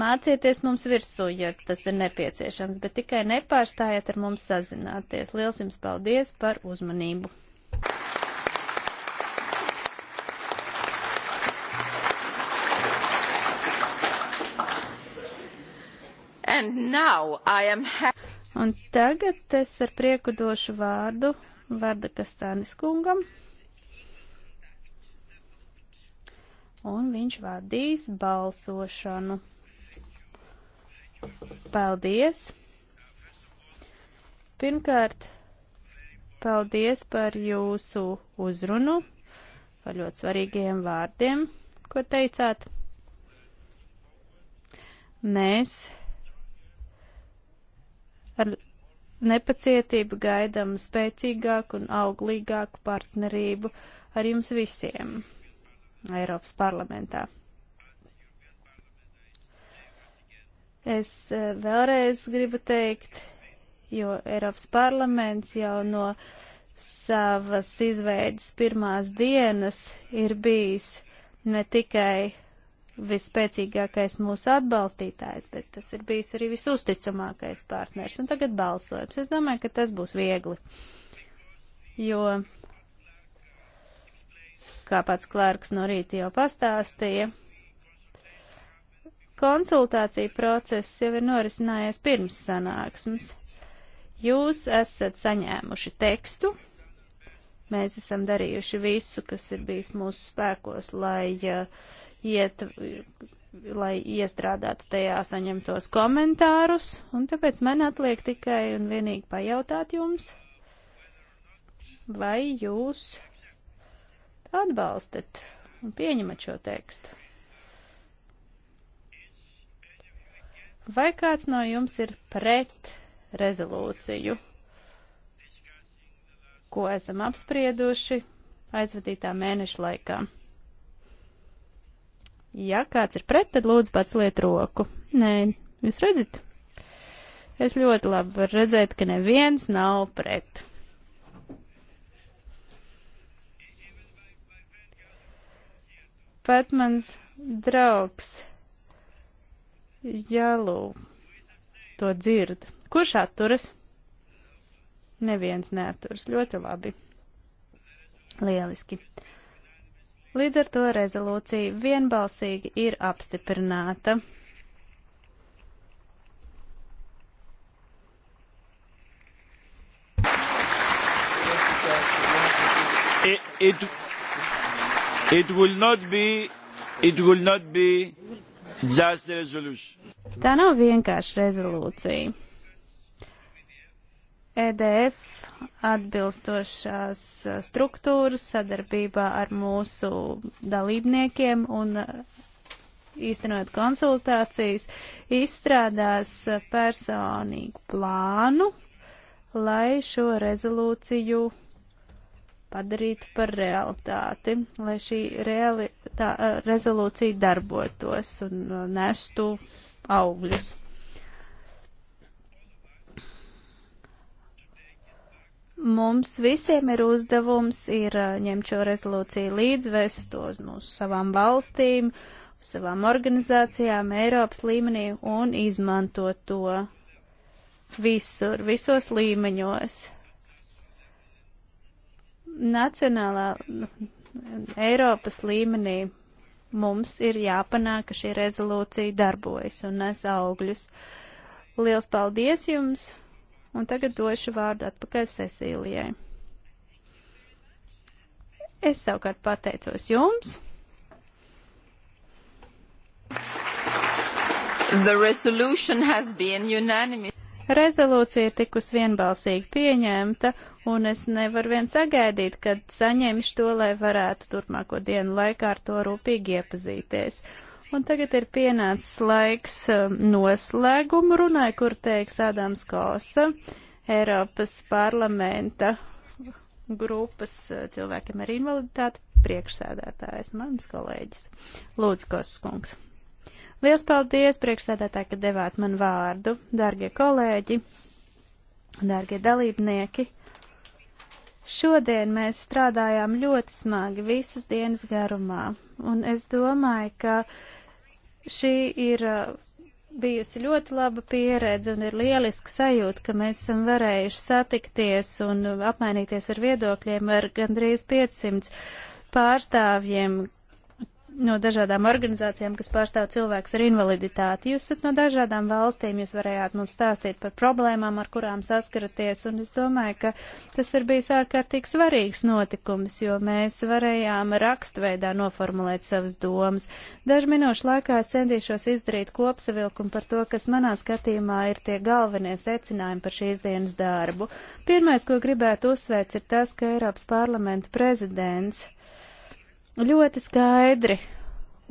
Speaker 2: mācieties mums virsū, ja tas ir nepieciešams, bet tikai nepārstājiet ar mums sazināties. Liels jums paldies par uzmanību!
Speaker 3: Am...
Speaker 2: Un tagad es ar prieku došu vārdu Varda Kastānis kungam. Un viņš vadīs balsošanu. Paldies! Pirmkārt, paldies par jūsu uzrunu, par ļoti svarīgiem vārdiem, ko teicāt. Mēs ar nepacietību gaidām spēcīgāku un auglīgāku partnerību ar jums visiem Eiropas parlamentā. Es eh, vēlreiz gribu teikt, jo Eiropas parlaments jau no savas izveidas pirmās dienas ir bijis ne tikai visspēcīgākais mūsu atbalstītājs, bet tas ir bijis arī visusticamākais partners. Un tagad balsojums. Es domāju, ka tas būs viegli. Jo, kā pats Klārks no rīta jau pastāstīja, Konsultācija process jau ir norisinājies pirms sanāksmes. Jūs esat saņēmuši tekstu. Mēs esam darījuši visu, kas ir bijis mūsu spēkos, lai, uh, iet, lai iestrādātu tajā saņemtos komentārus, un tāpēc man atliek tikai un vienīgi pajautāt jums, vai jūs atbalstat un pieņemat šo tekstu. Vai kāds no jums ir pret rezolūciju, ko esam apsprieduši aizvadītā mēneša laikā? Ja kāds ir pret, tad lūdzu pats liet roku. Nē, jūs redzat? Es ļoti labi varu redzēt, ka neviens nav pret. Pat mans draugs Jelū to dzird. Kurš atturas? Neviens neaturas. Ļoti labi. Lieliski. Līdz ar to rezolūcija vienbalsīgi ir apstiprināta.
Speaker 1: It, it, it will not be, it will not be Just the resolution.
Speaker 2: Tā nav vienkārši rezolūcija. EDF atbilstošās uh, struktūras sadarbībā ar mūsu dalībniekiem un uh, īstenot konsultācijas, izstrādās uh, personīgu plānu, lai šo rezolūciju padarītu par realitāti, lai šī reali tā eh, rezolūcija darbotos un eh, nestu augļus. Mums visiem ir uzdevums ir eh, ņemt šo rezolūciju līdzvest tos mūsu savām valstīm, savām organizācijām Eiropas līmenī un izmantot to visur, visos līmeņos. Nacionālā Eiropas līmenī mums ir jāpanāk, ka šī rezolūcija darbojas un nes augļus. Liels paldies jums, un tagad došu vārdu atpakaļ Cecīlijai. Es savukārt pateicos jums. The resolution has been unanimous. Rezolūcija ir tikus vienbalsīgi pieņemta, un es nevaru vien sagaidīt, kad saņemšu to, lai varētu turpmāko dienu laikā ar to rūpīgi iepazīties. Un tagad ir pienācis laiks um, noslēgumu runai, kur teiks Adams Kosa, Eiropas parlamenta grupas uh, cilvēkiem ar invaliditāti priekšsēdētājs, mans kolēģis Lūdzu Kosas kungs. Liels paldies, priekšsēdētāji, ka devāt man vārdu, dārgie kolēģi, dārgie dalībnieki. Šodien mēs strādājām ļoti smagi visas dienas garumā, un es domāju, ka šī ir uh, bijusi ļoti laba pieredze un ir lieliska sajūta, ka mēs esam varējuši satikties un apmainīties ar viedokļiem ar gandrīz 500 pārstāvjiem, no dažādām organizācijām, kas pārstāv cilvēks ar invaliditāti. Jūs esat no dažādām valstīm, jūs varējāt mums stāstīt par problēmām, ar kurām saskaraties, un es domāju, ka tas ir bijis ārkārtīgi svarīgs notikums, jo mēs varējām rakstveidā noformulēt savas domas. Dažu minūšu laikā es centīšos izdarīt kopsavilkumu par to, kas manā skatījumā ir tie galvenie secinājumi par šīs dienas darbu. Pirmais, ko gribētu uzsvērt, ir tas, ka Eiropas parlamenta prezidents ļoti skaidri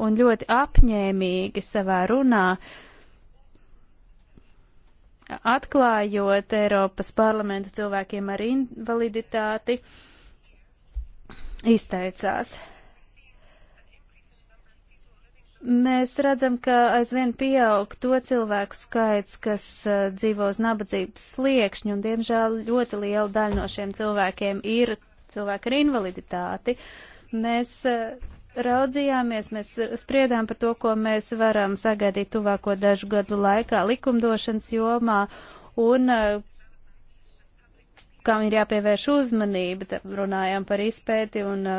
Speaker 2: un ļoti apņēmīgi savā runā, atklājot Eiropas parlamentu cilvēkiem ar invaliditāti, izteicās. Mēs redzam, ka aizvien pieaug to cilvēku skaits, kas uh, dzīvo uz nabadzības sliekšņa, un diemžēl ļoti liela daļa no šiem cilvēkiem ir cilvēki ar invaliditāti. Uh, Mēs e, raudzījāmies, mēs spriedām par to, ko mēs varam sagaidīt tuvāko dažu gadu laikā likumdošanas jomā un e, kam ir jāpievērš uzmanība, tad runājām par izpēti un e,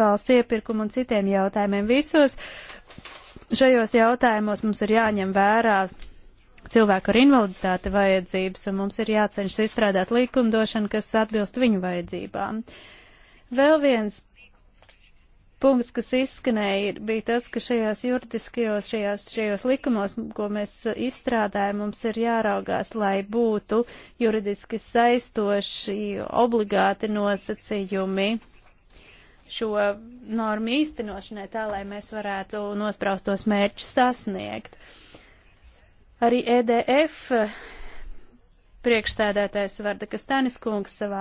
Speaker 2: valsts iepirkumu un citiem jautājumiem. Visos šajos jautājumos mums ir jāņem vērā cilvēku ar invaliditāti vajadzības, un mums ir jāceņš izstrādāt likumdošanu, kas atbilst viņu vajadzībām. Vēl viens punkts, kas izskanēja, ir, bija tas, ka šajās juridiskajos, šajās, šajos likumos, ko mēs izstrādājam, mums ir jāraugās, lai būtu juridiski saistoši obligāti nosacījumi šo normu īstenošanai, tā lai mēs varētu nospraustos mērķus sasniegt. Arī EDF priekšsēdētājs Varda Kastānis kungs savā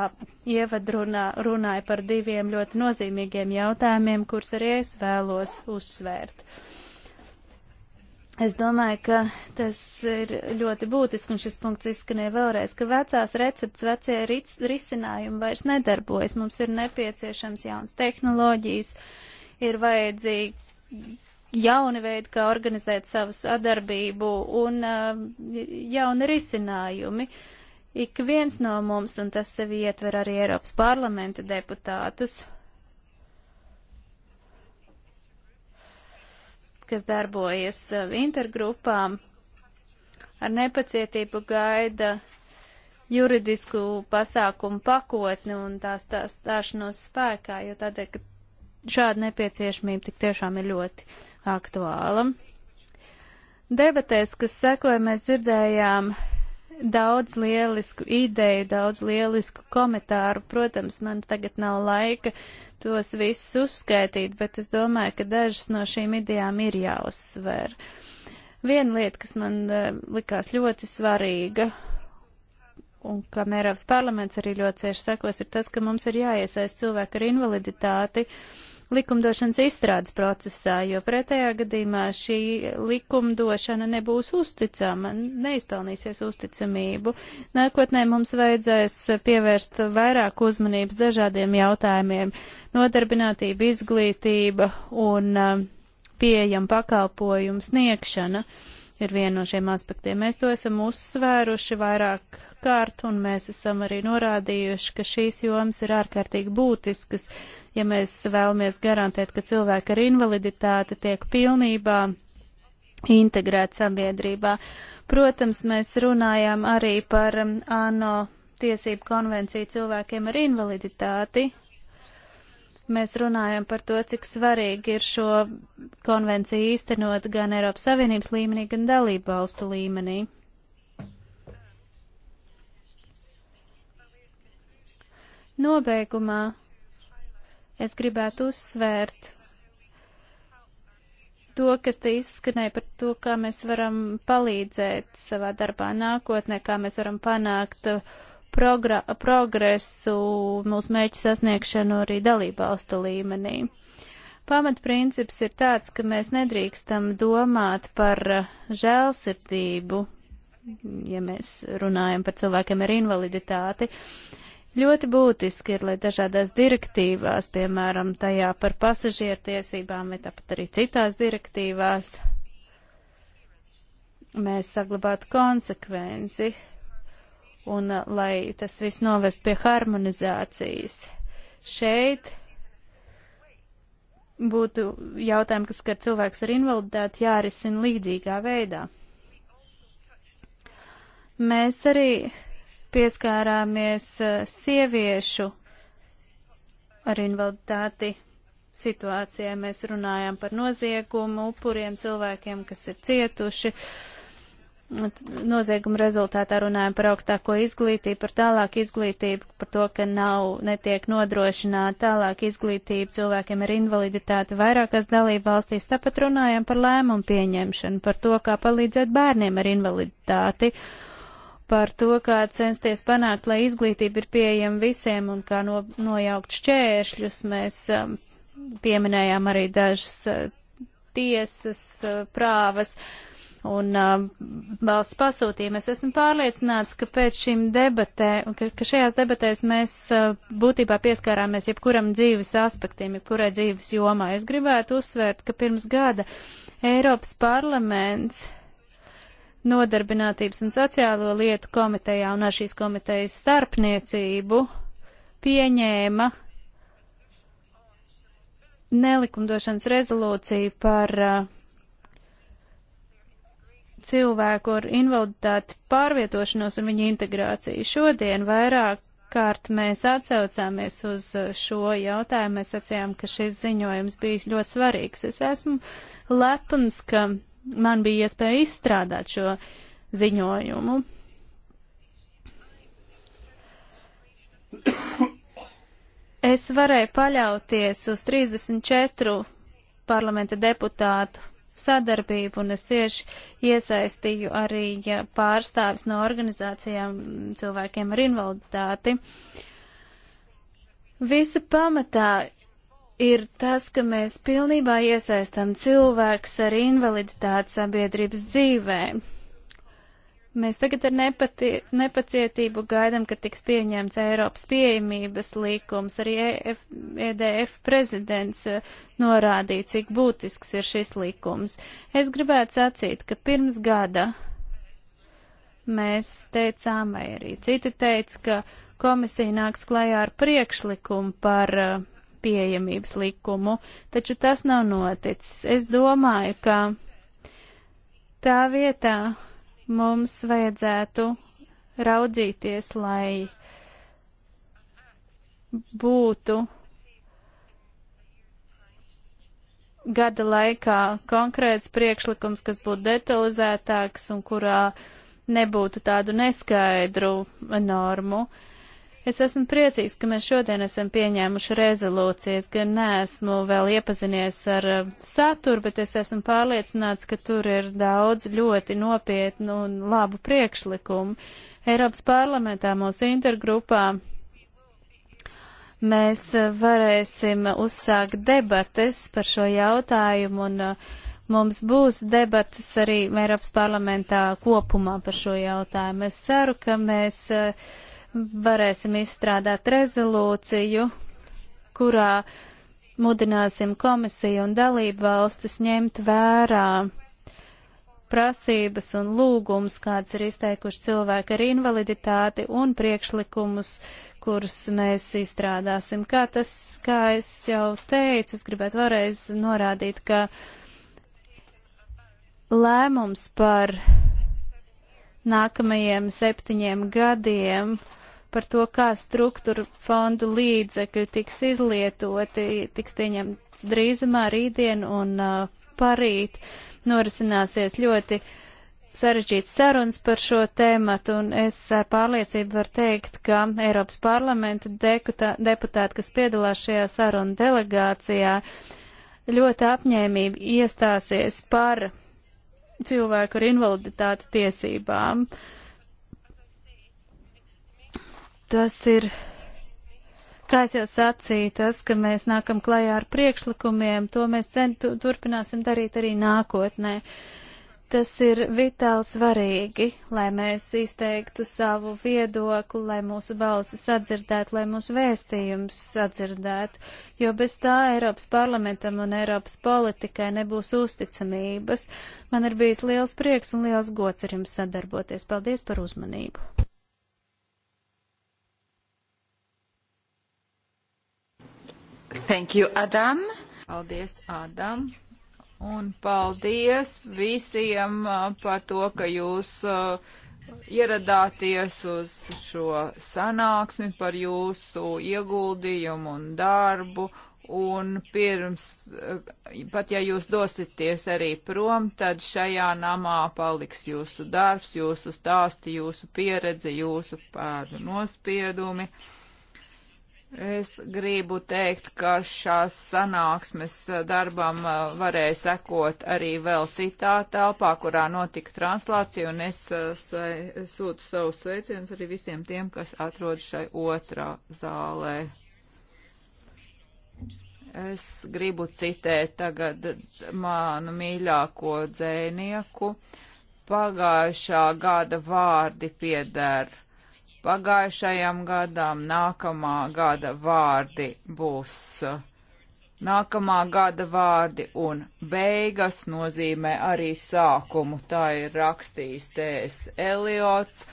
Speaker 2: ievadrunā runāja par diviem ļoti nozīmīgiem jautājumiem, kurus arī es vēlos uzsvērt. Es domāju, ka tas ir ļoti būtiski, un šis punkts izskanēja vēlreiz, ka vecās recepts, vecie ric, risinājumi vairs nedarbojas. Mums ir nepieciešams jauns tehnoloģijas, ir vajadzīgi jauni veidi, kā organizēt savu sadarbību un um, jauni risinājumi. Ik viens no mums, un tas sevi ietver arī Eiropas parlamenta deputātus, kas darbojas uh, intergrupām, ar nepacietību gaida juridisku pasākumu pakotni un tās tā stāšanos spēkā, jo tādēļ, ka šāda nepieciešamība tik tiešām ir ļoti aktuāla. Debatēs, kas sekoja, mēs dzirdējām daudz lielisku ideju, daudz lielisku komentāru. Protams, man tagad nav laika tos visus uzskaitīt, bet es domāju, ka dažas no šīm idejām ir jāuzsver. Viena lieta, kas man eh, likās ļoti svarīga un kam Eiropas parlaments arī ļoti cieši sekos, ir tas, ka mums ir jāiesaist cilvēki ar invaliditāti. Uh, likumdošanas izstrādes procesā, jo pretējā gadījumā šī likumdošana nebūs uzticama, neizpelnīsies uzticamību. Nākotnē mums vajadzēs pievērst vairāk uzmanības dažādiem jautājumiem - nodarbinātība, izglītība un um, pieejama pakalpojumu sniegšana ir viena no šiem aspektiem. Mēs to esam uzsvēruši vairāk apkārt, un mēs esam arī norādījuši, ka šīs jomas ir ārkārtīgi būtiskas, ja mēs vēlamies garantēt, ka cilvēki ar invaliditāti tiek pilnībā integrēt sabiedrībā. Protams, mēs runājām arī par um, ANO tiesību konvenciju cilvēkiem ar invaliditāti. Mēs runājam par to, cik svarīgi ir šo konvenciju īstenot gan Eiropas Savienības līmenī, gan dalību valstu līmenī. Nobeigumā es gribētu uzsvērt to, kas te izskanēja par to, kā mēs varam palīdzēt savā darbā nākotnē, kā mēs varam panākt progresu, mūsu mēķu sasniegšanu arī dalībvalstu līmenī. Pamatprincips ir tāds, ka mēs nedrīkstam domāt par žēlsirdību, ja mēs runājam par cilvēkiem ar invaliditāti, uh, Ļoti būtiski ir, lai dažādās direktīvās, piemēram, tajā par pasažieru tiesībām, bet tāpat arī citās direktīvās, mēs saglabātu konsekvenci un uh, lai tas viss novest pie harmonizācijas. Šeit būtu jautājumi, kas skar cilvēks ar invaliditāti, jārisina līdzīgā veidā. Mēs arī pieskārāmies eh, sieviešu ar invaliditāti situācijai. Mēs runājām par noziegumu, upuriem, cilvēkiem, kas ir cietuši. Nozieguma rezultātā runājam par augstāko izglītību, par tālāku izglītību, par to, ka nav, netiek nodrošināta tālāka izglītība cilvēkiem ar invaliditāti vairākās dalību valstīs. Tāpat runājam par lēmumu pieņemšanu, par to, kā palīdzēt bērniem ar invaliditāti. Uh, par to, kā censties panākt, lai izglītība ir pieejama visiem un kā no, nojaukt šķēršļus. Mēs um, pieminējām arī dažas uh, tiesas uh, prāvas un uh, valsts pasūtījumi. Es esmu pārliecināts, ka pēc šīm debatēm, ka, ka šajās debatēs mēs uh, būtībā pieskārāmies jebkuram dzīves aspektiem, jebkurai dzīves jomā. Es gribētu uzsvērt, ka pirms gada Eiropas parlaments uh, nodarbinātības un sociālo lietu komitejā un ar šīs komitejas starpniecību pieņēma nelikumdošanas rezolūciju par uh, cilvēku ar invaliditāti pārvietošanos un viņu integrāciju. Šodien vairāk kārt mēs atsaucāmies uz uh, šo jautājumu. Mēs sacījām, ka šis ziņojums bijis ļoti svarīgs. Es esmu lepns, ka man bija iespēja izstrādāt šo ziņojumu. Es varēju paļauties uz 34 parlamenta deputātu sadarbību, un es cieši iesaistīju arī ja pārstāvis no organizācijām cilvēkiem ar invaliditāti. Visa pamatā ir tas, ka mēs pilnībā iesaistam cilvēkus ar invaliditāti sabiedrības dzīvē. Mēs tagad ar nepati, nepacietību gaidam, ka tiks pieņemts Eiropas pieejamības līkums. Arī EF, EDF prezidents uh, norādīja, cik būtisks ir šis līkums. Es gribētu sacīt, ka pirms gada mēs teicām, vai arī citi teica, ka komisija nāks klajā ar priekšlikumu par uh, pieejamības likumu, taču tas nav noticis. Es domāju, ka tā vietā mums vajadzētu raudzīties, lai būtu gada laikā konkrēts priekšlikums, kas būtu detalizētāks un kurā nebūtu tādu neskaidru normu. Uh, Es esmu priecīgs, ka mēs šodien esam pieņēmuši rezolūcijas, gan neesmu vēl iepazinies ar eh, saturu, bet es esmu pārliecināts, ka tur ir daudz ļoti nopietnu un labu priekšlikumu. Eiropas parlamentā mūsu intergrupā mēs eh, varēsim uzsākt debates par šo jautājumu un eh, mums būs debates arī Eiropas parlamentā kopumā par šo jautājumu. Es ceru, ka mēs uh, varēsim izstrādāt rezolūciju, kurā mudināsim komisiju un dalību valstis ņemt vērā prasības un lūgums, kāds ir izteikuši cilvēki ar invaliditāti un priekšlikumus, kurus mēs izstrādāsim. Kā tas, kā es jau teicu, es gribētu vēlreiz norādīt, ka lēmums par nākamajiem septiņiem gadiem par to, kā struktūra fondu līdzekļi tiks izlietoti, tiks pieņemts drīzumā rītdien un uh, parīt. Norisināsies ļoti sarežģīts sarunas par šo tēmatu, un es ar pārliecību varu teikt, ka Eiropas parlamenta dekutā, deputāti, kas piedalās šajā sarunu delegācijā, ļoti apņēmīgi iestāsies par cilvēku ar invaliditāti tiesībām. Uh, Tas ir, kā es jau sacīju, tas, ka mēs nākam klajā ar priekšlikumiem, to mēs centu, turpināsim darīt arī nākotnē. Tas ir vitāli svarīgi, lai mēs izteiktu savu viedokli, lai mūsu balsi sadzirdētu, lai mūsu vēstījums sadzirdētu, jo bez tā Eiropas parlamentam un Eiropas politikai nebūs uzticamības. Man ir bijis liels prieks un liels gods ar jums sadarboties. Paldies par uzmanību!
Speaker 3: Thank you, Adam. Paldies, Adam. Un paldies visiem uh, par to, ka jūs uh, ieradāties uz šo sanāksmi par jūsu ieguldījumu un darbu Un pirms, uh, pat ja jūs dosieties arī prom, tad šajā namā paliks jūsu darbs, jūsu stāsti, jūsu pieredze, jūsu pēdu nospiedumi. Es gribu teikt, ka šās sanāksmes darbam uh, varēja sekot arī vēl citā telpā, kurā notika translācija, un es uh, svei, sūtu savus sveicienus arī visiem tiem, kas atrodas šai otrā zālē. Es gribu citēt tagad manu mīļāko dzēnieku. Pagājušā gada vārdi piedara pagājušajam gadam, nākamā gada vārdi būs. Nākamā gada vārdi un beigas nozīmē arī sākumu. Tā ir rakstījis T.S. Eliots.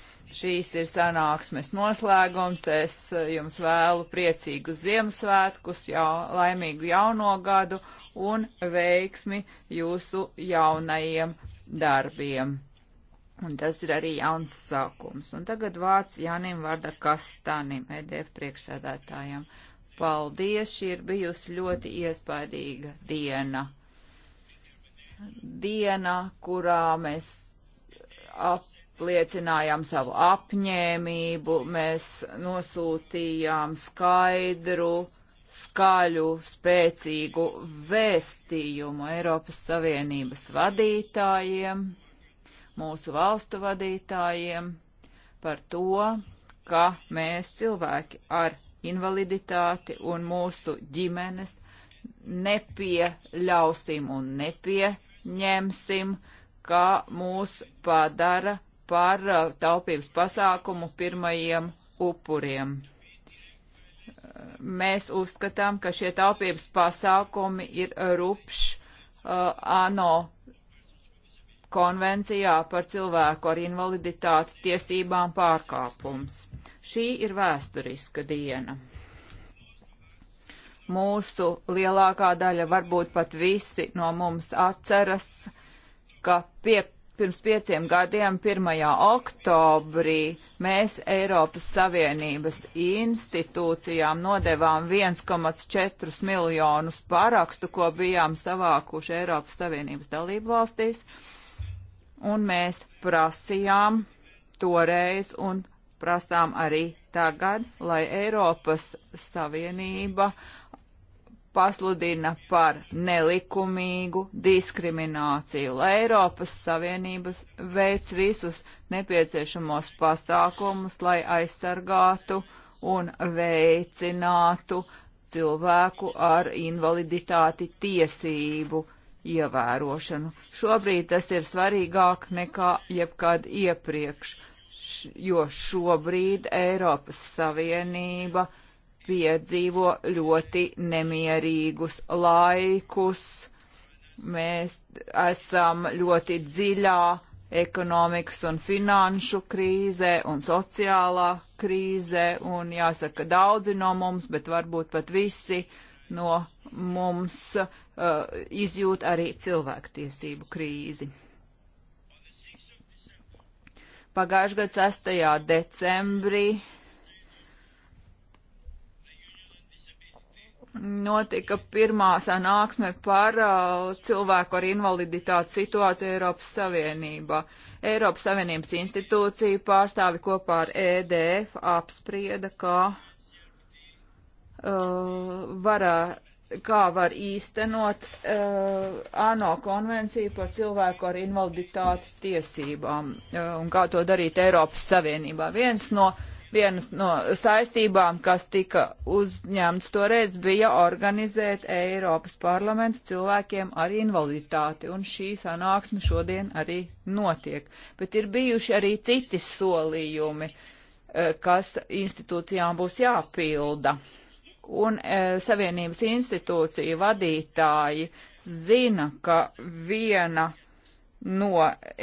Speaker 3: Šīs ir sanāksmes noslēgums. Es jums vēlu priecīgu Ziemassvētkus, jā, laimīgu jauno gadu un veiksmi jūsu jaunajiem darbiem. Un tas ir arī jauns sākums. Un tagad vārds Janim Varda Kastanim, EDF priekšsēdētājam. Paldies, šī ir bijusi ļoti iespaidīga diena. Diena, kurā mēs apliecinājām savu apņēmību, mēs nosūtījām skaidru, skaļu, spēcīgu vēstījumu Eiropas Savienības vadītājiem mūsu valstu vadītājiem par to, ka mēs cilvēki ar invaliditāti un mūsu ģimenes nepieļausim un nepieņemsim, ka mūs padara par uh, taupības pasākumu pirmajiem upuriem. Mēs uzskatām, ka šie taupības pasākumi ir rupšs uh, ANO konvencijā par cilvēku ar invaliditāti tiesībām pārkāpums. Šī ir vēsturiska diena. Mūsu lielākā daļa, varbūt pat visi no mums atceras, ka pie, pirms pieciem gadiem, 1. oktobrī, mēs Eiropas Savienības institūcijām nodevām 1,4 miljonus parakstu, ko bijām savākuši Eiropas Savienības dalību valstīs. Uh, un mēs prasījām toreiz un prasām arī tagad, lai Eiropas Savienība pasludina par nelikumīgu diskrimināciju, lai Eiropas Savienības veic visus nepieciešamos pasākumus, lai aizsargātu un veicinātu cilvēku ar invaliditāti tiesību ievērošanu. Šobrīd tas ir svarīgāk nekā jebkad iepriekš, jo šobrīd Eiropas Savienība piedzīvo ļoti nemierīgus laikus. Mēs esam ļoti dziļā ekonomikas un finanšu krīzē un sociālā krīzē, un jāsaka daudzi no mums, bet varbūt pat visi no mums Uh, izjūt arī cilvēktiesību krīzi. Pagājušā gada 6. decembrī notika pirmā sanāksme par uh, cilvēku ar invaliditāti situāciju Eiropas Savienībā. Eiropas Savienības institūcija pārstāvi kopā ar EDF apsprieda, kā uh, varētu kā var īstenot uh, ANO konvenciju par cilvēku ar invaliditāti tiesībām uh, un kā to darīt Eiropas Savienībā. Viens no, vienas no saistībām, kas tika uzņemts toreiz, bija organizēt Eiropas parlamentu cilvēkiem ar invaliditāti, un šī sanāksme šodien arī notiek. Bet ir bijuši arī citi solījumi, uh, kas institūcijām būs jāpilda. Uh, un e, Savienības institūciju vadītāji zina, ka viena no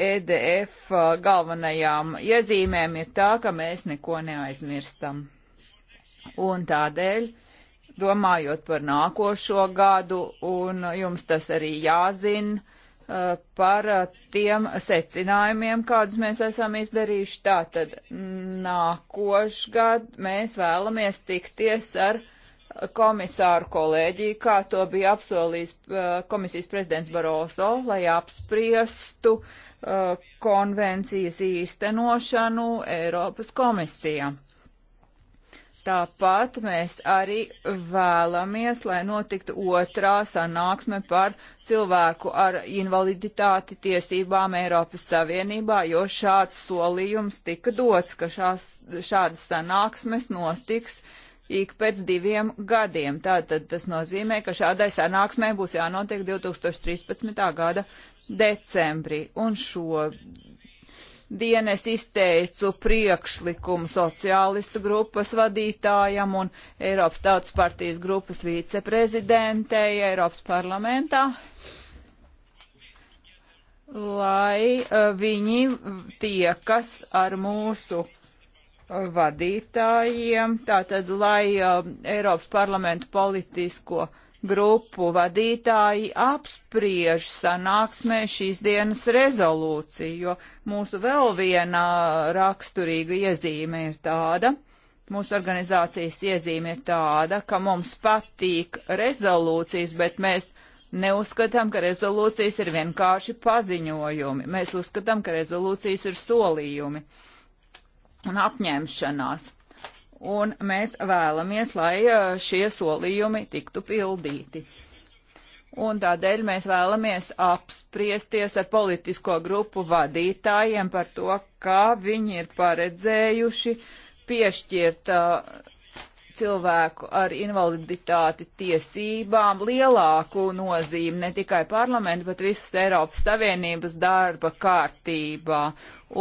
Speaker 3: EDF e, galvenajām iezīmēm ir tā, ka mēs neko neaizmirstam. Un tādēļ, domājot par nākošo gadu, un jums tas arī jāzina, e, par e, tiem secinājumiem, kādus mēs esam izdarījuši. Tātad nākošgad mēs vēlamies tikties ar uh, komisāru kolēģiju, kā to bija apsolījis uh, komisijas prezidents Baroso, lai apspriestu uh, konvencijas īstenošanu Eiropas komisijā. Tāpat mēs arī vēlamies, lai notiktu otrā sanāksme par cilvēku ar invaliditāti tiesībām Eiropas Savienībā, jo šāds solījums tika dots, ka šās, šādas sanāksmes notiks uh, ik pēc diviem gadiem. Tātad tas nozīmē, ka šādai sanāksmē būs jānotiek 2013. gada decembrī. Un šo dienu es izteicu priekšlikumu sociālistu grupas vadītājam un Eiropas Tautas partijas grupas viceprezidentei Eiropas parlamentā lai uh, viņi tiekas ar mūsu vadītājiem, tātad, lai uh, Eiropas parlamentu politisko grupu vadītāji apspriež sanāksmē šīs dienas rezolūciju, jo mūsu vēl viena raksturīga iezīme ir tāda, mūsu organizācijas iezīme ir tāda, ka mums patīk rezolūcijas, bet mēs neuzskatām, ka rezolūcijas ir vienkārši paziņojumi. Mēs uzskatām, ka rezolūcijas ir solījumi. Uh, un apņemšanās. Un mēs vēlamies, lai e, šie solījumi tiktu pildīti. Un tādēļ mēs vēlamies apspriesties ar politisko grupu vadītājiem par to, kā viņi ir paredzējuši piešķirt uh, cilvēku ar invaliditāti tiesībām lielāku nozīmi ne tikai parlamentu, bet visas Eiropas Savienības darba kārtībā.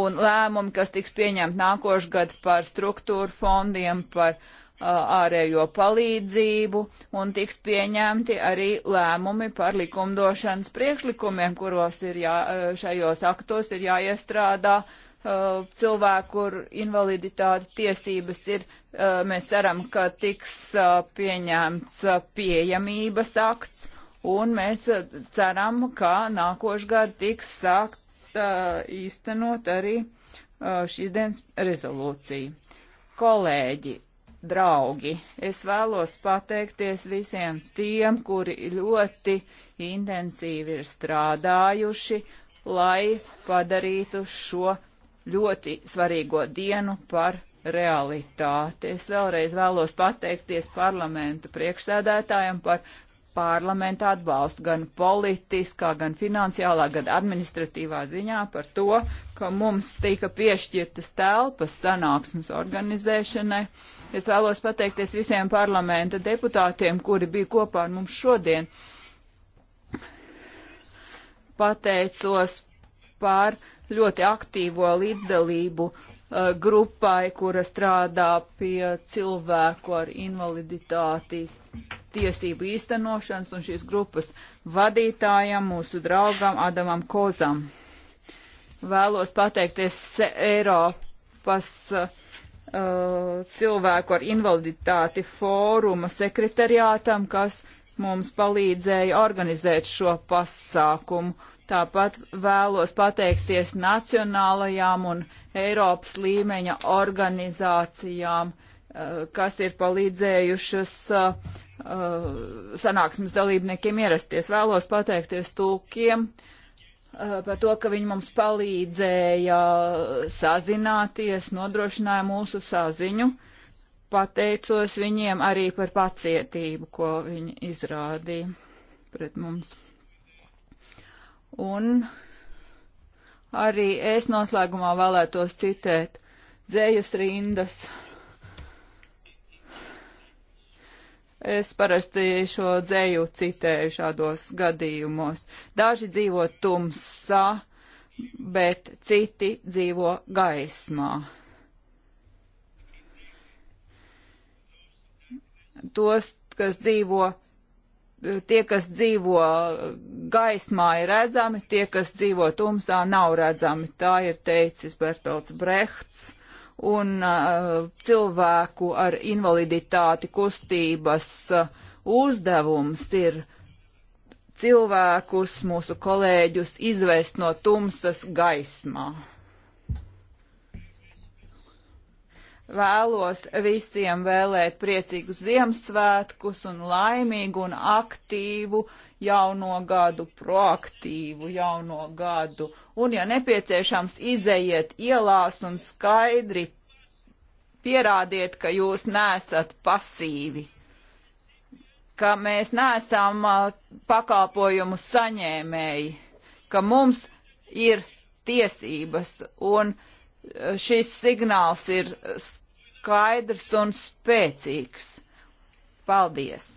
Speaker 3: Un lēmumi, kas tiks pieņemt nākošgad par struktūru fondiem, par uh, ārējo palīdzību un tiks pieņemti arī lēmumi par likumdošanas priekšlikumiem, kuros ir jā, uh, šajos aktos ir jāiestrādā uh, cilvēku, kur invaliditāte tiesības ir Eh, mēs ceram, ka tiks eh, pieņemts eh, pieejamības akts, un mēs ceram, ka nākošgad tiks sākt īstenot arī šīs dienas rezolūcija. Kolēģi, draugi, es vēlos pateikties visiem tiem, kuri ļoti intensīvi ir strādājuši, lai padarītu šo ļoti svarīgo dienu par realitāti. Es vēlreiz vēlos pateikties parlamenta priekšsēdētājiem par parlamenta atbalstu gan politiskā, gan finansiālā, gan administratīvā ziņā par to, ka mums tika piešķirtas telpas sanāksmes organizēšanai. Es vēlos pateikties visiem parlamenta deputātiem, kuri bija kopā ar mums šodien. Pateicos par ļoti aktīvo līdzdalību Uh, grupai, kura strādā pie cilvēku ar invaliditāti tiesību īstenošanas un šīs grupas vadītājam, mūsu draugam Adamam Kozam. Vēlos pateikties Eiropas uh, cilvēku ar invaliditāti fóruma sekretariātam, kas mums palīdzēja organizēt šo pasākumu Tāpat vēlos pateikties nacionālajām un Eiropas līmeņa organizācijām, eh, kas ir palīdzējušas eh, sanāksmes dalībniekiem ierasties. Vēlos pateikties tulkiem eh, par to, ka viņi mums palīdzēja sazināties, nodrošināja mūsu saziņu. Pateicos viņiem arī par pacietību, ko viņi izrādīja pret mums. Un arī es noslēgumā vēlētos citēt dzējas rindas. Es parasti šo dzēju citēju šādos gadījumos. Daži dzīvo tumsā, bet citi dzīvo gaismā. Tos, kas dzīvo tie, kas dzīvo gaismā, ir redzami, tie, kas dzīvo tumsā, nav redzami. Tā ir teicis Bertolds Brehts. Un uh, cilvēku ar invaliditāti kustības uh, uzdevums ir cilvēkus, mūsu kolēģus, izvest no tumsas gaismā. Vēlos visiem vēlēt priecīgus Ziemassvētkus un laimīgu un aktīvu jauno gadu, proaktīvu jauno gadu. Un, ja nepieciešams, izējiet ielās un skaidri pierādiet, ka jūs nesat pasīvi, ka mēs nesam pakalpojumu saņēmēji, ka mums ir tiesības un tiesības šis signāls ir skaidrs un spēcīgs. Paldies!